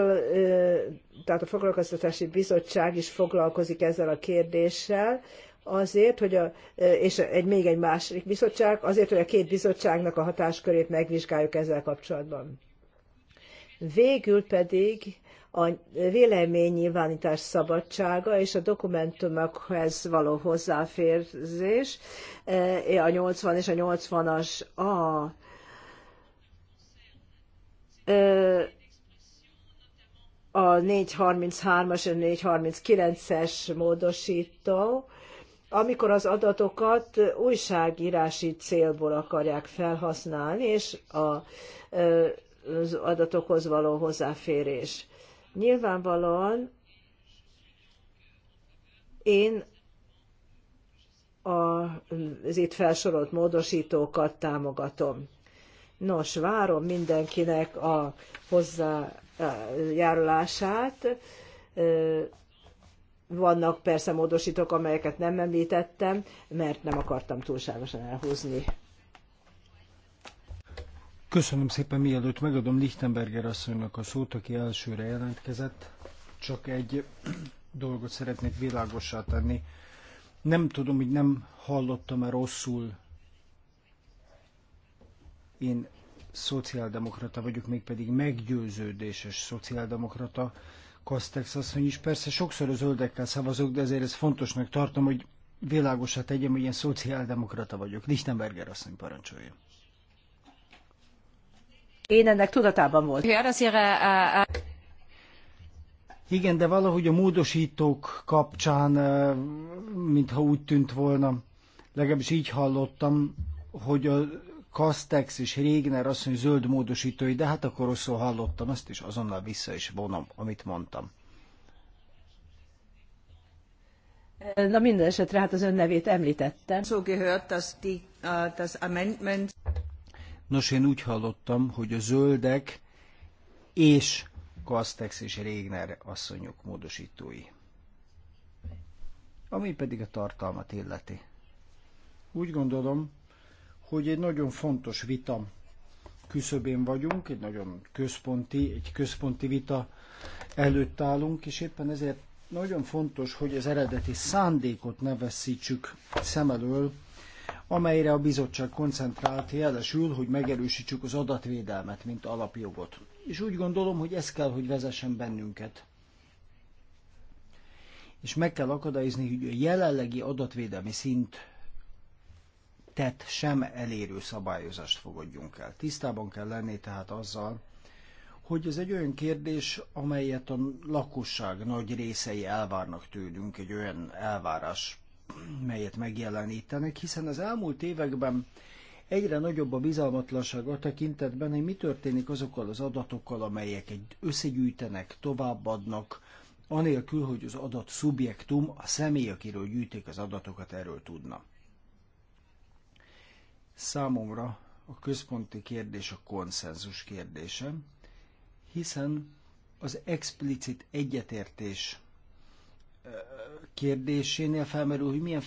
tehát a Foglalkoztatási Bizottság is foglalkozik ezzel a kérdéssel, azért, hogy a, e, és egy, még egy másik bizottság, azért, hogy a két bizottságnak a hatáskörét megvizsgáljuk ezzel kapcsolatban. Végül pedig a véleménynyilvánítás szabadsága és a dokumentumokhoz való hozzáférzés, e, a 80 és a 80-as a e, a 433-as és 439-es módosító, amikor az adatokat újságírási célból akarják felhasználni, és a, az adatokhoz való hozzáférés. Nyilvánvalóan én az itt felsorolt módosítókat támogatom. Nos, várom mindenkinek a hozzájárulását vannak persze módosítók, amelyeket nem említettem, mert nem akartam túlságosan elhúzni. Köszönöm szépen, mielőtt megadom Lichtenberger asszonynak a szót, aki elsőre jelentkezett. Csak egy dolgot szeretnék világossá tenni. Nem tudom, hogy nem hallottam-e rosszul. Én szociáldemokrata vagyok, mégpedig meggyőződéses szociáldemokrata. Kostex asszony is. Persze sokszor a zöldekkel szavazok, de azért ez fontosnak tartom, hogy világosat tegyem, hogy ilyen szociáldemokrata vagyok. Lichtenberger asszony parancsolja. Én ennek tudatában volt. Igen, de valahogy a módosítók kapcsán, mintha úgy tűnt volna, legalábbis így hallottam, hogy a Kastex és Régner asszony zöld módosítói, de hát akkor rosszul hallottam azt, és azonnal vissza is vonom, amit mondtam. Na minden esetre hát az ön nevét említettem. So gehört, dass die, uh, das amendment... Nos, én úgy hallottam, hogy a zöldek és Kastex és Régner asszonyok módosítói. Ami pedig a tartalmat illeti. Úgy gondolom, hogy egy nagyon fontos vita küszöbén vagyunk, egy nagyon központi, egy központi vita előtt állunk, és éppen ezért nagyon fontos, hogy az eredeti szándékot ne veszítsük szem elől, amelyre a bizottság koncentrált jelesül, hogy megerősítsük az adatvédelmet, mint alapjogot. És úgy gondolom, hogy ez kell, hogy vezessen bennünket. És meg kell akadályozni, hogy a jelenlegi adatvédelmi szint tett sem elérő szabályozást fogadjunk el. Tisztában kell lenni tehát azzal, hogy ez egy olyan kérdés, amelyet a lakosság nagy részei elvárnak tőlünk, egy olyan elvárás, melyet megjelenítenek, hiszen az elmúlt években egyre nagyobb a bizalmatlanság a tekintetben, hogy mi történik azokkal az adatokkal, amelyek egy összegyűjtenek, továbbadnak, anélkül, hogy az adat szubjektum, a személy, akiről gyűjtik az adatokat, erről tudna. Számomra a központi kérdés a konszenzus kérdése, hiszen az explicit egyetértés kérdésénél felmerül, hogy milyen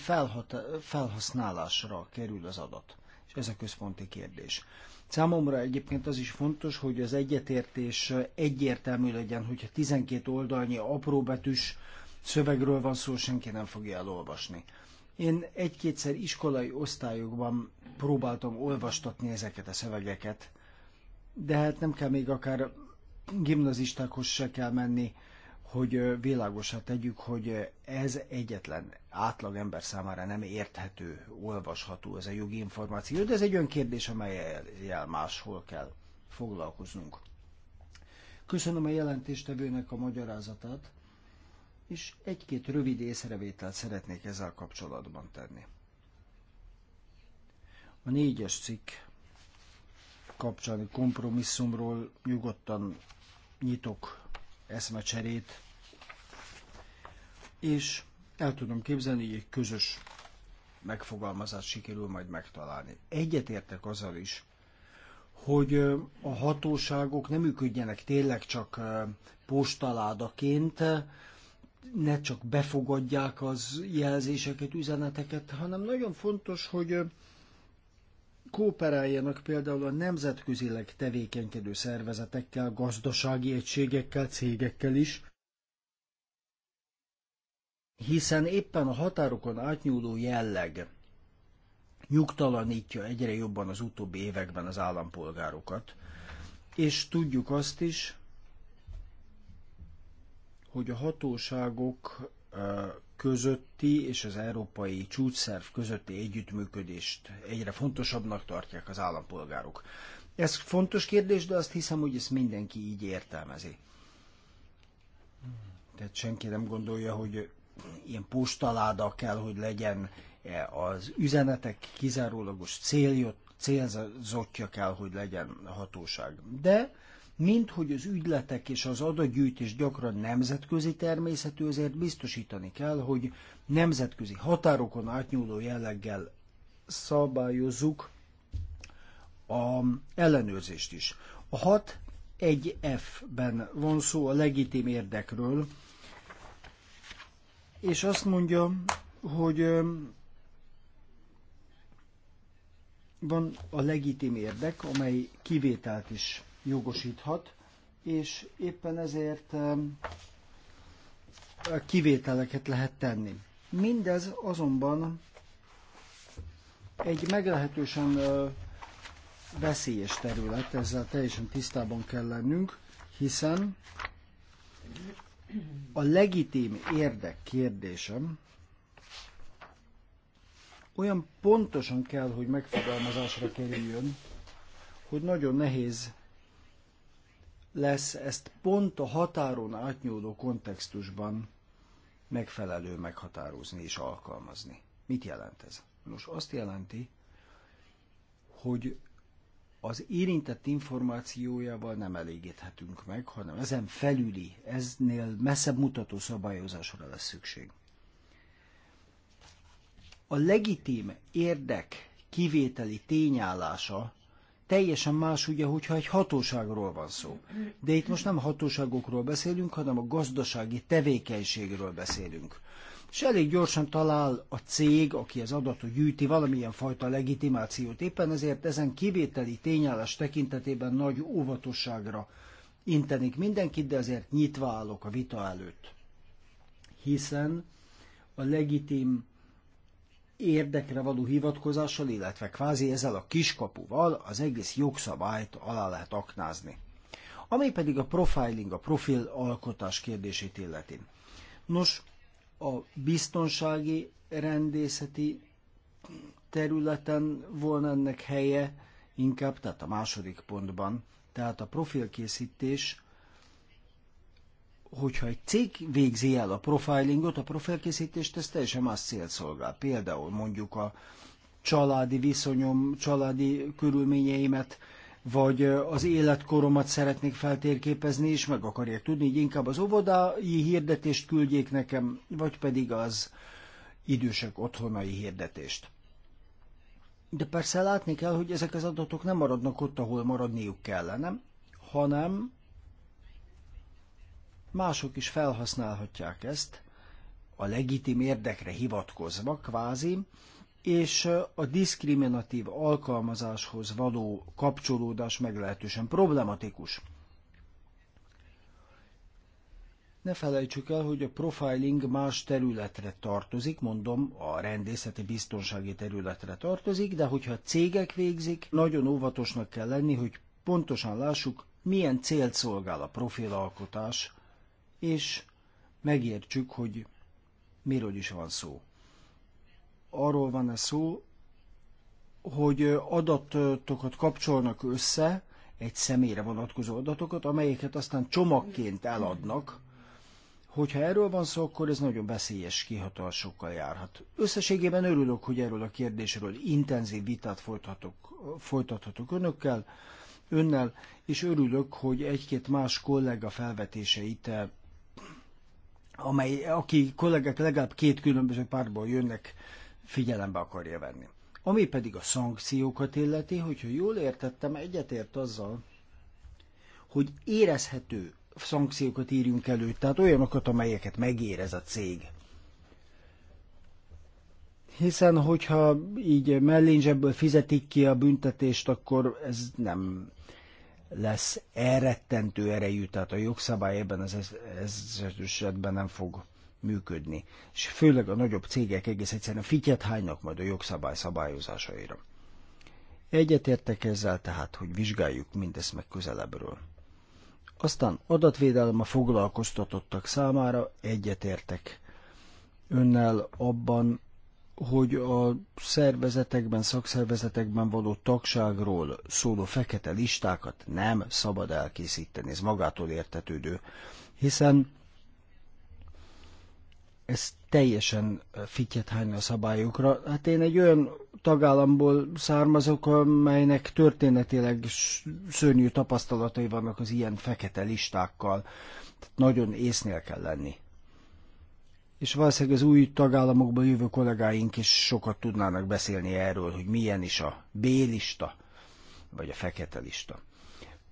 felhasználásra kerül az adat. És ez a központi kérdés. Számomra egyébként az is fontos, hogy az egyetértés egyértelmű legyen, hogyha 12 oldalnyi apróbetűs szövegről van szó, senki nem fogja elolvasni. Én egy-kétszer iskolai osztályokban próbáltam olvastatni ezeket a szövegeket, de hát nem kell még akár gimnazistákhoz se kell menni, hogy világosá tegyük, hogy ez egyetlen átlag ember számára nem érthető, olvasható ez a jogi információ, de ez egy olyan kérdés, amelyel máshol kell foglalkoznunk. Köszönöm a jelentéstevőnek a magyarázatát és egy-két rövid észrevételt szeretnék ezzel kapcsolatban tenni. A négyes cikk kapcsán kompromisszumról nyugodtan nyitok eszmecserét, és el tudom képzelni, hogy egy közös megfogalmazást sikerül majd megtalálni. Egyetértek azzal is, hogy a hatóságok nem működjenek tényleg csak postaládaként, ne csak befogadják az jelzéseket, üzeneteket, hanem nagyon fontos, hogy kooperáljanak például a nemzetközileg tevékenykedő szervezetekkel, gazdasági egységekkel, cégekkel is, hiszen éppen a határokon átnyúló jelleg nyugtalanítja egyre jobban az utóbbi években az állampolgárokat, és tudjuk azt is, hogy a hatóságok eh, közötti és az európai csúcsszerv közötti együttműködést egyre fontosabbnak tartják az állampolgárok. Ez fontos kérdés, de azt hiszem, hogy ezt mindenki így értelmezi. Tehát senki nem gondolja, hogy ilyen postaláda kell, hogy legyen e, az üzenetek kizárólagos célja, célzottja kell, hogy legyen a hatóság. De mint hogy az ügyletek és az adagyűjtés gyakran nemzetközi természetű, ezért biztosítani kell, hogy nemzetközi határokon átnyúló jelleggel szabályozzuk a ellenőrzést is. A 6 egy f ben van szó a legitim érdekről, és azt mondja, hogy van a legitim érdek, amely kivételt is jogosíthat, és éppen ezért kivételeket lehet tenni. Mindez azonban egy meglehetősen veszélyes terület, ezzel teljesen tisztában kell lennünk, hiszen a legitim érdek kérdésem olyan pontosan kell, hogy megfogalmazásra kerüljön, hogy nagyon nehéz lesz ezt pont a határon átnyúló kontextusban megfelelő meghatározni és alkalmazni. Mit jelent ez? Nos, azt jelenti, hogy az érintett információjával nem elégíthetünk meg, hanem ezen felüli, eznél messzebb mutató szabályozásra lesz szükség. A legitim érdek kivételi tényállása Teljesen más ugye, hogyha egy hatóságról van szó. De itt most nem hatóságokról beszélünk, hanem a gazdasági tevékenységről beszélünk. És elég gyorsan talál a cég, aki az adatot gyűjti, valamilyen fajta legitimációt. Éppen ezért ezen kivételi tényállás tekintetében nagy óvatosságra intenik mindenkit, de azért nyitva állok a vita előtt. Hiszen a legitim érdekre való hivatkozással, illetve kvázi ezzel a kiskapuval az egész jogszabályt alá lehet aknázni. Ami pedig a profiling, a profil alkotás kérdését illeti. Nos, a biztonsági rendészeti területen volna ennek helye, inkább, tehát a második pontban. Tehát a profilkészítés hogyha egy cég végzi el a profilingot, a profilkészítést, ez teljesen más cél szolgál. Például mondjuk a családi viszonyom, családi körülményeimet, vagy az életkoromat szeretnék feltérképezni, és meg akarják tudni, hogy inkább az óvodai hirdetést küldjék nekem, vagy pedig az idősek otthonai hirdetést. De persze látni kell, hogy ezek az adatok nem maradnak ott, ahol maradniuk kellene, hanem mások is felhasználhatják ezt, a legitim érdekre hivatkozva kvázi, és a diszkriminatív alkalmazáshoz való kapcsolódás meglehetősen problematikus. Ne felejtsük el, hogy a profiling más területre tartozik, mondom, a rendészeti biztonsági területre tartozik, de hogyha cégek végzik, nagyon óvatosnak kell lenni, hogy pontosan lássuk, milyen célt szolgál a profilalkotás, és megértsük, hogy miről is van szó. Arról van -e szó, hogy adatokat kapcsolnak össze, egy személyre vonatkozó adatokat, amelyeket aztán csomagként eladnak. Hogyha erről van szó, akkor ez nagyon veszélyes kihatásokkal járhat. Összességében örülök, hogy erről a kérdésről intenzív vitát folytatok, folytathatok önökkel, önnel, és örülök, hogy egy-két más kollega felvetéseit amely, aki kollégák legalább két különböző párból jönnek, figyelembe akarja venni. Ami pedig a szankciókat illeti, hogyha jól értettem, egyetért azzal, hogy érezhető szankciókat írjunk elő, tehát olyanokat, amelyeket megérez a cég. Hiszen, hogyha így mellénzsebből fizetik ki a büntetést, akkor ez nem lesz elrettentő erejű, tehát a jogszabály ebben az esetben nem fog működni. És főleg a nagyobb cégek egész egyszerűen fityet hánynak majd a jogszabály szabályozásaira. Egyetértek ezzel tehát, hogy vizsgáljuk mindezt meg közelebbről. Aztán adatvédelem a foglalkoztatottak számára egyetértek önnel abban, hogy a szervezetekben, szakszervezetekben való tagságról szóló fekete listákat nem szabad elkészíteni, ez magától értetődő, hiszen ez teljesen fityet hányni a szabályokra. Hát én egy olyan tagállamból származok, amelynek történetileg szörnyű tapasztalatai vannak az ilyen fekete listákkal. Tehát nagyon észnél kell lenni és valószínűleg az új tagállamokban jövő kollégáink is sokat tudnának beszélni erről, hogy milyen is a B-lista, vagy a fekete lista.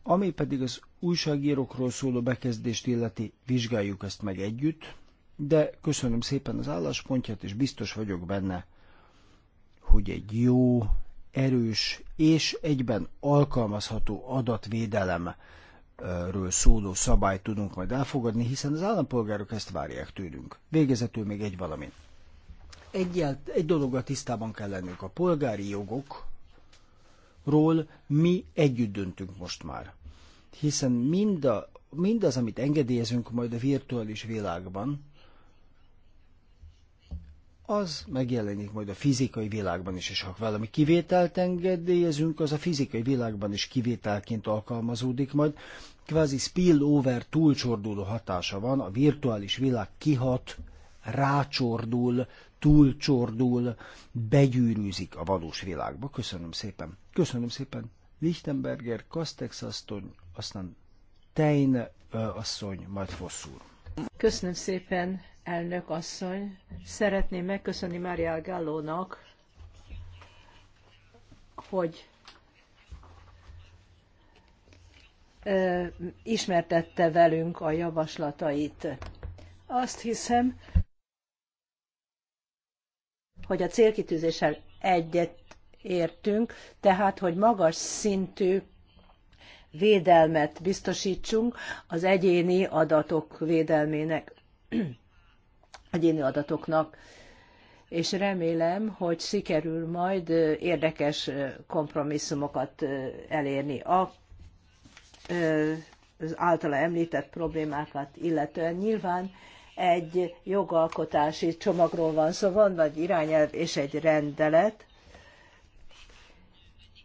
Ami pedig az újságírókról szóló bekezdést illeti, vizsgáljuk ezt meg együtt, de köszönöm szépen az álláspontját, és biztos vagyok benne, hogy egy jó, erős és egyben alkalmazható adatvédelem ről szóló szabályt tudunk majd elfogadni, hiszen az állampolgárok ezt várják tőlünk. Végezetül még egy valami. Egy, egy dologgal tisztában kell lennünk. A polgári jogokról mi együtt döntünk most már. Hiszen mind a, mindaz, amit engedélyezünk majd a virtuális világban, az megjelenik majd a fizikai világban is, és ha valami kivételt engedélyezünk, az a fizikai világban is kivételként alkalmazódik majd, kvázi spillover túlcsorduló hatása van, a virtuális világ kihat, rácsordul, túlcsordul, begyűrűzik a valós világba. Köszönöm szépen. Köszönöm szépen. Lichtenberger, Kastex asszony, aztán Tein asszony, majd Fosszúr. Köszönöm szépen, elnök asszony. Szeretném megköszönni Mária Gallónak, hogy ismertette velünk a javaslatait. Azt hiszem, hogy a célkitűzéssel egyet értünk, tehát hogy magas szintű védelmet biztosítsunk az egyéni adatok védelmének, egyéni adatoknak, és remélem, hogy sikerül majd érdekes kompromisszumokat elérni. A az általa említett problémákat illetően. Nyilván egy jogalkotási csomagról van szó, van vagy irányelv és egy rendelet,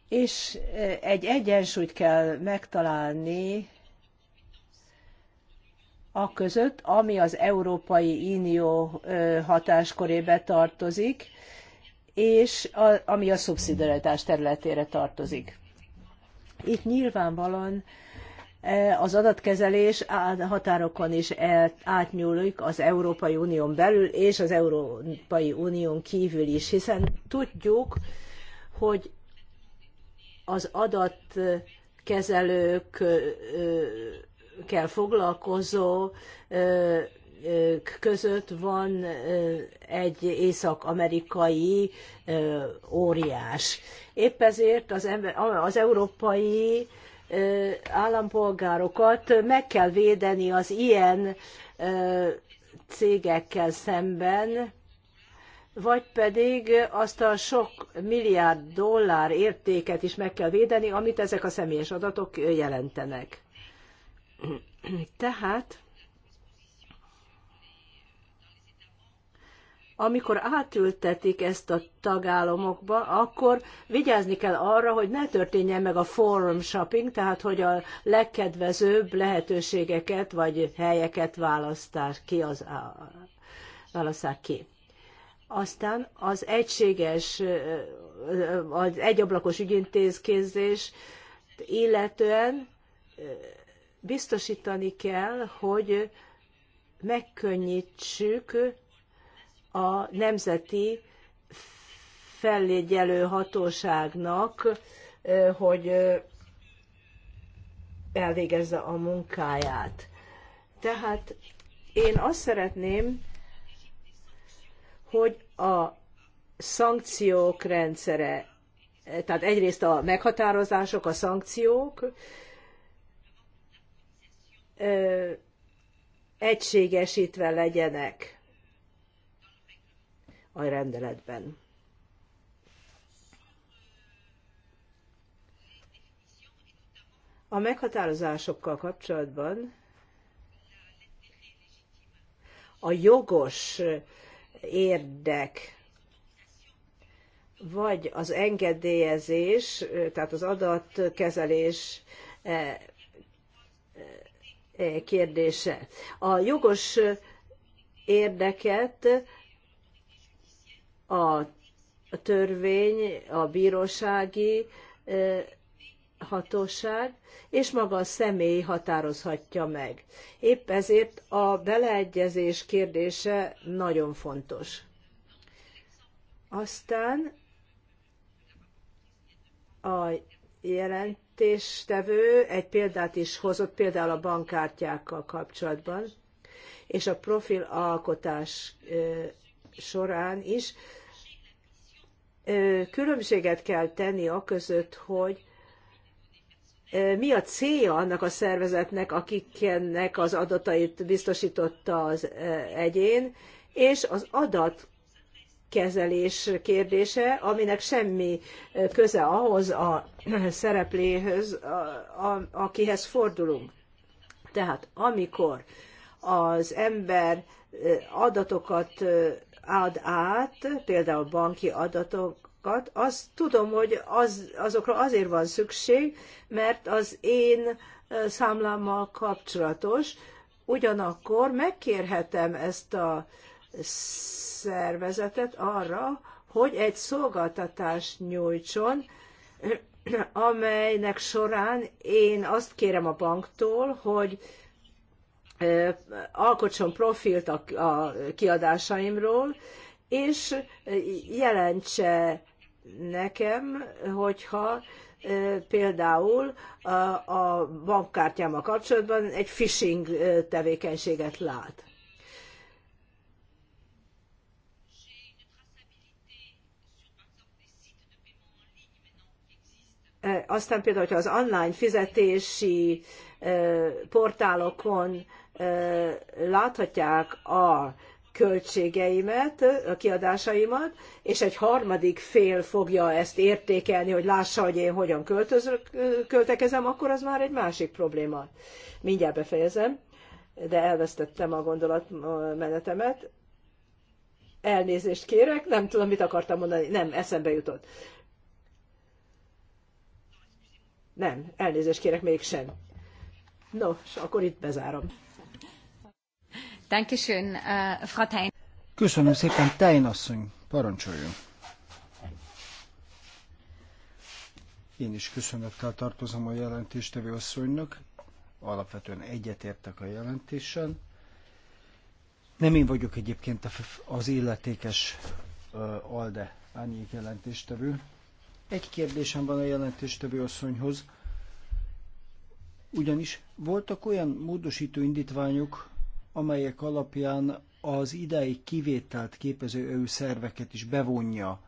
és egy egyensúlyt kell megtalálni a között, ami az Európai Unió hatáskorébe tartozik, és a, ami a szubszidiaritás területére tartozik. Itt nyilvánvalóan az adatkezelés határokon is átnyúlik az Európai Unión belül és az Európai Unión kívül is, hiszen tudjuk, hogy az adatkezelőkkel foglalkozó között van egy észak-amerikai óriás. Épp ezért az, ember, az európai állampolgárokat meg kell védeni az ilyen cégekkel szemben, vagy pedig azt a sok milliárd dollár értéket is meg kell védeni, amit ezek a személyes adatok jelentenek. Tehát amikor átültetik ezt a tagállamokba, akkor vigyázni kell arra, hogy ne történjen meg a forum shopping, tehát hogy a legkedvezőbb lehetőségeket vagy helyeket választás ki az, választák ki. Aztán az egységes, az egyablakos ügyintézkézés illetően biztosítani kell, hogy megkönnyítsük a nemzeti fellégyelő hatóságnak, hogy elvégezze a munkáját. Tehát én azt szeretném, hogy a szankciók rendszere, tehát egyrészt a meghatározások, a szankciók egységesítve legyenek a rendeletben. A meghatározásokkal kapcsolatban a jogos érdek vagy az engedélyezés, tehát az adatkezelés e, e, kérdése. A jogos érdeket a törvény, a bírósági hatóság, és maga a személy határozhatja meg. Épp ezért a beleegyezés kérdése nagyon fontos. Aztán a jelentéstevő egy példát is hozott, például a bankkártyákkal kapcsolatban, és a profilalkotás során is különbséget kell tenni a között, hogy mi a célja annak a szervezetnek, akiknek az adatait biztosította az egyén, és az adat kezelés kérdése, aminek semmi köze ahhoz a a, akihez fordulunk. Tehát amikor az ember adatokat ad át, például banki adatokat, azt tudom, hogy az, azokra azért van szükség, mert az én számlámmal kapcsolatos, ugyanakkor megkérhetem ezt a szervezetet arra, hogy egy szolgáltatást nyújtson, amelynek során én azt kérem a banktól, hogy alkotson profilt a, a kiadásaimról, és jelentse nekem, hogyha például a bankkártyámmal kapcsolatban egy phishing tevékenységet lát. Aztán például, hogyha az online fizetési portálokon láthatják a költségeimet, a kiadásaimat, és egy harmadik fél fogja ezt értékelni, hogy lássa, hogy én hogyan költözök, költekezem, akkor az már egy másik probléma. Mindjárt befejezem, de elvesztettem a gondolatmenetemet. Elnézést kérek, nem tudom, mit akartam mondani, nem, eszembe jutott. Nem, elnézést kérek mégsem. Nos, akkor itt bezárom. Äh, Köszönöm szépen, Tein asszony, parancsoljon. Én is köszönettel tartozom a jelentéstevő asszonynak. Alapvetően egyetértek a jelentéssel. Nem én vagyok egyébként az illetékes ALDE árnyék jelentéstevő. Egy kérdésem van a jelentéstevő asszonyhoz. Ugyanis voltak olyan módosító indítványok, amelyek alapján az ideig kivételt képező EU szerveket is bevonja,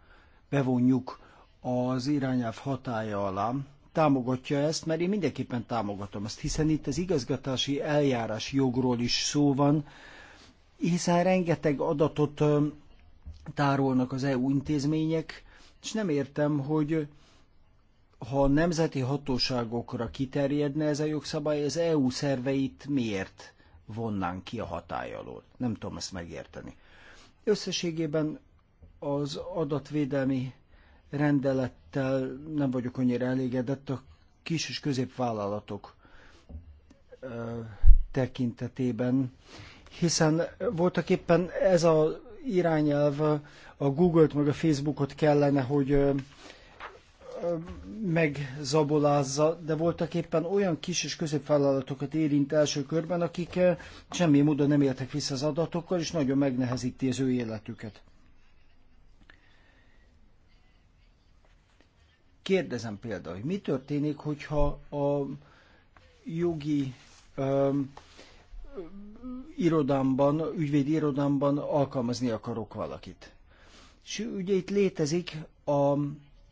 bevonjuk az irányelv hatája alá. Támogatja ezt, mert én mindenképpen támogatom ezt, hiszen itt az igazgatási eljárás jogról is szó van, hiszen rengeteg adatot tárolnak az EU intézmények, és nem értem, hogy ha a nemzeti hatóságokra kiterjedne ez a jogszabály, az EU szerveit miért vonnánk ki a hatály alól. Nem tudom ezt megérteni. Összességében az adatvédelmi rendelettel nem vagyok annyira elégedett, a kis és középvállalatok tekintetében, hiszen voltak éppen ez a irányelv a Google-t meg a Facebookot kellene, hogy megzabolázza, de voltak éppen olyan kis és középvállalatokat érint első körben, akik eh, semmi módon nem éltek vissza az adatokkal, és nagyon megnehezíti az ő életüket. Kérdezem például, hogy mi történik, hogyha a jogi um, irodámban, ügyvédi irodámban alkalmazni akarok valakit. És ugye itt létezik a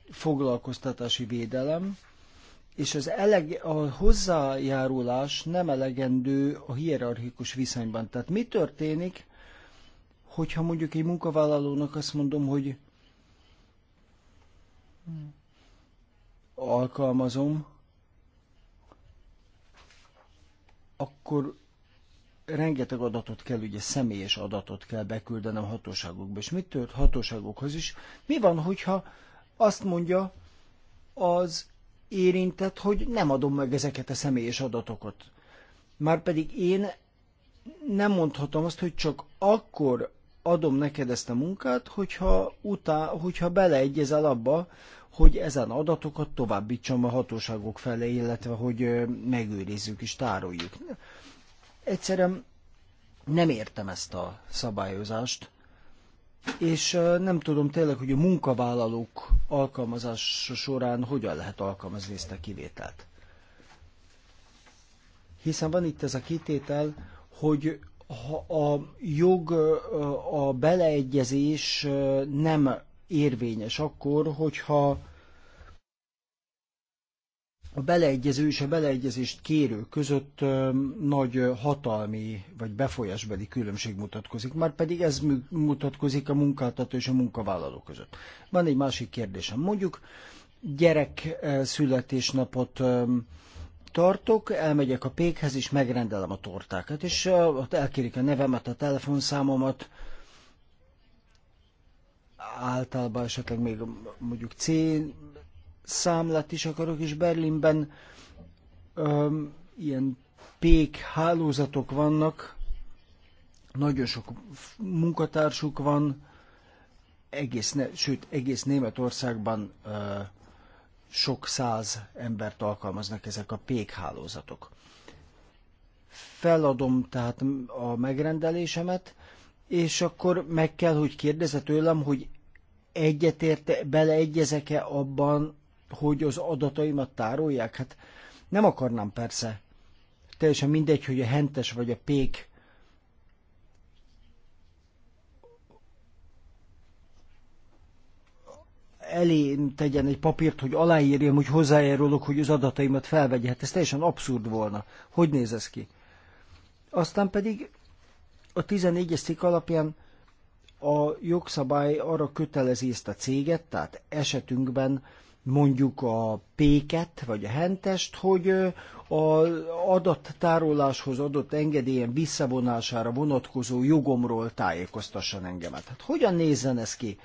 foglalkoztatási védelem, és az elege, a hozzájárulás nem elegendő a hierarchikus viszonyban. Tehát mi történik, hogyha mondjuk egy munkavállalónak azt mondom, hogy alkalmazom, akkor rengeteg adatot kell, ugye személyes adatot kell beküldenem hatóságokba, és mit tört hatóságokhoz is. Mi van, hogyha azt mondja az érintett, hogy nem adom meg ezeket a személyes adatokat. Márpedig én nem mondhatom azt, hogy csak akkor adom neked ezt a munkát, hogyha, utá, hogyha beleegyezel abba, hogy ezen adatokat továbbítsam a hatóságok felé, illetve hogy megőrizzük és tároljuk. Egyszerűen nem értem ezt a szabályozást, és nem tudom tényleg, hogy a munkavállalók alkalmazása során hogyan lehet alkalmazni ezt a kivételt. Hiszen van itt ez a kitétel, hogy ha a jog, a beleegyezés nem érvényes akkor, hogyha a beleegyező és a beleegyezést kérő között nagy hatalmi vagy befolyásbeli különbség mutatkozik, már pedig ez mutatkozik a munkáltató és a munkavállaló között. Van egy másik kérdésem. Mondjuk gyerek születésnapot tartok, elmegyek a pékhez, és megrendelem a tortákat, és ott elkérik a nevemet, a telefonszámomat, általában esetleg még mondjuk C számlát is akarok, és Berlinben öm, ilyen pék hálózatok vannak, nagyon sok munkatársuk van, egész, ne, sőt, egész Németországban ö, sok száz embert alkalmaznak ezek a PÉK hálózatok. Feladom tehát a megrendelésemet, és akkor meg kell, hogy kérdezze tőlem, hogy egyetérte, beleegyezek-e abban, hogy az adataimat tárolják? Hát nem akarnám persze. Teljesen mindegy, hogy a hentes vagy a pék elé tegyen egy papírt, hogy aláírjam, hogy hozzájárulok, hogy az adataimat felvegye. Hát ez teljesen abszurd volna. Hogy néz ez ki? Aztán pedig a 14-es cikk alapján a jogszabály arra kötelezi ezt a céget, tehát esetünkben mondjuk a péket vagy a hentest, hogy az adattároláshoz adott engedélyen visszavonására vonatkozó jogomról tájékoztasson engemet. Hát hogyan nézzen ez ki?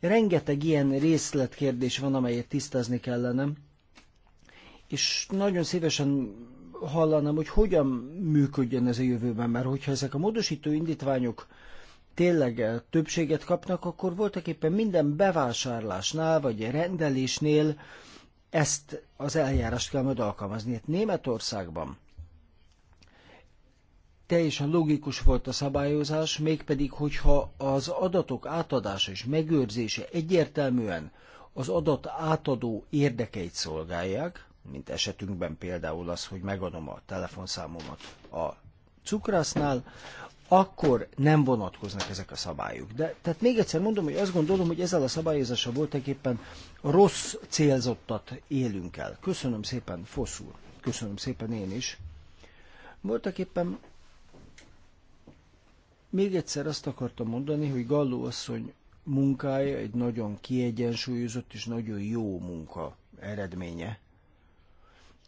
Rengeteg ilyen részletkérdés van, amelyet tisztázni kellene, és nagyon szívesen hallanám, hogy hogyan működjön ez a jövőben, mert hogyha ezek a módosító indítványok tényleg eh, többséget kapnak, akkor voltak éppen minden bevásárlásnál vagy rendelésnél ezt az eljárást kell majd alkalmazni. Hát Németországban teljesen logikus volt a szabályozás, mégpedig, hogyha az adatok átadása és megőrzése egyértelműen az adat átadó érdekeit szolgálják, mint esetünkben például az, hogy megadom a telefonszámomat a cukrásznál, akkor nem vonatkoznak ezek a szabályok. De, tehát még egyszer mondom, hogy azt gondolom, hogy ezzel a szabályozással voltak éppen rossz célzottat élünk el. Köszönöm szépen, Foszul. Köszönöm szépen én is. Voltak éppen még egyszer azt akartam mondani, hogy Galló asszony munkája egy nagyon kiegyensúlyozott és nagyon jó munka eredménye,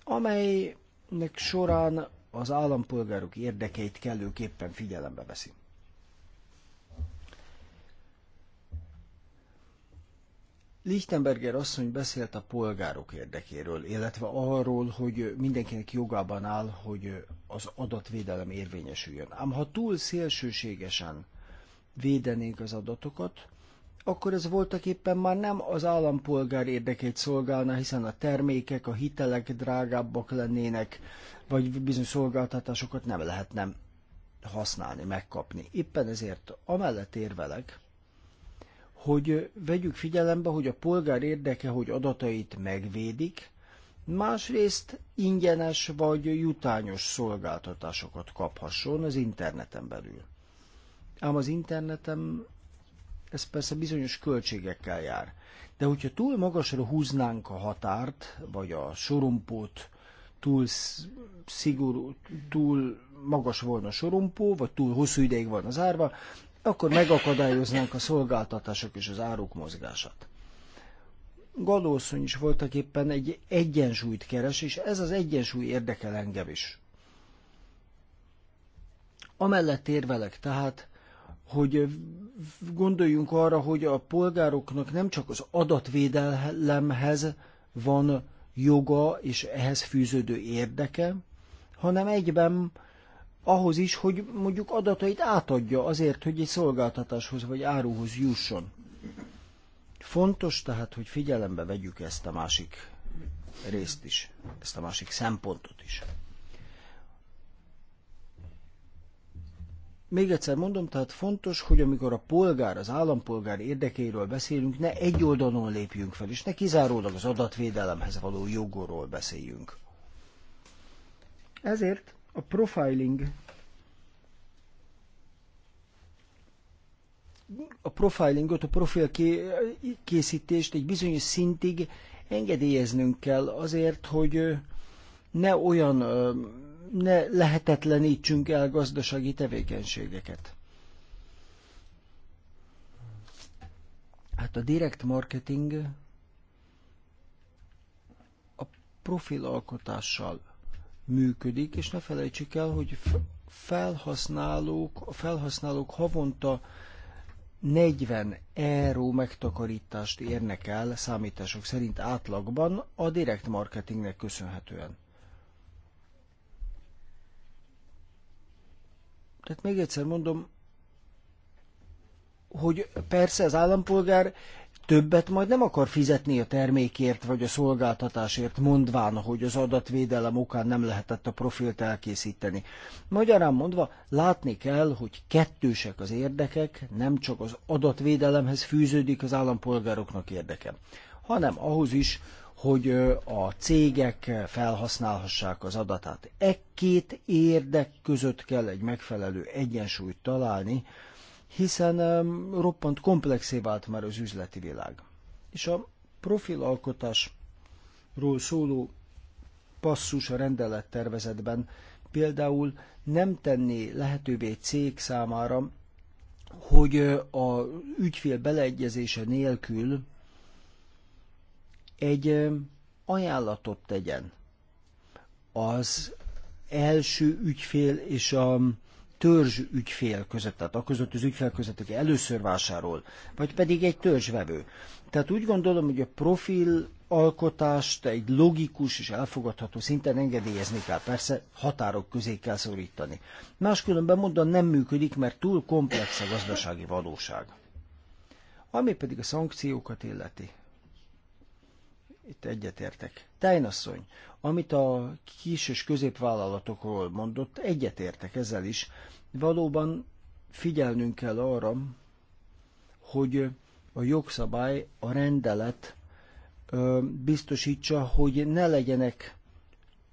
amelynek során az állampolgárok érdekeit kellőképpen figyelembe veszi. Lichtenberger asszony beszélt a polgárok érdekéről, illetve arról, hogy mindenkinek jogában áll, hogy az adatvédelem érvényesüljön. Ám ha túl szélsőségesen védenénk az adatokat, akkor ez voltak éppen már nem az állampolgár érdekét szolgálna, hiszen a termékek, a hitelek drágábbak lennének, vagy bizonyos szolgáltatásokat nem lehet nem használni, megkapni. Éppen ezért amellett érvelek, hogy vegyük figyelembe, hogy a polgár érdeke, hogy adatait megvédik, másrészt ingyenes vagy jutányos szolgáltatásokat kaphasson az interneten belül. Ám az interneten ez persze bizonyos költségekkel jár. De hogyha túl magasra húznánk a határt, vagy a sorompót túl szigorú, túl magas volna sorompó, vagy túl hosszú ideig van az árva, akkor megakadályoznánk a szolgáltatások és az áruk mozgását. Gadószony is voltak éppen egy egyensúlyt keres, és ez az egyensúly érdekel engem is. Amellett érvelek tehát, hogy gondoljunk arra, hogy a polgároknak nem csak az adatvédelemhez van joga és ehhez fűződő érdeke, hanem egyben ahhoz is, hogy mondjuk adatait átadja azért, hogy egy szolgáltatáshoz vagy áruhoz jusson. Fontos tehát, hogy figyelembe vegyük ezt a másik részt is, ezt a másik szempontot is. Még egyszer mondom, tehát fontos, hogy amikor a polgár, az állampolgár érdekeiről beszélünk, ne egy oldalon lépjünk fel, és ne kizárólag az adatvédelemhez való jogról beszéljünk. Ezért a profiling a profilingot, a profil készítést egy bizonyos szintig engedélyeznünk kell azért, hogy ne olyan ne lehetetlenítsünk el gazdasági tevékenységeket. Hát a direct marketing a profilalkotással működik, és ne felejtsük el, hogy felhasználók, a felhasználók havonta 40 euró megtakarítást érnek el számítások szerint átlagban a direct marketingnek köszönhetően. Tehát még egyszer mondom, hogy persze az állampolgár többet majd nem akar fizetni a termékért vagy a szolgáltatásért, mondván, hogy az adatvédelem okán nem lehetett a profilt elkészíteni. Magyarán mondva, látni kell, hogy kettősek az érdekek, nem csak az adatvédelemhez fűződik az állampolgároknak érdeke, hanem ahhoz is, hogy a cégek felhasználhassák az adatát. E két érdek között kell egy megfelelő egyensúlyt találni, hiszen roppant komplexé vált már az üzleti világ. És a profilalkotásról szóló passzus a rendelettervezetben például nem tenni lehetővé egy cég számára, hogy a ügyfél beleegyezése nélkül egy ajánlatot tegyen az első ügyfél és a törzs ügyfél között, tehát a között az ügyfél között, aki először vásárol, vagy pedig egy törzsvevő. Tehát úgy gondolom, hogy a profil alkotást egy logikus és elfogadható szinten engedélyezni kell. Persze határok közé kell szorítani. Máskülönben mondom, nem működik, mert túl komplex a gazdasági valóság. Ami pedig a szankciókat illeti. Itt egyetértek. Tejnasszony, amit a kis és középvállalatokról mondott, egyetértek ezzel is. Valóban figyelnünk kell arra, hogy a jogszabály, a rendelet ö, biztosítsa, hogy ne legyenek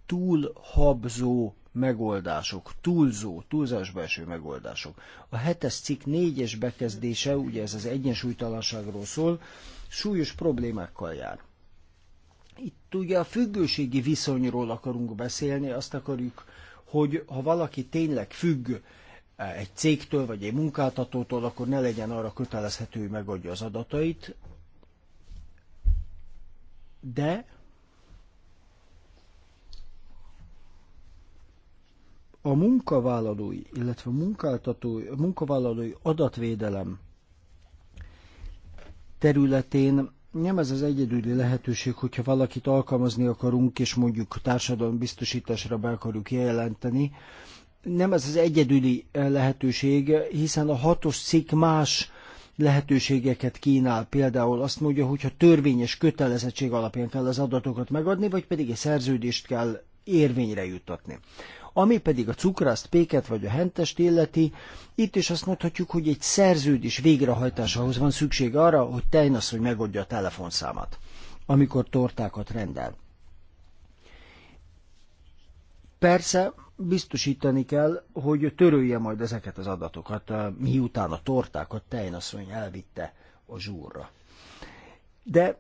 túl habzó megoldások, túlzó, túlzásba eső megoldások. A hetes cikk négyes bekezdése, ugye ez az egyensúlytalanságról szól, súlyos problémákkal jár. Itt ugye a függőségi viszonyról akarunk beszélni, azt akarjuk, hogy ha valaki tényleg függ eh, egy cégtől vagy egy munkáltatótól, akkor ne legyen arra kötelezhető, hogy megadja az adatait. De a munkavállalói, illetve munkáltatói, munkavállalói adatvédelem területén nem ez az egyedüli lehetőség, hogyha valakit alkalmazni akarunk, és mondjuk biztosításra be akarjuk jelenteni, nem ez az egyedüli eh, lehetőség, hiszen a hatos cikk más lehetőségeket kínál. Például azt mondja, hogyha törvényes kötelezettség alapján kell az adatokat megadni, vagy pedig egy szerződést kell érvényre jutatni. Ami pedig a cukrászt, péket vagy a hentest illeti, itt is azt mondhatjuk, hogy egy szerződés végrehajtásához van szükség arra, hogy Tejnasz, hogy megadja a telefonszámat, amikor tortákat rendel. Persze biztosítani kell, hogy törölje majd ezeket az adatokat, eh, miután a tortákat Tejnasszony elvitte a zsúrra. De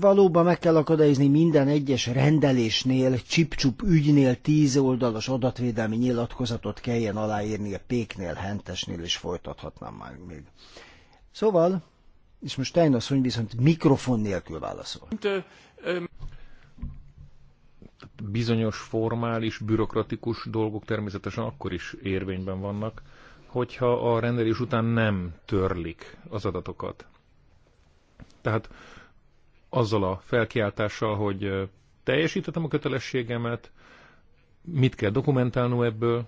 valóban meg kell akadályozni minden egyes rendelésnél, csipcsup ügynél tíz oldalas adatvédelmi nyilatkozatot kelljen aláírni a péknél, hentesnél, és folytathatnám már még. Szóval, és most Tejnasszony viszont mikrofon nélkül válaszol. Bizonyos formális, bürokratikus dolgok természetesen akkor is érvényben vannak, hogyha a rendelés után nem törlik az adatokat. Tehát azzal a felkiáltással, hogy teljesítettem a kötelességemet, mit kell dokumentálnom ebből?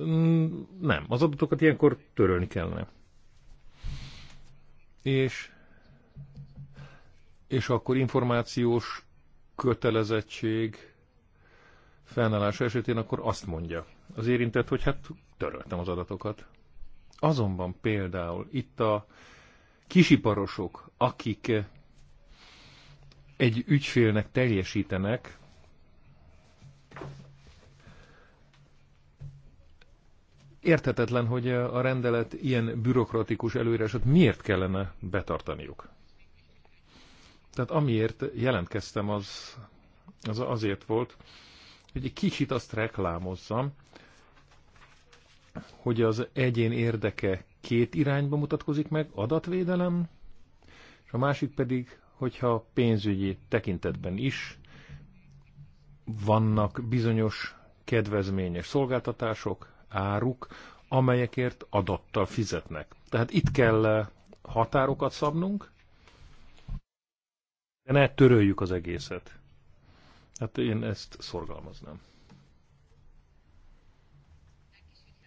Mm, nem, az adatokat ilyenkor törölni kellene. És, és akkor információs kötelezettség fennállása esetén akkor azt mondja az érintett, hogy hát töröltem az adatokat. Azonban például itt a kisiparosok, akik egy ügyfélnek teljesítenek, érthetetlen, hogy a rendelet ilyen bürokratikus előírásot miért kellene betartaniuk. Tehát amiért jelentkeztem, az, az azért volt, hogy egy kicsit azt reklámozzam, hogy az egyén érdeke két irányba mutatkozik meg, adatvédelem, és a másik pedig hogyha pénzügyi tekintetben is vannak bizonyos kedvezményes szolgáltatások, áruk, amelyekért adattal fizetnek. Tehát itt kell határokat szabnunk, de ne töröljük az egészet. Hát én ezt szorgalmaznám.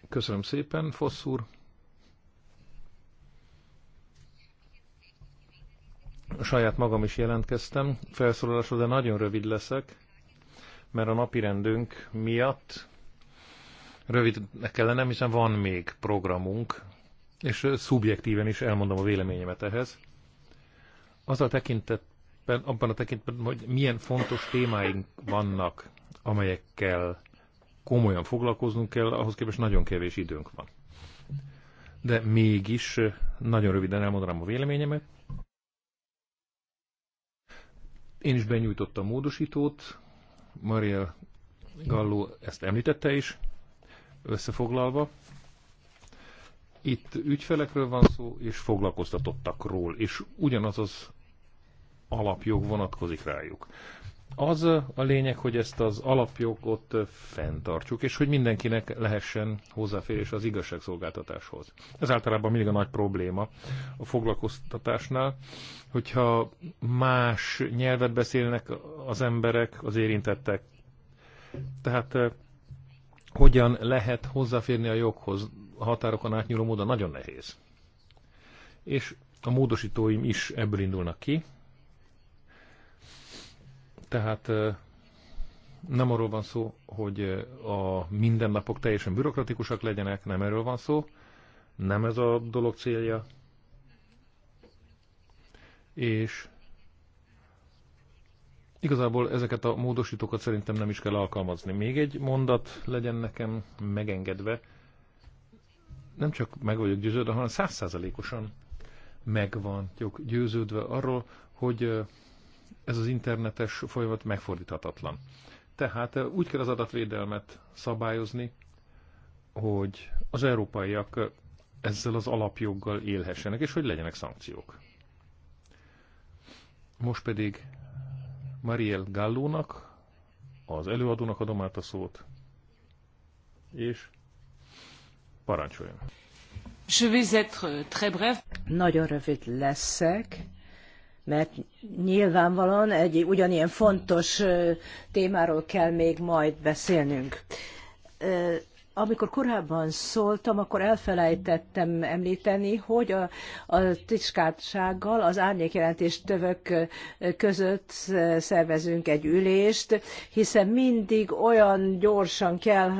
Köszönöm szépen, Fossz úr. saját magam is jelentkeztem felszólalásra, de nagyon rövid leszek, mert a napi rendünk miatt rövidnek kellene, hiszen van még programunk, és szubjektíven is elmondom a véleményemet ehhez. Az a tekintetben, abban a tekintetben, hogy milyen fontos témáink vannak, amelyekkel komolyan foglalkoznunk kell, ahhoz képest nagyon kevés időnk van. De mégis nagyon röviden elmondanám a véleményemet. Én is benyújtottam módosítót, Maria Galló ezt említette is, összefoglalva. Itt ügyfelekről van szó, és foglalkoztatottakról, és ugyanaz az alapjog vonatkozik rájuk. Az a lényeg, hogy ezt az alapjogot fenntartsuk, és hogy mindenkinek lehessen hozzáférés az igazságszolgáltatáshoz. Ez általában mindig a nagy probléma a foglalkoztatásnál, hogyha más nyelvet beszélnek az emberek, az érintettek. Tehát eh, hogyan lehet hozzáférni a joghoz a határokon átnyúló módon, nagyon nehéz. És a módosítóim is ebből indulnak ki, tehát nem arról van szó, hogy a mindennapok teljesen bürokratikusak legyenek, nem erről van szó, nem ez a dolog célja. És igazából ezeket a módosítókat szerintem nem is kell alkalmazni. Még egy mondat legyen nekem megengedve. Nem csak meg vagyok győződve, hanem százszázalékosan megvan győződve arról, hogy ez az internetes folyamat megfordíthatatlan. Tehát eh, úgy kell az adatvédelmet szabályozni, hogy az európaiak eh, ezzel az alapjoggal élhessenek, és hogy legyenek szankciók. Most pedig Mariel Gallónak, az előadónak adom át a szót, és parancsoljon. Je vais être très bref. Nagyon rövid leszek mert nyilvánvalóan egy ugyanilyen fontos témáról kell még majd beszélnünk. Amikor korábban szóltam, akkor elfelejtettem említeni, hogy a, a titkársággal az árnyékjelentés tövök között szervezünk egy ülést, hiszen mindig olyan gyorsan kell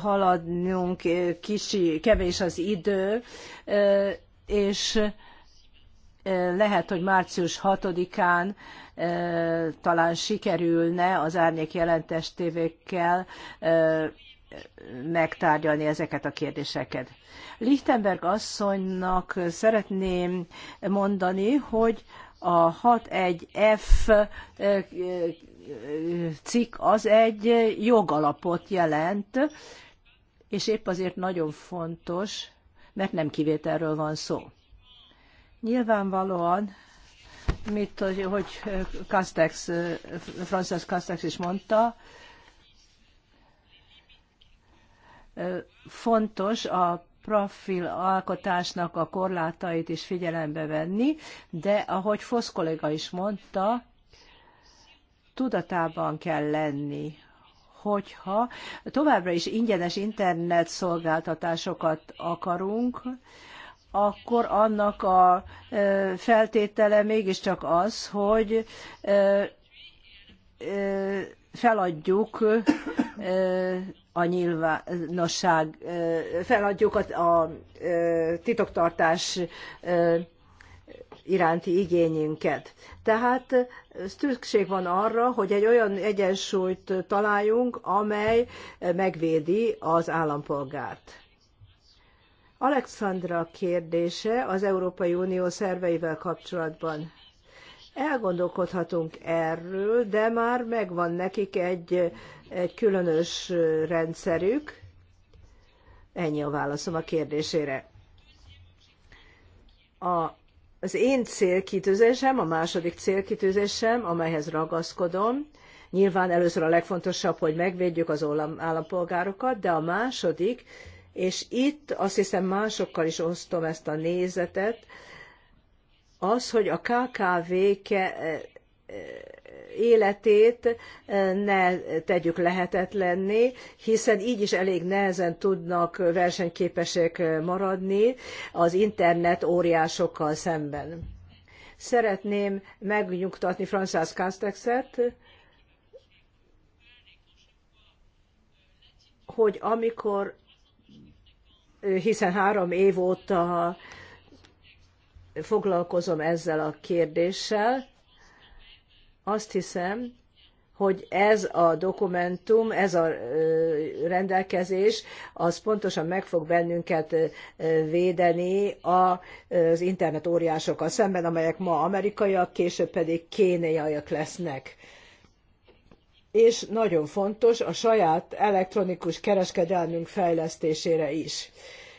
haladnunk, kicsi, kevés az idő, és lehet, hogy március 6-án talán sikerülne az árnyék jelentes tévékkel megtárgyalni ezeket a kérdéseket. Lichtenberg asszonynak szeretném mondani, hogy a 6.1f cikk az egy jogalapot jelent, és épp azért nagyon fontos, mert nem kivételről van szó. Nyilvánvalóan, mit, hogy Castex, Frances Castex is mondta, fontos a profil alkotásnak a korlátait is figyelembe venni, de ahogy Fosz kolléga is mondta, tudatában kell lenni, hogyha továbbra is ingyenes internet szolgáltatásokat akarunk, akkor annak a feltétele mégiscsak az, hogy feladjuk a nyilvánosság, feladjuk a, a titoktartás iránti igényünket. Tehát szükség van arra, hogy egy olyan egyensúlyt találjunk, amely megvédi az állampolgárt. Alexandra kérdése az Európai Unió szerveivel kapcsolatban. Elgondolkodhatunk erről, de már megvan nekik egy, egy különös rendszerük. Ennyi a válaszom a kérdésére. A, az én célkitűzésem, a második célkitűzésem, amelyhez ragaszkodom, nyilván először a legfontosabb, hogy megvédjük az állampolgárokat, de a második, és itt azt hiszem másokkal is osztom ezt a nézetet, az, hogy a KKV e, e, életét e, ne tegyük lehetetlenné, hiszen így is elég nehezen tudnak versenyképesek maradni az internet óriásokkal szemben. Szeretném megnyugtatni Francis Castexet, hogy amikor hiszen három év óta foglalkozom ezzel a kérdéssel. Azt hiszem, hogy ez a dokumentum, ez a rendelkezés, az pontosan meg fog bennünket védeni az internet óriásokkal szemben, amelyek ma amerikaiak, később pedig kéniaiak lesznek és nagyon fontos a saját elektronikus kereskedelmünk fejlesztésére is.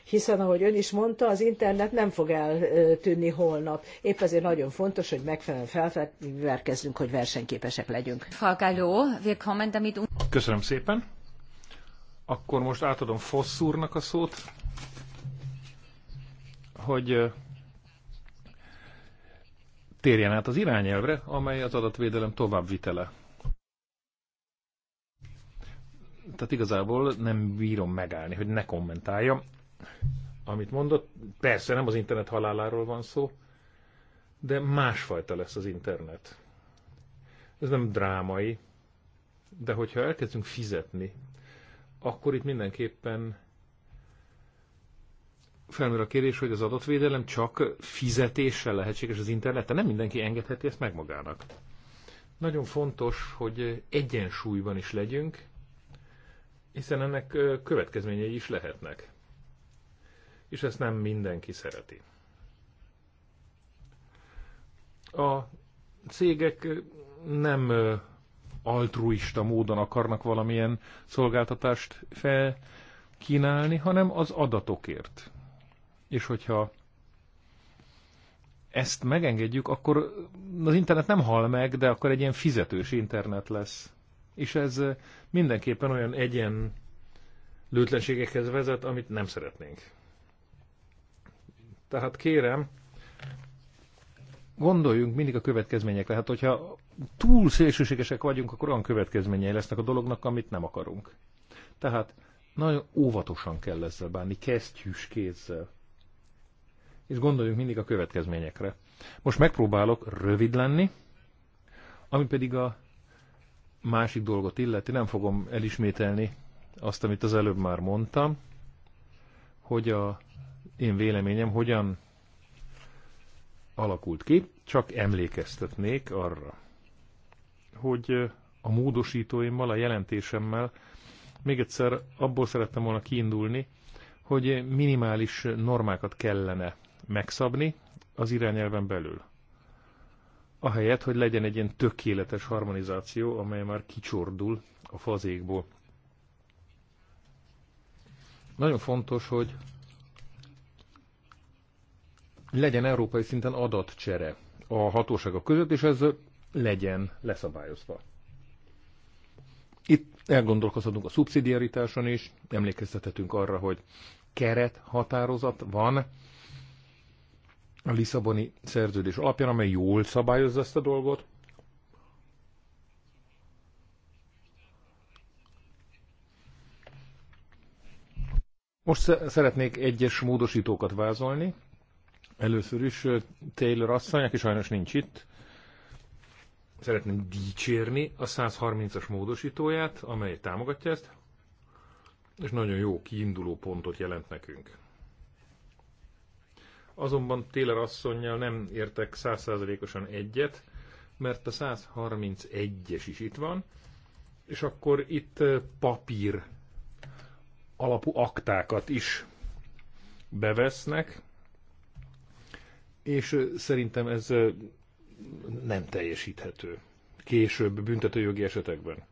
Hiszen, ahogy ön is mondta, az internet nem fog eltűnni holnap. Épp ezért nagyon fontos, hogy megfelelően felfedverkezzünk, hogy versenyképesek legyünk. willkommen damit um- Köszönöm szépen. Akkor most átadom Fossz úrnak a szót, hogy térjen át az irányelvre, amely az adatvédelem továbbvitele tehát igazából nem bírom megállni, hogy ne kommentáljam, amit mondott. Persze nem az internet haláláról van szó, de másfajta lesz az internet. Ez nem drámai, de hogyha elkezdünk fizetni, akkor itt mindenképpen felmerül a kérés, hogy az adatvédelem csak fizetéssel lehetséges az interneten. Nem mindenki engedheti ezt meg magának. Nagyon fontos, hogy egyensúlyban is legyünk, hiszen ennek következményei is lehetnek. És ezt nem mindenki szereti. A cégek nem altruista módon akarnak valamilyen szolgáltatást felkínálni, hanem az adatokért. És hogyha ezt megengedjük, akkor az internet nem hal meg, de akkor egy ilyen fizetős internet lesz. És ez mindenképpen olyan egyen lőtlenségekhez vezet, amit nem szeretnénk. Tehát kérem, gondoljunk mindig a következményekre. Hát, hogyha túl szélsőségesek vagyunk, akkor olyan következményei lesznek a dolognak, amit nem akarunk. Tehát nagyon óvatosan kell ezzel bánni, kesztyűs kézzel. És gondoljunk mindig a következményekre. Most megpróbálok rövid lenni, ami pedig a másik dolgot illeti, nem fogom elismételni azt, amit az előbb már mondtam, hogy a én véleményem hogyan alakult ki, csak emlékeztetnék arra, hogy a módosítóimmal, a jelentésemmel még egyszer abból szerettem volna kiindulni, hogy minimális normákat kellene megszabni az irányelven belül ahelyett, hogy legyen egy ilyen tökéletes harmonizáció, amely már kicsordul a fazékból. Nagyon fontos, hogy legyen európai szinten adatcsere a hatóságok között, és ez legyen leszabályozva. Itt elgondolkozhatunk a szubszidiaritáson is, emlékeztethetünk arra, hogy keret határozat van, a Lisszaboni szerződés alapján, amely jól szabályozza ezt a dolgot. Most szeretnék egyes módosítókat vázolni. Először is Taylor asszony, aki sajnos nincs itt, szeretném dicsérni a 130-as módosítóját, amely támogatja ezt, és nagyon jó kiinduló pontot jelent nekünk. Azonban Taylor asszonynal nem értek százszázalékosan egyet, mert a 131-es is itt van, és akkor itt papír alapú aktákat is bevesznek, és szerintem ez nem teljesíthető később büntetőjogi esetekben.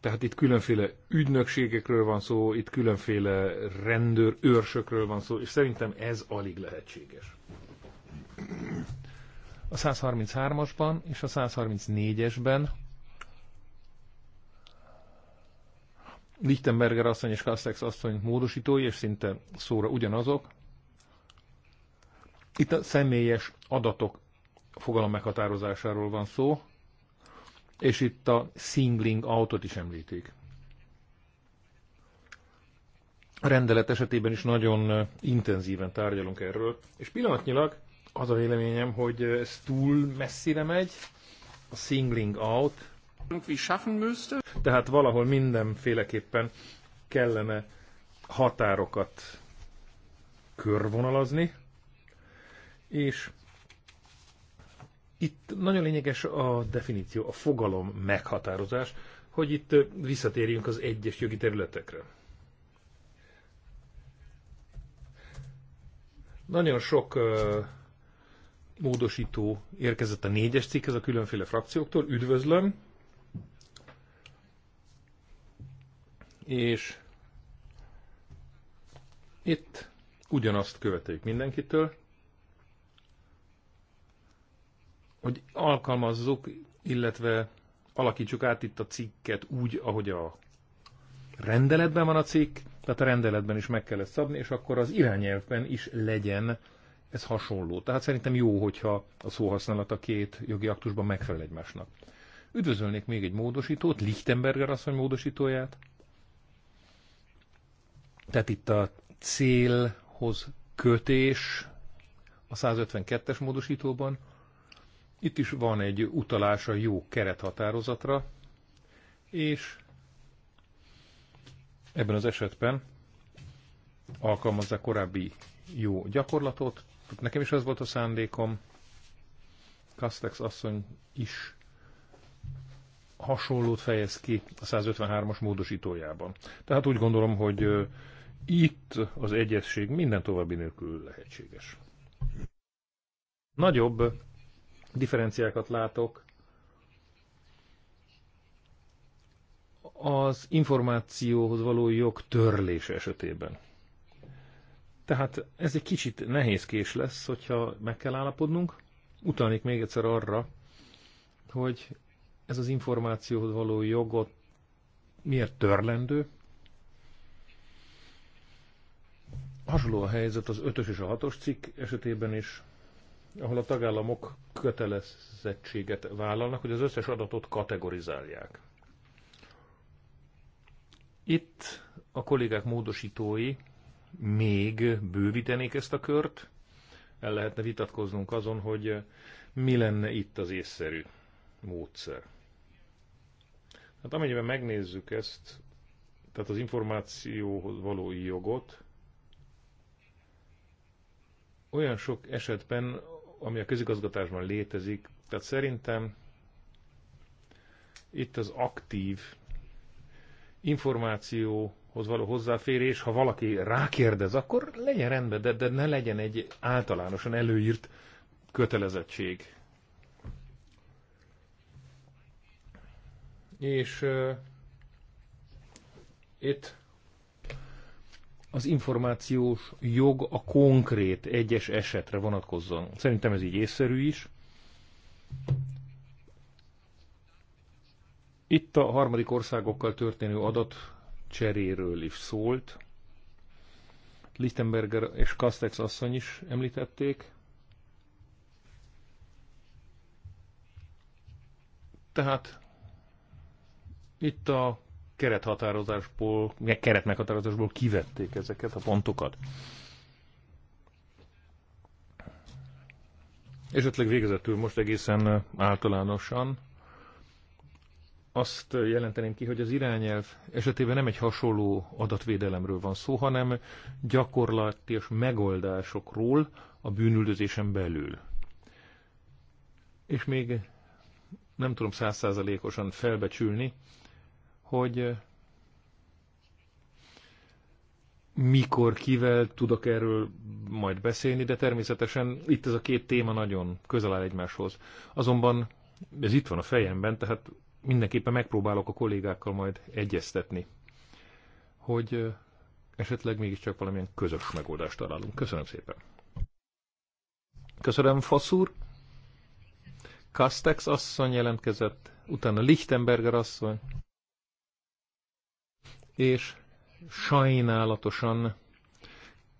Tehát itt különféle ügynökségekről van szó, itt különféle rendőr, őrsökről van szó, és szerintem ez alig lehetséges. A 133-asban és a 134-esben Lichtenberger asszony és Kastex asszony módosítói, és szinte szóra ugyanazok. Itt a személyes adatok fogalom meghatározásáról van szó, és itt a singling autót is említik. A rendelet esetében is nagyon intenzíven tárgyalunk erről, és pillanatnyilag az a véleményem, hogy ez túl messzire megy, a singling out. Tehát valahol mindenféleképpen kellene határokat körvonalazni, és itt nagyon lényeges a definíció, a fogalom meghatározás, hogy itt visszatérjünk az egyes jogi területekre. Nagyon sok uh, módosító érkezett a négyes cikkhez a különféle frakcióktól, üdvözlöm. És itt ugyanazt követeljük mindenkitől, hogy alkalmazzuk, illetve alakítsuk át itt a cikket úgy, ahogy a rendeletben van a cikk, tehát a rendeletben is meg kell ezt szabni, és akkor az irányelvben is legyen ez hasonló. Tehát szerintem jó, hogyha a szóhasználat a két jogi aktusban megfelel egymásnak. Üdvözölnék még egy módosítót, Lichtenberger asszony módosítóját. Tehát itt a célhoz kötés a 152-es módosítóban. Itt is van egy utalás a jó kerethatározatra, és ebben az esetben alkalmazza korábbi jó gyakorlatot. Nekem is az volt a szándékom, Kastex asszony is hasonlót fejez ki a 153-as módosítójában. Tehát úgy gondolom, hogy itt az egyesség minden további nélkül lehetséges. Nagyobb differenciákat látok az információhoz való jog törlése esetében. Tehát ez egy kicsit nehézkés lesz, hogyha meg kell állapodnunk. Utalnék még egyszer arra, hogy ez az információhoz való jogot miért törlendő. Hasonló a helyzet az 5-ös és a 6-os cikk esetében is ahol a tagállamok kötelezettséget vállalnak, hogy az összes adatot kategorizálják. Itt a kollégák módosítói még bővítenék ezt a kört, el lehetne vitatkoznunk azon, hogy mi lenne itt az észszerű módszer. Hát amennyiben megnézzük ezt, tehát az információhoz való jogot, olyan sok esetben ami a közigazgatásban létezik. Tehát szerintem itt az aktív információhoz való hozzáférés, ha valaki rákérdez, akkor legyen rendben, de, de ne legyen egy általánosan előírt kötelezettség. És uh, itt az információs jog a konkrét egyes esetre vonatkozzon. Szerintem ez így észszerű is. Itt a harmadik országokkal történő adat cseréről is szólt. Lichtenberger és Kastex asszony is említették. Tehát itt a kerethatározásból, keretmeghatározásból kivették ezeket a pontokat. Esetleg végezetül most egészen általánosan azt jelenteném ki, hogy az irányelv esetében nem egy hasonló adatvédelemről van szó, hanem gyakorlati és megoldásokról a bűnüldözésen belül. És még nem tudom százszázalékosan felbecsülni, hogy mikor, kivel tudok erről majd beszélni, de természetesen itt ez a két téma nagyon közel áll egymáshoz. Azonban ez itt van a fejemben, tehát mindenképpen megpróbálok a kollégákkal majd egyeztetni, hogy esetleg mégiscsak valamilyen közös megoldást találunk. Köszönöm szépen. Köszönöm, Faszúr. Kastex asszony jelentkezett, utána Lichtenberger asszony és sajnálatosan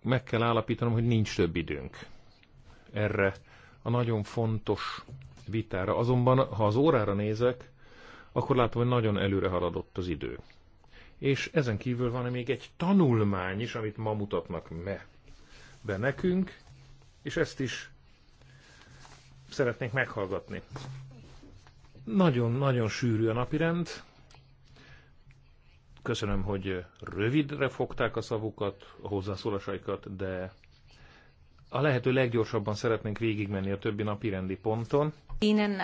meg kell állapítanom, hogy nincs több időnk erre a nagyon fontos vitára. Azonban, ha az órára nézek, akkor látom, hogy nagyon előre haladott az idő. És ezen kívül van még egy tanulmány is, amit ma mutatnak me be nekünk, és ezt is szeretnék meghallgatni. Nagyon-nagyon sűrű a napirend, Köszönöm, hogy rövidre fogták a szavukat, a hozzászólásaikat, de a lehető leggyorsabban szeretnénk végigmenni a többi napi rendi ponton. Ihnen,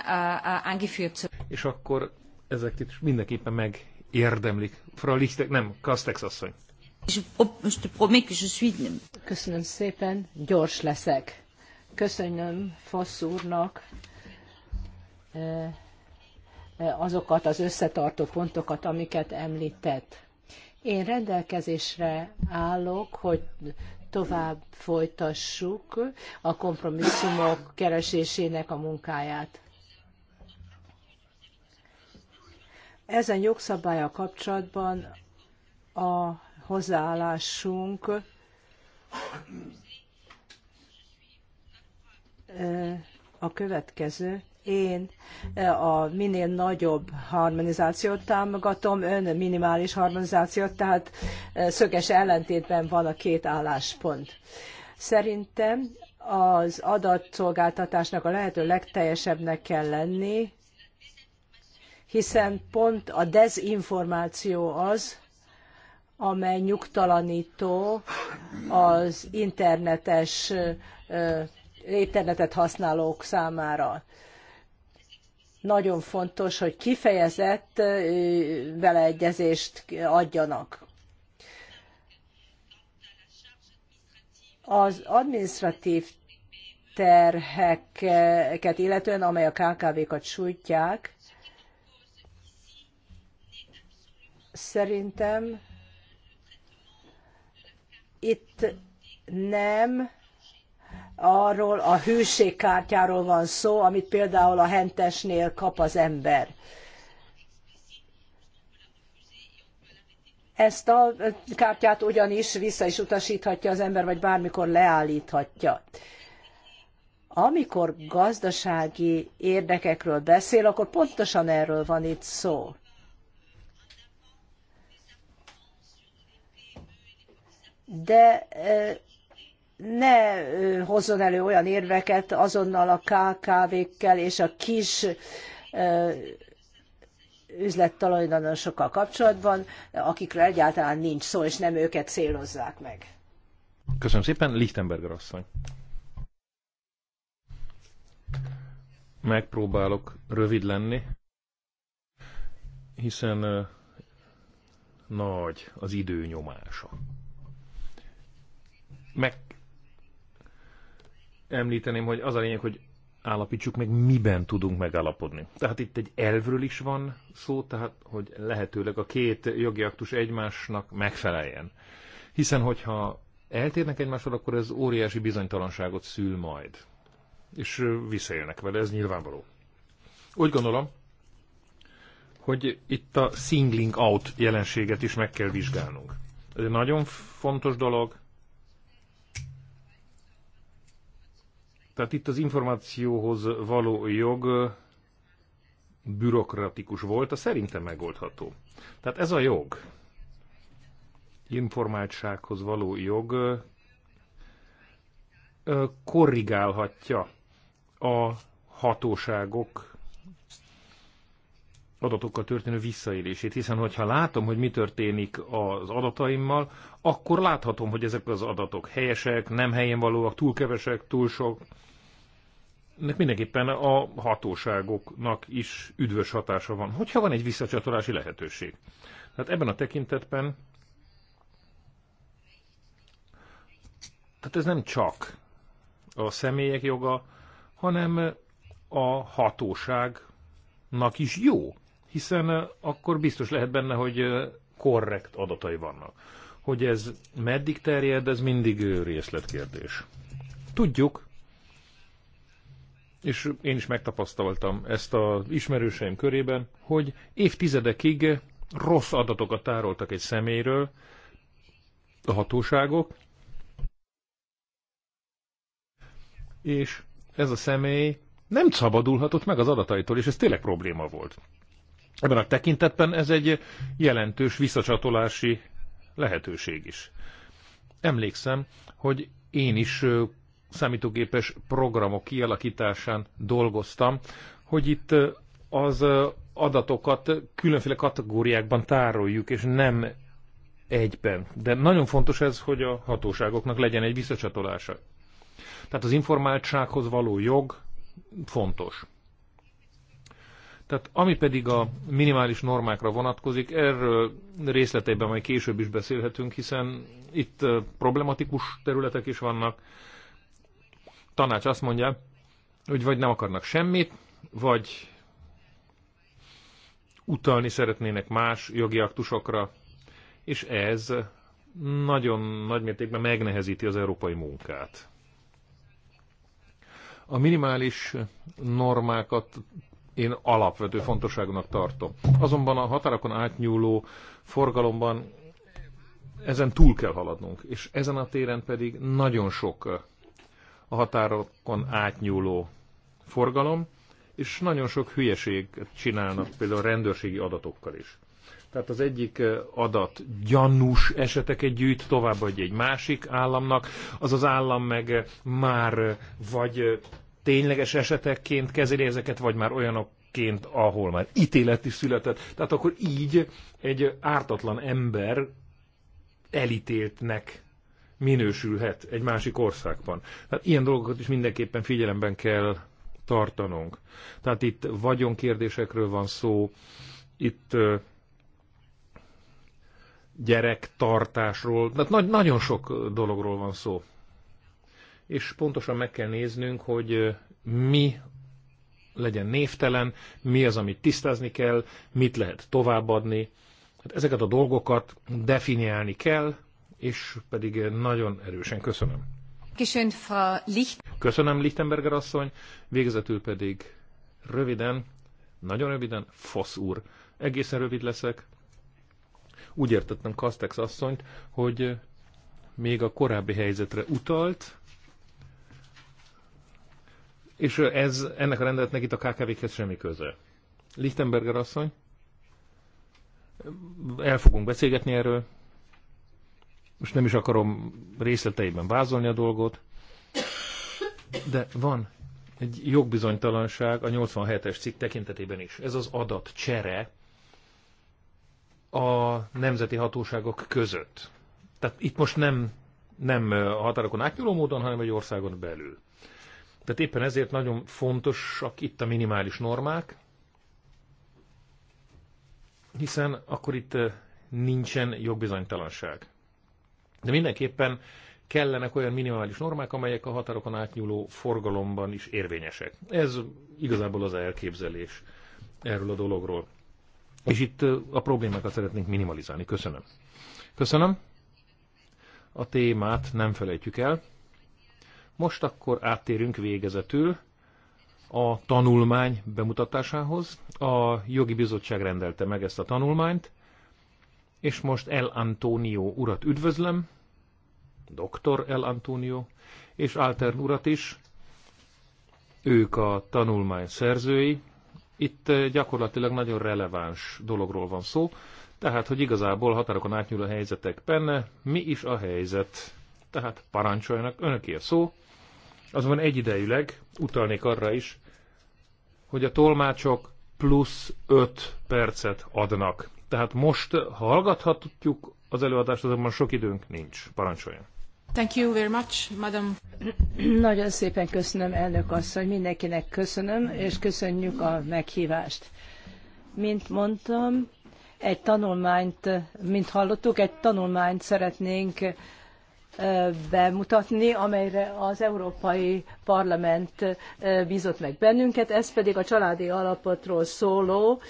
uh, uh, és akkor ezek itt mindenképpen megérdemlik. Fra Lichtek, nem, Kastex asszony. Köszönöm szépen, gyors leszek. Köszönöm Fossz úrnak eh, azokat az összetartó pontokat, amiket említett. Én rendelkezésre állok, hogy tovább folytassuk a kompromisszumok keresésének a munkáját. Ezen jogszabálya kapcsolatban a hozzáállásunk a következő én eh, a minél nagyobb harmonizációt támogatom, ön minimális harmonizációt, tehát eh, szöges ellentétben van a két álláspont. Szerintem az adatszolgáltatásnak a lehető legteljesebbnek kell lenni, hiszen pont a dezinformáció az, amely nyugtalanító az internetes eh, internetet használók számára nagyon fontos, hogy kifejezett beleegyezést adjanak. Az administratív terheket illetően, amely a KKV-kat sújtják, szerintem itt nem arról a hűségkártyáról van szó, amit például a hentesnél kap az ember. Ezt a kártyát ugyanis vissza is utasíthatja az ember, vagy bármikor leállíthatja. Amikor gazdasági érdekekről beszél, akkor pontosan erről van itt szó. De eh, ne hozzon elő olyan érveket azonnal a KKV-kkel és a kis üzlettalajdonosokkal kapcsolatban, akikről egyáltalán nincs szó, és nem őket célozzák meg. Köszönöm szépen, Lichtenberger asszony. Megpróbálok rövid lenni, hiszen nagy az időnyomása. Meg említeném, hogy az a lényeg, hogy állapítsuk meg, miben tudunk megállapodni. Tehát itt egy elvről is van szó, tehát hogy lehetőleg a két jogi aktus egymásnak megfeleljen. Hiszen, hogyha eltérnek egymástól, akkor ez óriási bizonytalanságot szül majd. És visszaélnek vele, ez nyilvánvaló. Úgy gondolom, hogy itt a singling out jelenséget is meg kell vizsgálnunk. Ez egy nagyon fontos dolog, Tehát itt az információhoz való jog bürokratikus volt, a szerintem megoldható. Tehát ez a jog, informáltsághoz való jog korrigálhatja a hatóságok adatokkal történő visszaélését, hiszen hogyha látom, hogy mi történik az adataimmal, akkor láthatom, hogy ezek az adatok helyesek, nem helyen valóak, túl kevesek, túl sok, ennek mindenképpen a hatóságoknak is üdvös hatása van, hogyha van egy visszacsatolási lehetőség. Tehát ebben a tekintetben tehát ez nem csak a személyek joga, hanem a hatóságnak is jó, hiszen akkor biztos lehet benne, hogy korrekt adatai vannak. Hogy ez meddig terjed, ez mindig részletkérdés. Tudjuk, és én is megtapasztaltam ezt az ismerőseim körében, hogy évtizedekig rossz adatokat tároltak egy személyről a hatóságok, és ez a személy nem szabadulhatott meg az adataitól, és ez tényleg probléma volt. Ebben a tekintetben ez egy jelentős visszacsatolási lehetőség is. Emlékszem, hogy én is számítógépes programok kialakításán dolgoztam, hogy itt az adatokat különféle kategóriákban tároljuk, és nem egyben. De nagyon fontos ez, hogy a hatóságoknak legyen egy visszacsatolása. Tehát az informáltsághoz való jog fontos. Tehát ami pedig a minimális normákra vonatkozik, erről részleteiben majd később is beszélhetünk, hiszen itt problematikus területek is vannak, tanács azt mondja, hogy vagy nem akarnak semmit, vagy utalni szeretnének más jogi aktusokra, és ez nagyon nagy mértékben megnehezíti az európai munkát. A minimális normákat én alapvető fontosságúnak tartom. Azonban a határokon átnyúló forgalomban ezen túl kell haladnunk, és ezen a téren pedig nagyon sok a határokon átnyúló forgalom, és nagyon sok hülyeséget csinálnak, például rendőrségi adatokkal is. Tehát az egyik eh, adat gyanús eseteket gyűjt tovább vagy egy másik államnak, az az állam meg eh, már eh, vagy tényleges esetekként kezeli ezeket, vagy már olyanokként, ahol már ítélet is született. Tehát akkor így egy ártatlan ember elítéltnek minősülhet egy másik országban. Tehát ilyen dolgokat is mindenképpen figyelemben kell tartanunk. Tehát itt vagyonkérdésekről van szó, itt gyerektartásról, tehát Na, nagyon sok dologról van szó. És pontosan meg kell néznünk, hogy mi legyen névtelen, mi az, amit tisztázni kell, mit lehet továbbadni. Hát ezeket a dolgokat definiálni kell, és pedig nagyon erősen köszönöm. Köszönöm, Lichtenberger asszony. Végezetül pedig röviden, nagyon röviden, Fosz úr. Egészen rövid leszek. Úgy értettem Kastex asszonyt, hogy még a korábbi helyzetre utalt, és ez, ennek a rendeletnek itt a KKV-khez semmi köze. Lichtenberger asszony, el fogunk beszélgetni erről, most nem is akarom részleteiben vázolni a dolgot, de van egy jogbizonytalanság a 87-es cikk tekintetében is. Ez az adat csere a nemzeti hatóságok között. Tehát itt most nem, nem a határokon átnyúló módon, hanem egy országon belül. Tehát éppen ezért nagyon fontosak itt a minimális normák, hiszen akkor itt eh, nincsen jogbizonytalanság. De mindenképpen kellenek olyan minimális normák, amelyek a határokon átnyúló forgalomban is érvényesek. Ez igazából az elképzelés erről a dologról. És itt a problémákat szeretnénk minimalizálni. Köszönöm. Köszönöm. A témát nem felejtjük el. Most akkor áttérünk végezetül a tanulmány bemutatásához. A jogi bizottság rendelte meg ezt a tanulmányt, és most El Antonio urat üdvözlöm, doktor El Antonio, és Altern urat is. Ők a tanulmány szerzői. Itt eh, gyakorlatilag nagyon releváns dologról van szó, tehát, hogy igazából határokon átnyúló helyzetekben mi is a helyzet. Tehát parancsoljanak, önöké a szó. Azonban egyidejűleg utalnék arra is, hogy a tolmácsok plusz 5 percet adnak. Tehát most hallgathatjuk az előadást, azonban sok időnk nincs. Parancsoljon! Thank you very much, madam. Nagyon szépen köszönöm, elnök asszony, mindenkinek köszönöm, és köszönjük a meghívást. Mint mondtam, egy tanulmányt, mint hallottuk, egy tanulmányt szeretnénk bemutatni, amelyre az Európai Parlament bízott meg bennünket. Ez pedig a családi alapotról szóló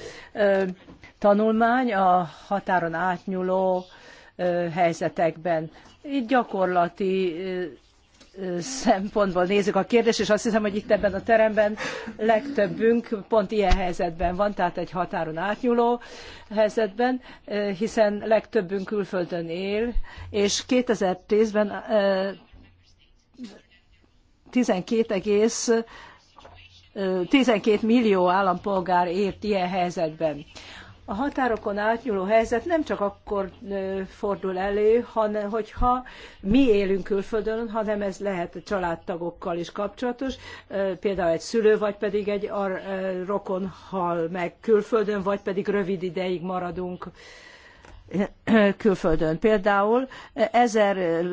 tanulmány a határon átnyúló helyzetekben. Itt gyakorlati szempontból nézzük a kérdést, és azt hiszem, hogy itt ebben a teremben legtöbbünk pont ilyen helyzetben van, tehát egy határon átnyúló helyzetben, hiszen legtöbbünk külföldön él, és 2010-ben 12, 12 millió állampolgár élt ilyen helyzetben. A határokon átnyúló helyzet nem csak akkor fordul elő, hanem hogyha mi élünk külföldön, hanem ez lehet a családtagokkal is kapcsolatos, például egy szülő, vagy pedig egy rokon hal meg külföldön, vagy pedig rövid ideig maradunk külföldön. Például ezer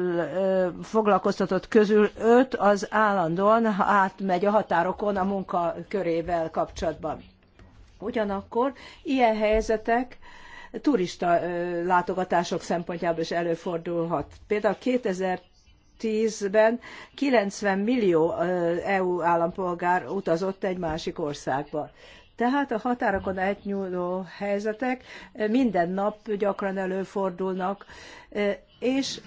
foglalkoztatott közül öt az állandóan átmegy a határokon a munkakörével kapcsolatban. Ugyanakkor ilyen helyzetek turista látogatások szempontjából is előfordulhat. Például 2010-ben 90 millió EU állampolgár utazott egy másik országba. Tehát a határokon átnyúló helyzetek minden nap gyakran előfordulnak, és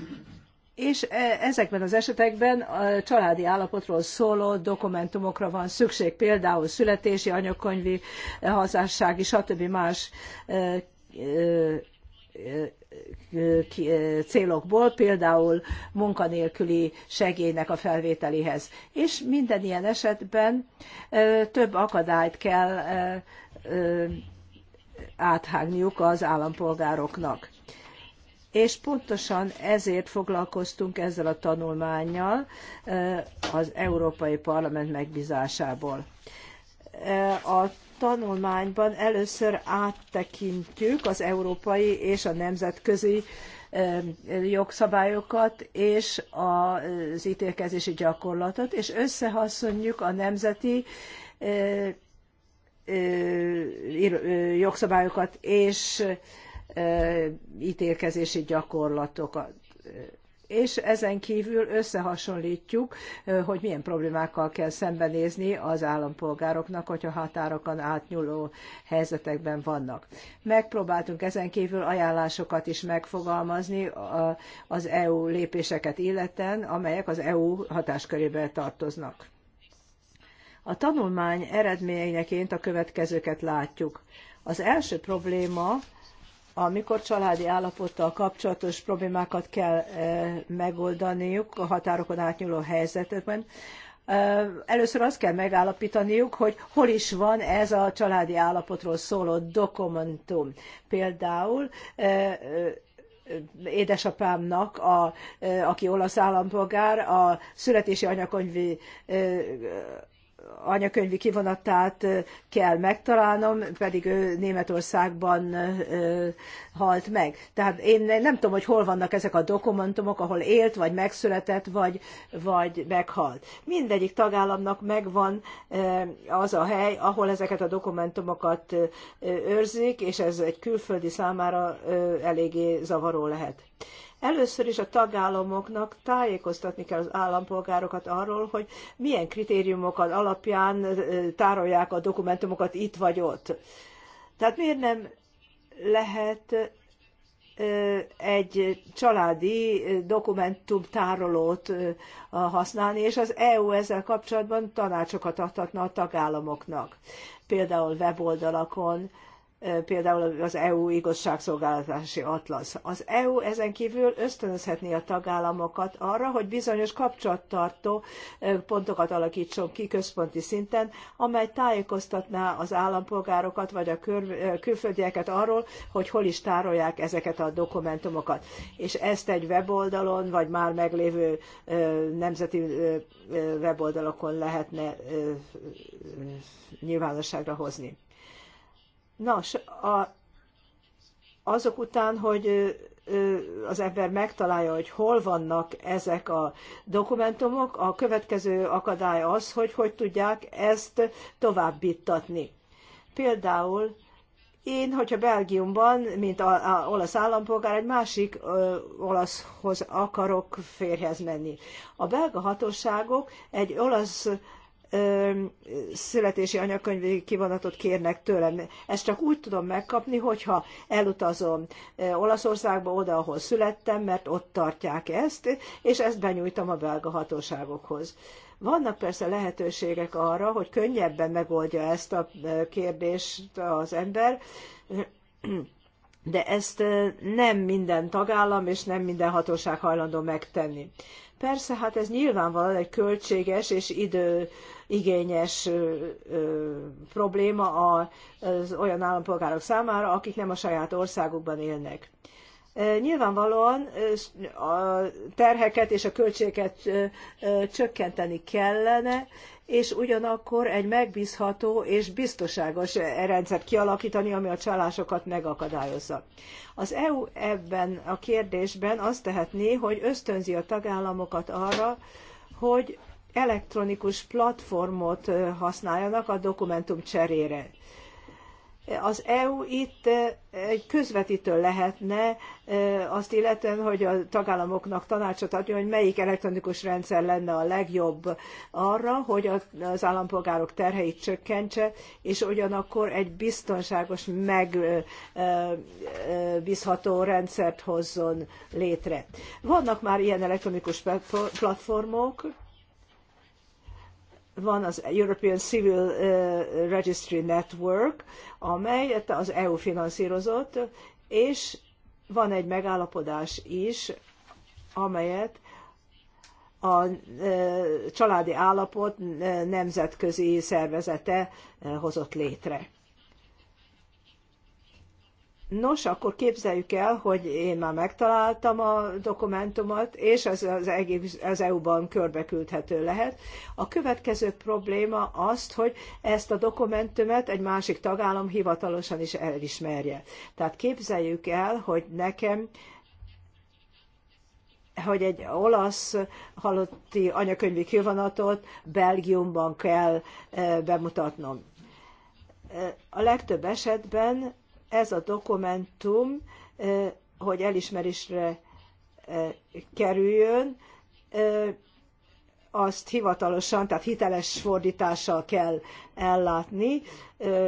és e, ezekben az esetekben a családi állapotról szóló dokumentumokra van szükség, például születési, anyakönyvi, e, hazássági, stb. más e, célokból, például munkanélküli segélynek a felvételéhez. És minden ilyen esetben több akadályt kell áthágniuk az állampolgároknak és pontosan ezért foglalkoztunk ezzel a tanulmányjal eh, az Európai Parlament megbízásából. Eh, a tanulmányban először áttekintjük az európai és a nemzetközi eh, jogszabályokat és az ítélkezési gyakorlatot, és összehasonlítjuk a nemzeti jogszabályokat és ítélkezési gyakorlatokat. És ezen kívül összehasonlítjuk, hogy milyen problémákkal kell szembenézni az állampolgároknak, hogyha határokon átnyúló helyzetekben vannak. Megpróbáltunk ezen kívül ajánlásokat is megfogalmazni az EU lépéseket illeten, amelyek az EU hatáskörébe tartoznak. A tanulmány eredményeként a következőket látjuk. Az első probléma amikor családi állapottal kapcsolatos problémákat kell e, megoldaniuk a határokon átnyúló helyzetekben, e, először azt kell megállapítaniuk, hogy hol is van ez a családi állapotról szóló dokumentum. Például e, édesapámnak, a, aki olasz állampolgár, a születési anyakönyvi anyakönyvi kivonatát kell megtalálnom, pedig ő Németországban halt meg. Tehát én nem tudom, hogy hol vannak ezek a dokumentumok, ahol élt, vagy megszületett, vagy, vagy meghalt. Mindegyik tagállamnak megvan az a hely, ahol ezeket a dokumentumokat őrzik, és ez egy külföldi számára eléggé zavaró lehet. Először is a tagállamoknak tájékoztatni kell az állampolgárokat arról, hogy milyen kritériumokat alapján tárolják a dokumentumokat itt vagy ott. Tehát miért nem lehet egy családi dokumentumtárolót használni, és az EU ezzel kapcsolatban tanácsokat adhatna a tagállamoknak, például weboldalakon, például az EU igazságszolgáltatási atlasz. Az EU ezen kívül ösztönözhetné a tagállamokat arra, hogy bizonyos kapcsolattartó pontokat alakítson ki központi szinten, amely tájékoztatná az állampolgárokat vagy a külföldieket arról, hogy hol is tárolják ezeket a dokumentumokat. És ezt egy weboldalon, vagy már meglévő nemzeti weboldalakon lehetne nyilvánosságra hozni. Nos, a, azok után, hogy az ember megtalálja, hogy hol vannak ezek a dokumentumok, a következő akadály az, hogy hogy tudják ezt továbbittatni. Például én, hogyha Belgiumban, mint a, a olasz állampolgár, egy másik ö, olaszhoz akarok férhez menni. A belga hatóságok egy olasz születési anyakönyvi kivonatot kérnek tőlem. Ezt csak úgy tudom megkapni, hogyha elutazom Olaszországba, oda, ahol születtem, mert ott tartják ezt, és ezt benyújtam a belga hatóságokhoz. Vannak persze lehetőségek arra, hogy könnyebben megoldja ezt a kérdést az ember, de ezt nem minden tagállam és nem minden hatóság hajlandó megtenni. Persze, hát ez nyilvánvalóan egy költséges és idő igényes probléma az olyan állampolgárok számára, akik nem a saját országukban élnek. Nyilvánvalóan a terheket és a költségeket csökkenteni kellene, és ugyanakkor egy megbízható és biztonságos rendszert kialakítani, ami a csalásokat megakadályozza. Az EU ebben a kérdésben azt tehetné, hogy ösztönzi a tagállamokat arra, hogy elektronikus platformot használjanak a dokumentum cserére. Az EU itt egy közvetítő lehetne, azt illetően, hogy a tagállamoknak tanácsot adjon, hogy melyik elektronikus rendszer lenne a legjobb arra, hogy az állampolgárok terheit csökkentse, és ugyanakkor egy biztonságos, megbízható rendszert hozzon létre. Vannak már ilyen elektronikus platformok, van az European Civil uh, Registry Network, amelyet az EU finanszírozott, és van egy megállapodás is, amelyet a uh, családi állapot uh, nemzetközi szervezete hozott létre. Nos, akkor képzeljük el, hogy én már megtaláltam a dokumentumot, és az, az, az EU-ban körbeküldhető lehet. A következő probléma azt, hogy ezt a dokumentumot egy másik tagállam hivatalosan is elismerje. Tehát képzeljük el, hogy nekem hogy egy olasz halotti anyakönyvi kivonatot Belgiumban kell eh, bemutatnom. Eh, a legtöbb esetben ez a dokumentum, hogy elismerésre kerüljön, azt hivatalosan, tehát hiteles fordítással kell ellátni,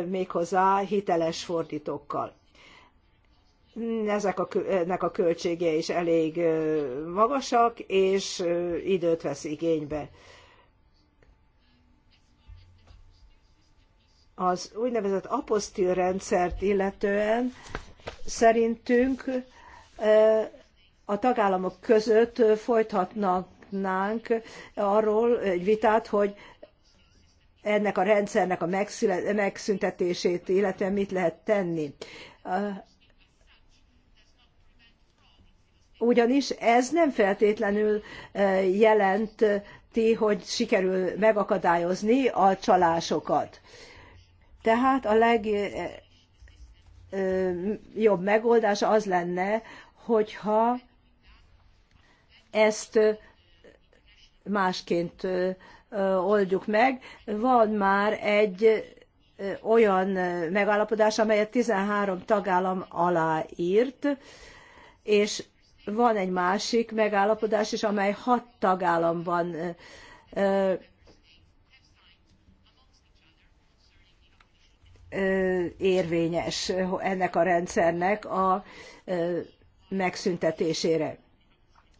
méghozzá hiteles fordítókkal. Ezeknek a költsége is elég magasak, és időt vesz igénybe. az úgynevezett apostil rendszert illetően szerintünk a tagállamok között folytatnánk arról egy vitát, hogy ennek a rendszernek a megszüntetését, illetve mit lehet tenni. Ugyanis ez nem feltétlenül jelenti, hogy sikerül megakadályozni a csalásokat tehát a legjobb megoldás az lenne, hogyha ezt másként oldjuk meg. Van már egy olyan megállapodás, amelyet 13 tagállam aláírt, és van egy másik megállapodás is, amely hat tagállamban érvényes ennek a rendszernek a megszüntetésére.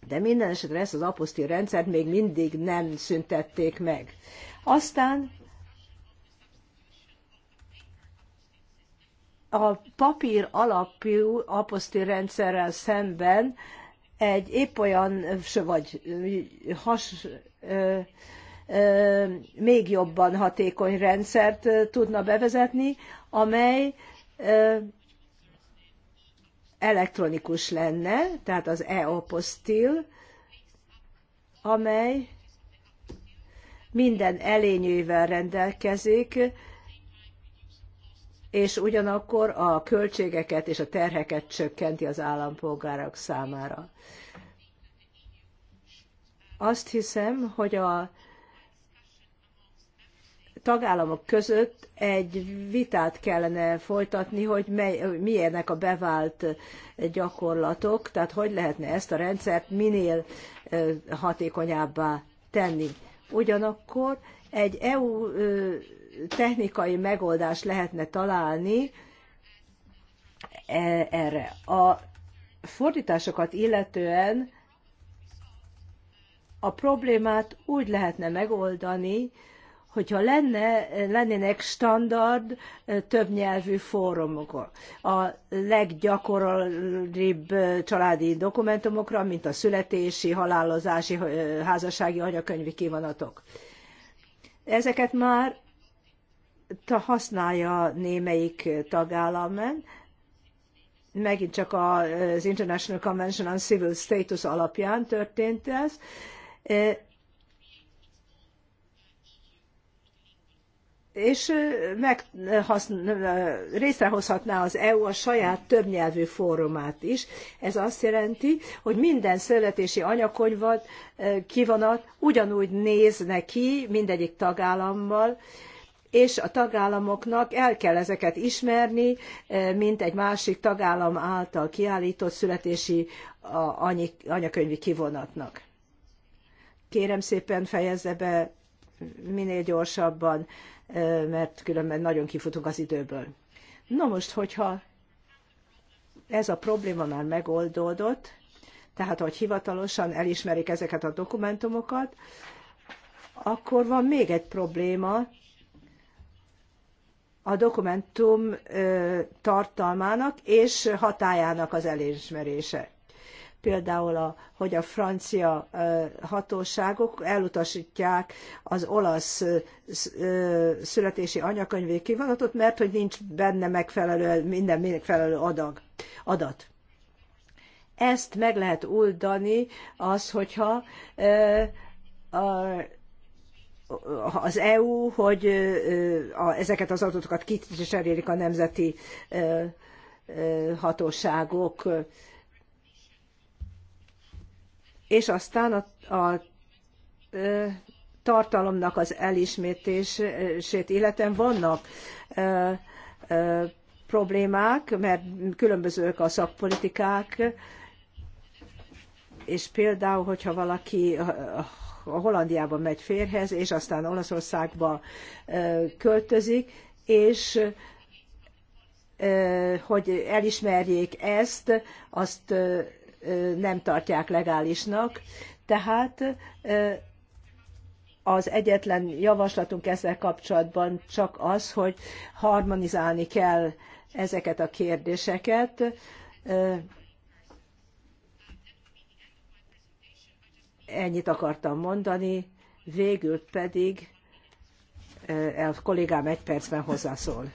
De minden esetre ezt az apostil rendszert még mindig nem szüntették meg. Aztán a papír alapú apostil rendszerrel szemben egy épp olyan, vagy has, még jobban hatékony rendszert tudna bevezetni, amely elektronikus lenne, tehát az e-apostil, amely minden elényővel rendelkezik, és ugyanakkor a költségeket és a terheket csökkenti az állampolgárok számára. Azt hiszem, hogy a tagállamok között egy vitát kellene folytatni, hogy milyenek a bevált gyakorlatok, tehát hogy lehetne ezt a rendszert minél hatékonyabbá tenni. Ugyanakkor egy EU technikai megoldást lehetne találni e, erre. A fordításokat illetően a problémát úgy lehetne megoldani, hogyha lenne, lennének standard többnyelvű fórumok a leggyakoribb családi dokumentumokra, mint a születési, halálozási, házassági anyakönyvi kivonatok. Ezeket már használja némelyik tagállamen, megint csak az International Convention on Civil Status alapján történt ez, és meg, hasz, részrehozhatná az EU a saját többnyelvű fórumát is. Ez azt jelenti, hogy minden születési anyakonyvat kivonat ugyanúgy néznek ki mindegyik tagállammal, és a tagállamoknak el kell ezeket ismerni, mint egy másik tagállam által kiállított születési anyakönyvi kivonatnak. Kérem szépen fejezze be minél gyorsabban mert különben nagyon kifutunk az időből. Na most, hogyha ez a probléma már megoldódott, tehát hogy hivatalosan elismerik ezeket a dokumentumokat, akkor van még egy probléma, a dokumentum tartalmának és hatájának az elismerése például, a, hogy a francia hatóságok elutasítják az olasz születési anyakönyvé kivonatot, mert hogy nincs benne megfelelő, minden megfelelő adag, adat. Ezt meg lehet oldani az, hogyha a, az EU, hogy a ezeket az adatokat kicserélik a nemzeti hatóságok és aztán a, a tartalomnak az elismétését, illetve vannak problémák, mert különbözők a szakpolitikák, és például, hogyha valaki a Hollandiában megy férhez, és aztán Olaszországba költözik, és hogy elismerjék ezt, azt nem tartják legálisnak, tehát az egyetlen javaslatunk ezzel kapcsolatban csak az, hogy harmonizálni kell ezeket a kérdéseket. Ennyit akartam mondani, végül pedig a kollégám egy percben hozzászól.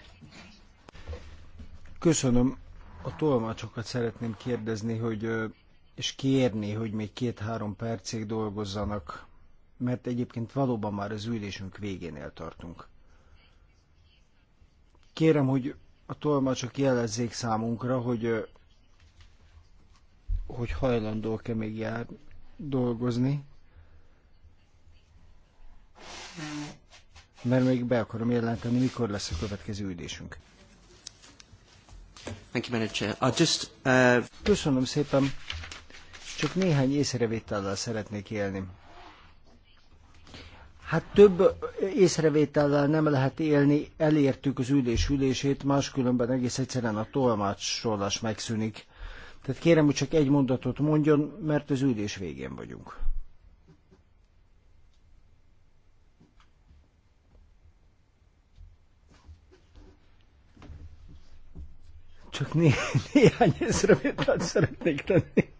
Köszönöm a tolmácsokat szeretném kérdezni, hogy, és kérni, hogy még két-három percig dolgozzanak, mert egyébként valóban már az ülésünk végénél tartunk. Kérem, hogy a tolmácsok jelezzék számunkra, hogy, hogy hajlandó e még jár dolgozni, mert még be akarom jelenteni, mikor lesz a következő ülésünk. Thank you, Manager. I'll just, uh... Köszönöm szépen. Csak néhány észrevétellel szeretnék élni. Hát több észrevétellel nem lehet élni, elértük az ülés ülését, máskülönben egész egyszerűen a tolmácsolás megszűnik. Tehát kérem, hogy csak egy mondatot mondjon, mert az ülés végén vagyunk. Csak né- néhány észrevételt szeretnék tenni.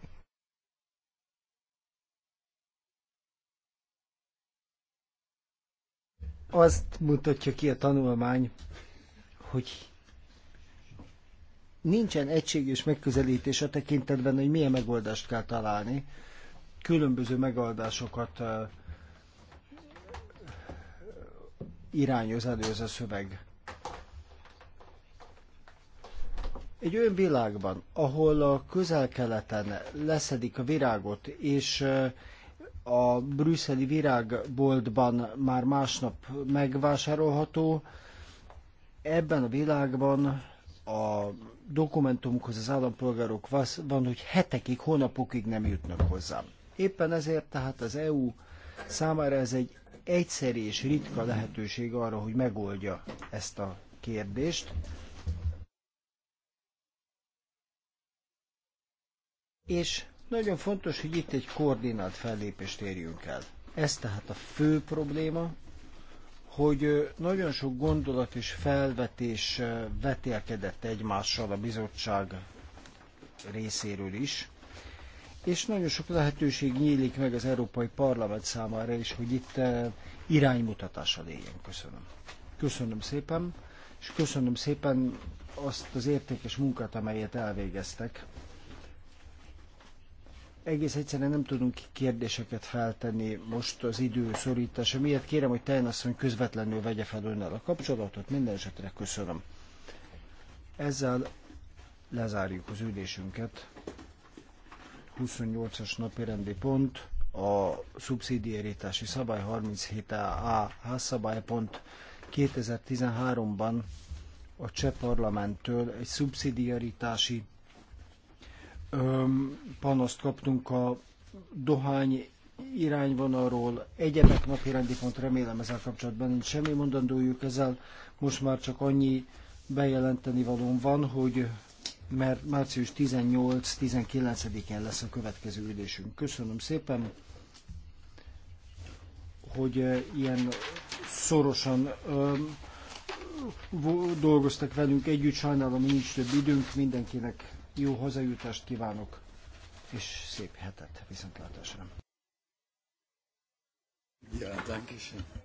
Azt mutatja ki a tanulmány, hogy nincsen egységes megközelítés a tekintetben, hogy milyen megoldást kell találni. Különböző megoldásokat irányoz elő ez a szöveg. Egy olyan világban, ahol a közel-keleten leszedik a virágot, és a brüsszeli virágboltban már másnap megvásárolható, ebben a világban a dokumentumokhoz az állampolgárok van, hogy hetekig, hónapokig nem jutnak hozzá. Éppen ezért tehát az EU számára ez egy egyszerű és ritka lehetőség arra, hogy megoldja ezt a kérdést. És nagyon fontos, hogy itt egy koordinált fellépést érjünk el. Ez tehát a fő probléma, hogy nagyon sok gondolat és felvetés vetélkedett egymással a bizottság részéről is, és nagyon sok lehetőség nyílik meg az Európai Parlament számára is, hogy itt iránymutatása légyen. Köszönöm. Köszönöm szépen, és köszönöm szépen azt az értékes munkát, amelyet elvégeztek egész egyszerűen nem tudunk kérdéseket feltenni most az idő szorítása miért. Kérem, hogy hogy közvetlenül vegye fel önnel a kapcsolatot, minden esetre köszönöm. Ezzel lezárjuk az ülésünket. 28-as napi rendi pont, a szubszidiérítási szabály 37A házszabálypont 2013-ban a Cseh parlamenttől egy szubszidiaritási panaszt kaptunk a dohány irányvonalról, napi rendi pont, remélem ezzel kapcsolatban nincs semmi mondandójuk ezzel, most már csak annyi bejelenteni valóm van, hogy mert március 18 19 en lesz a következő ülésünk. Köszönöm szépen, hogy ilyen szorosan dolgoztak velünk együtt, sajnálom, nincs több időnk, mindenkinek jó hazajutást kívánok, és szép hetet viszontlátásra. Ja, danke schön.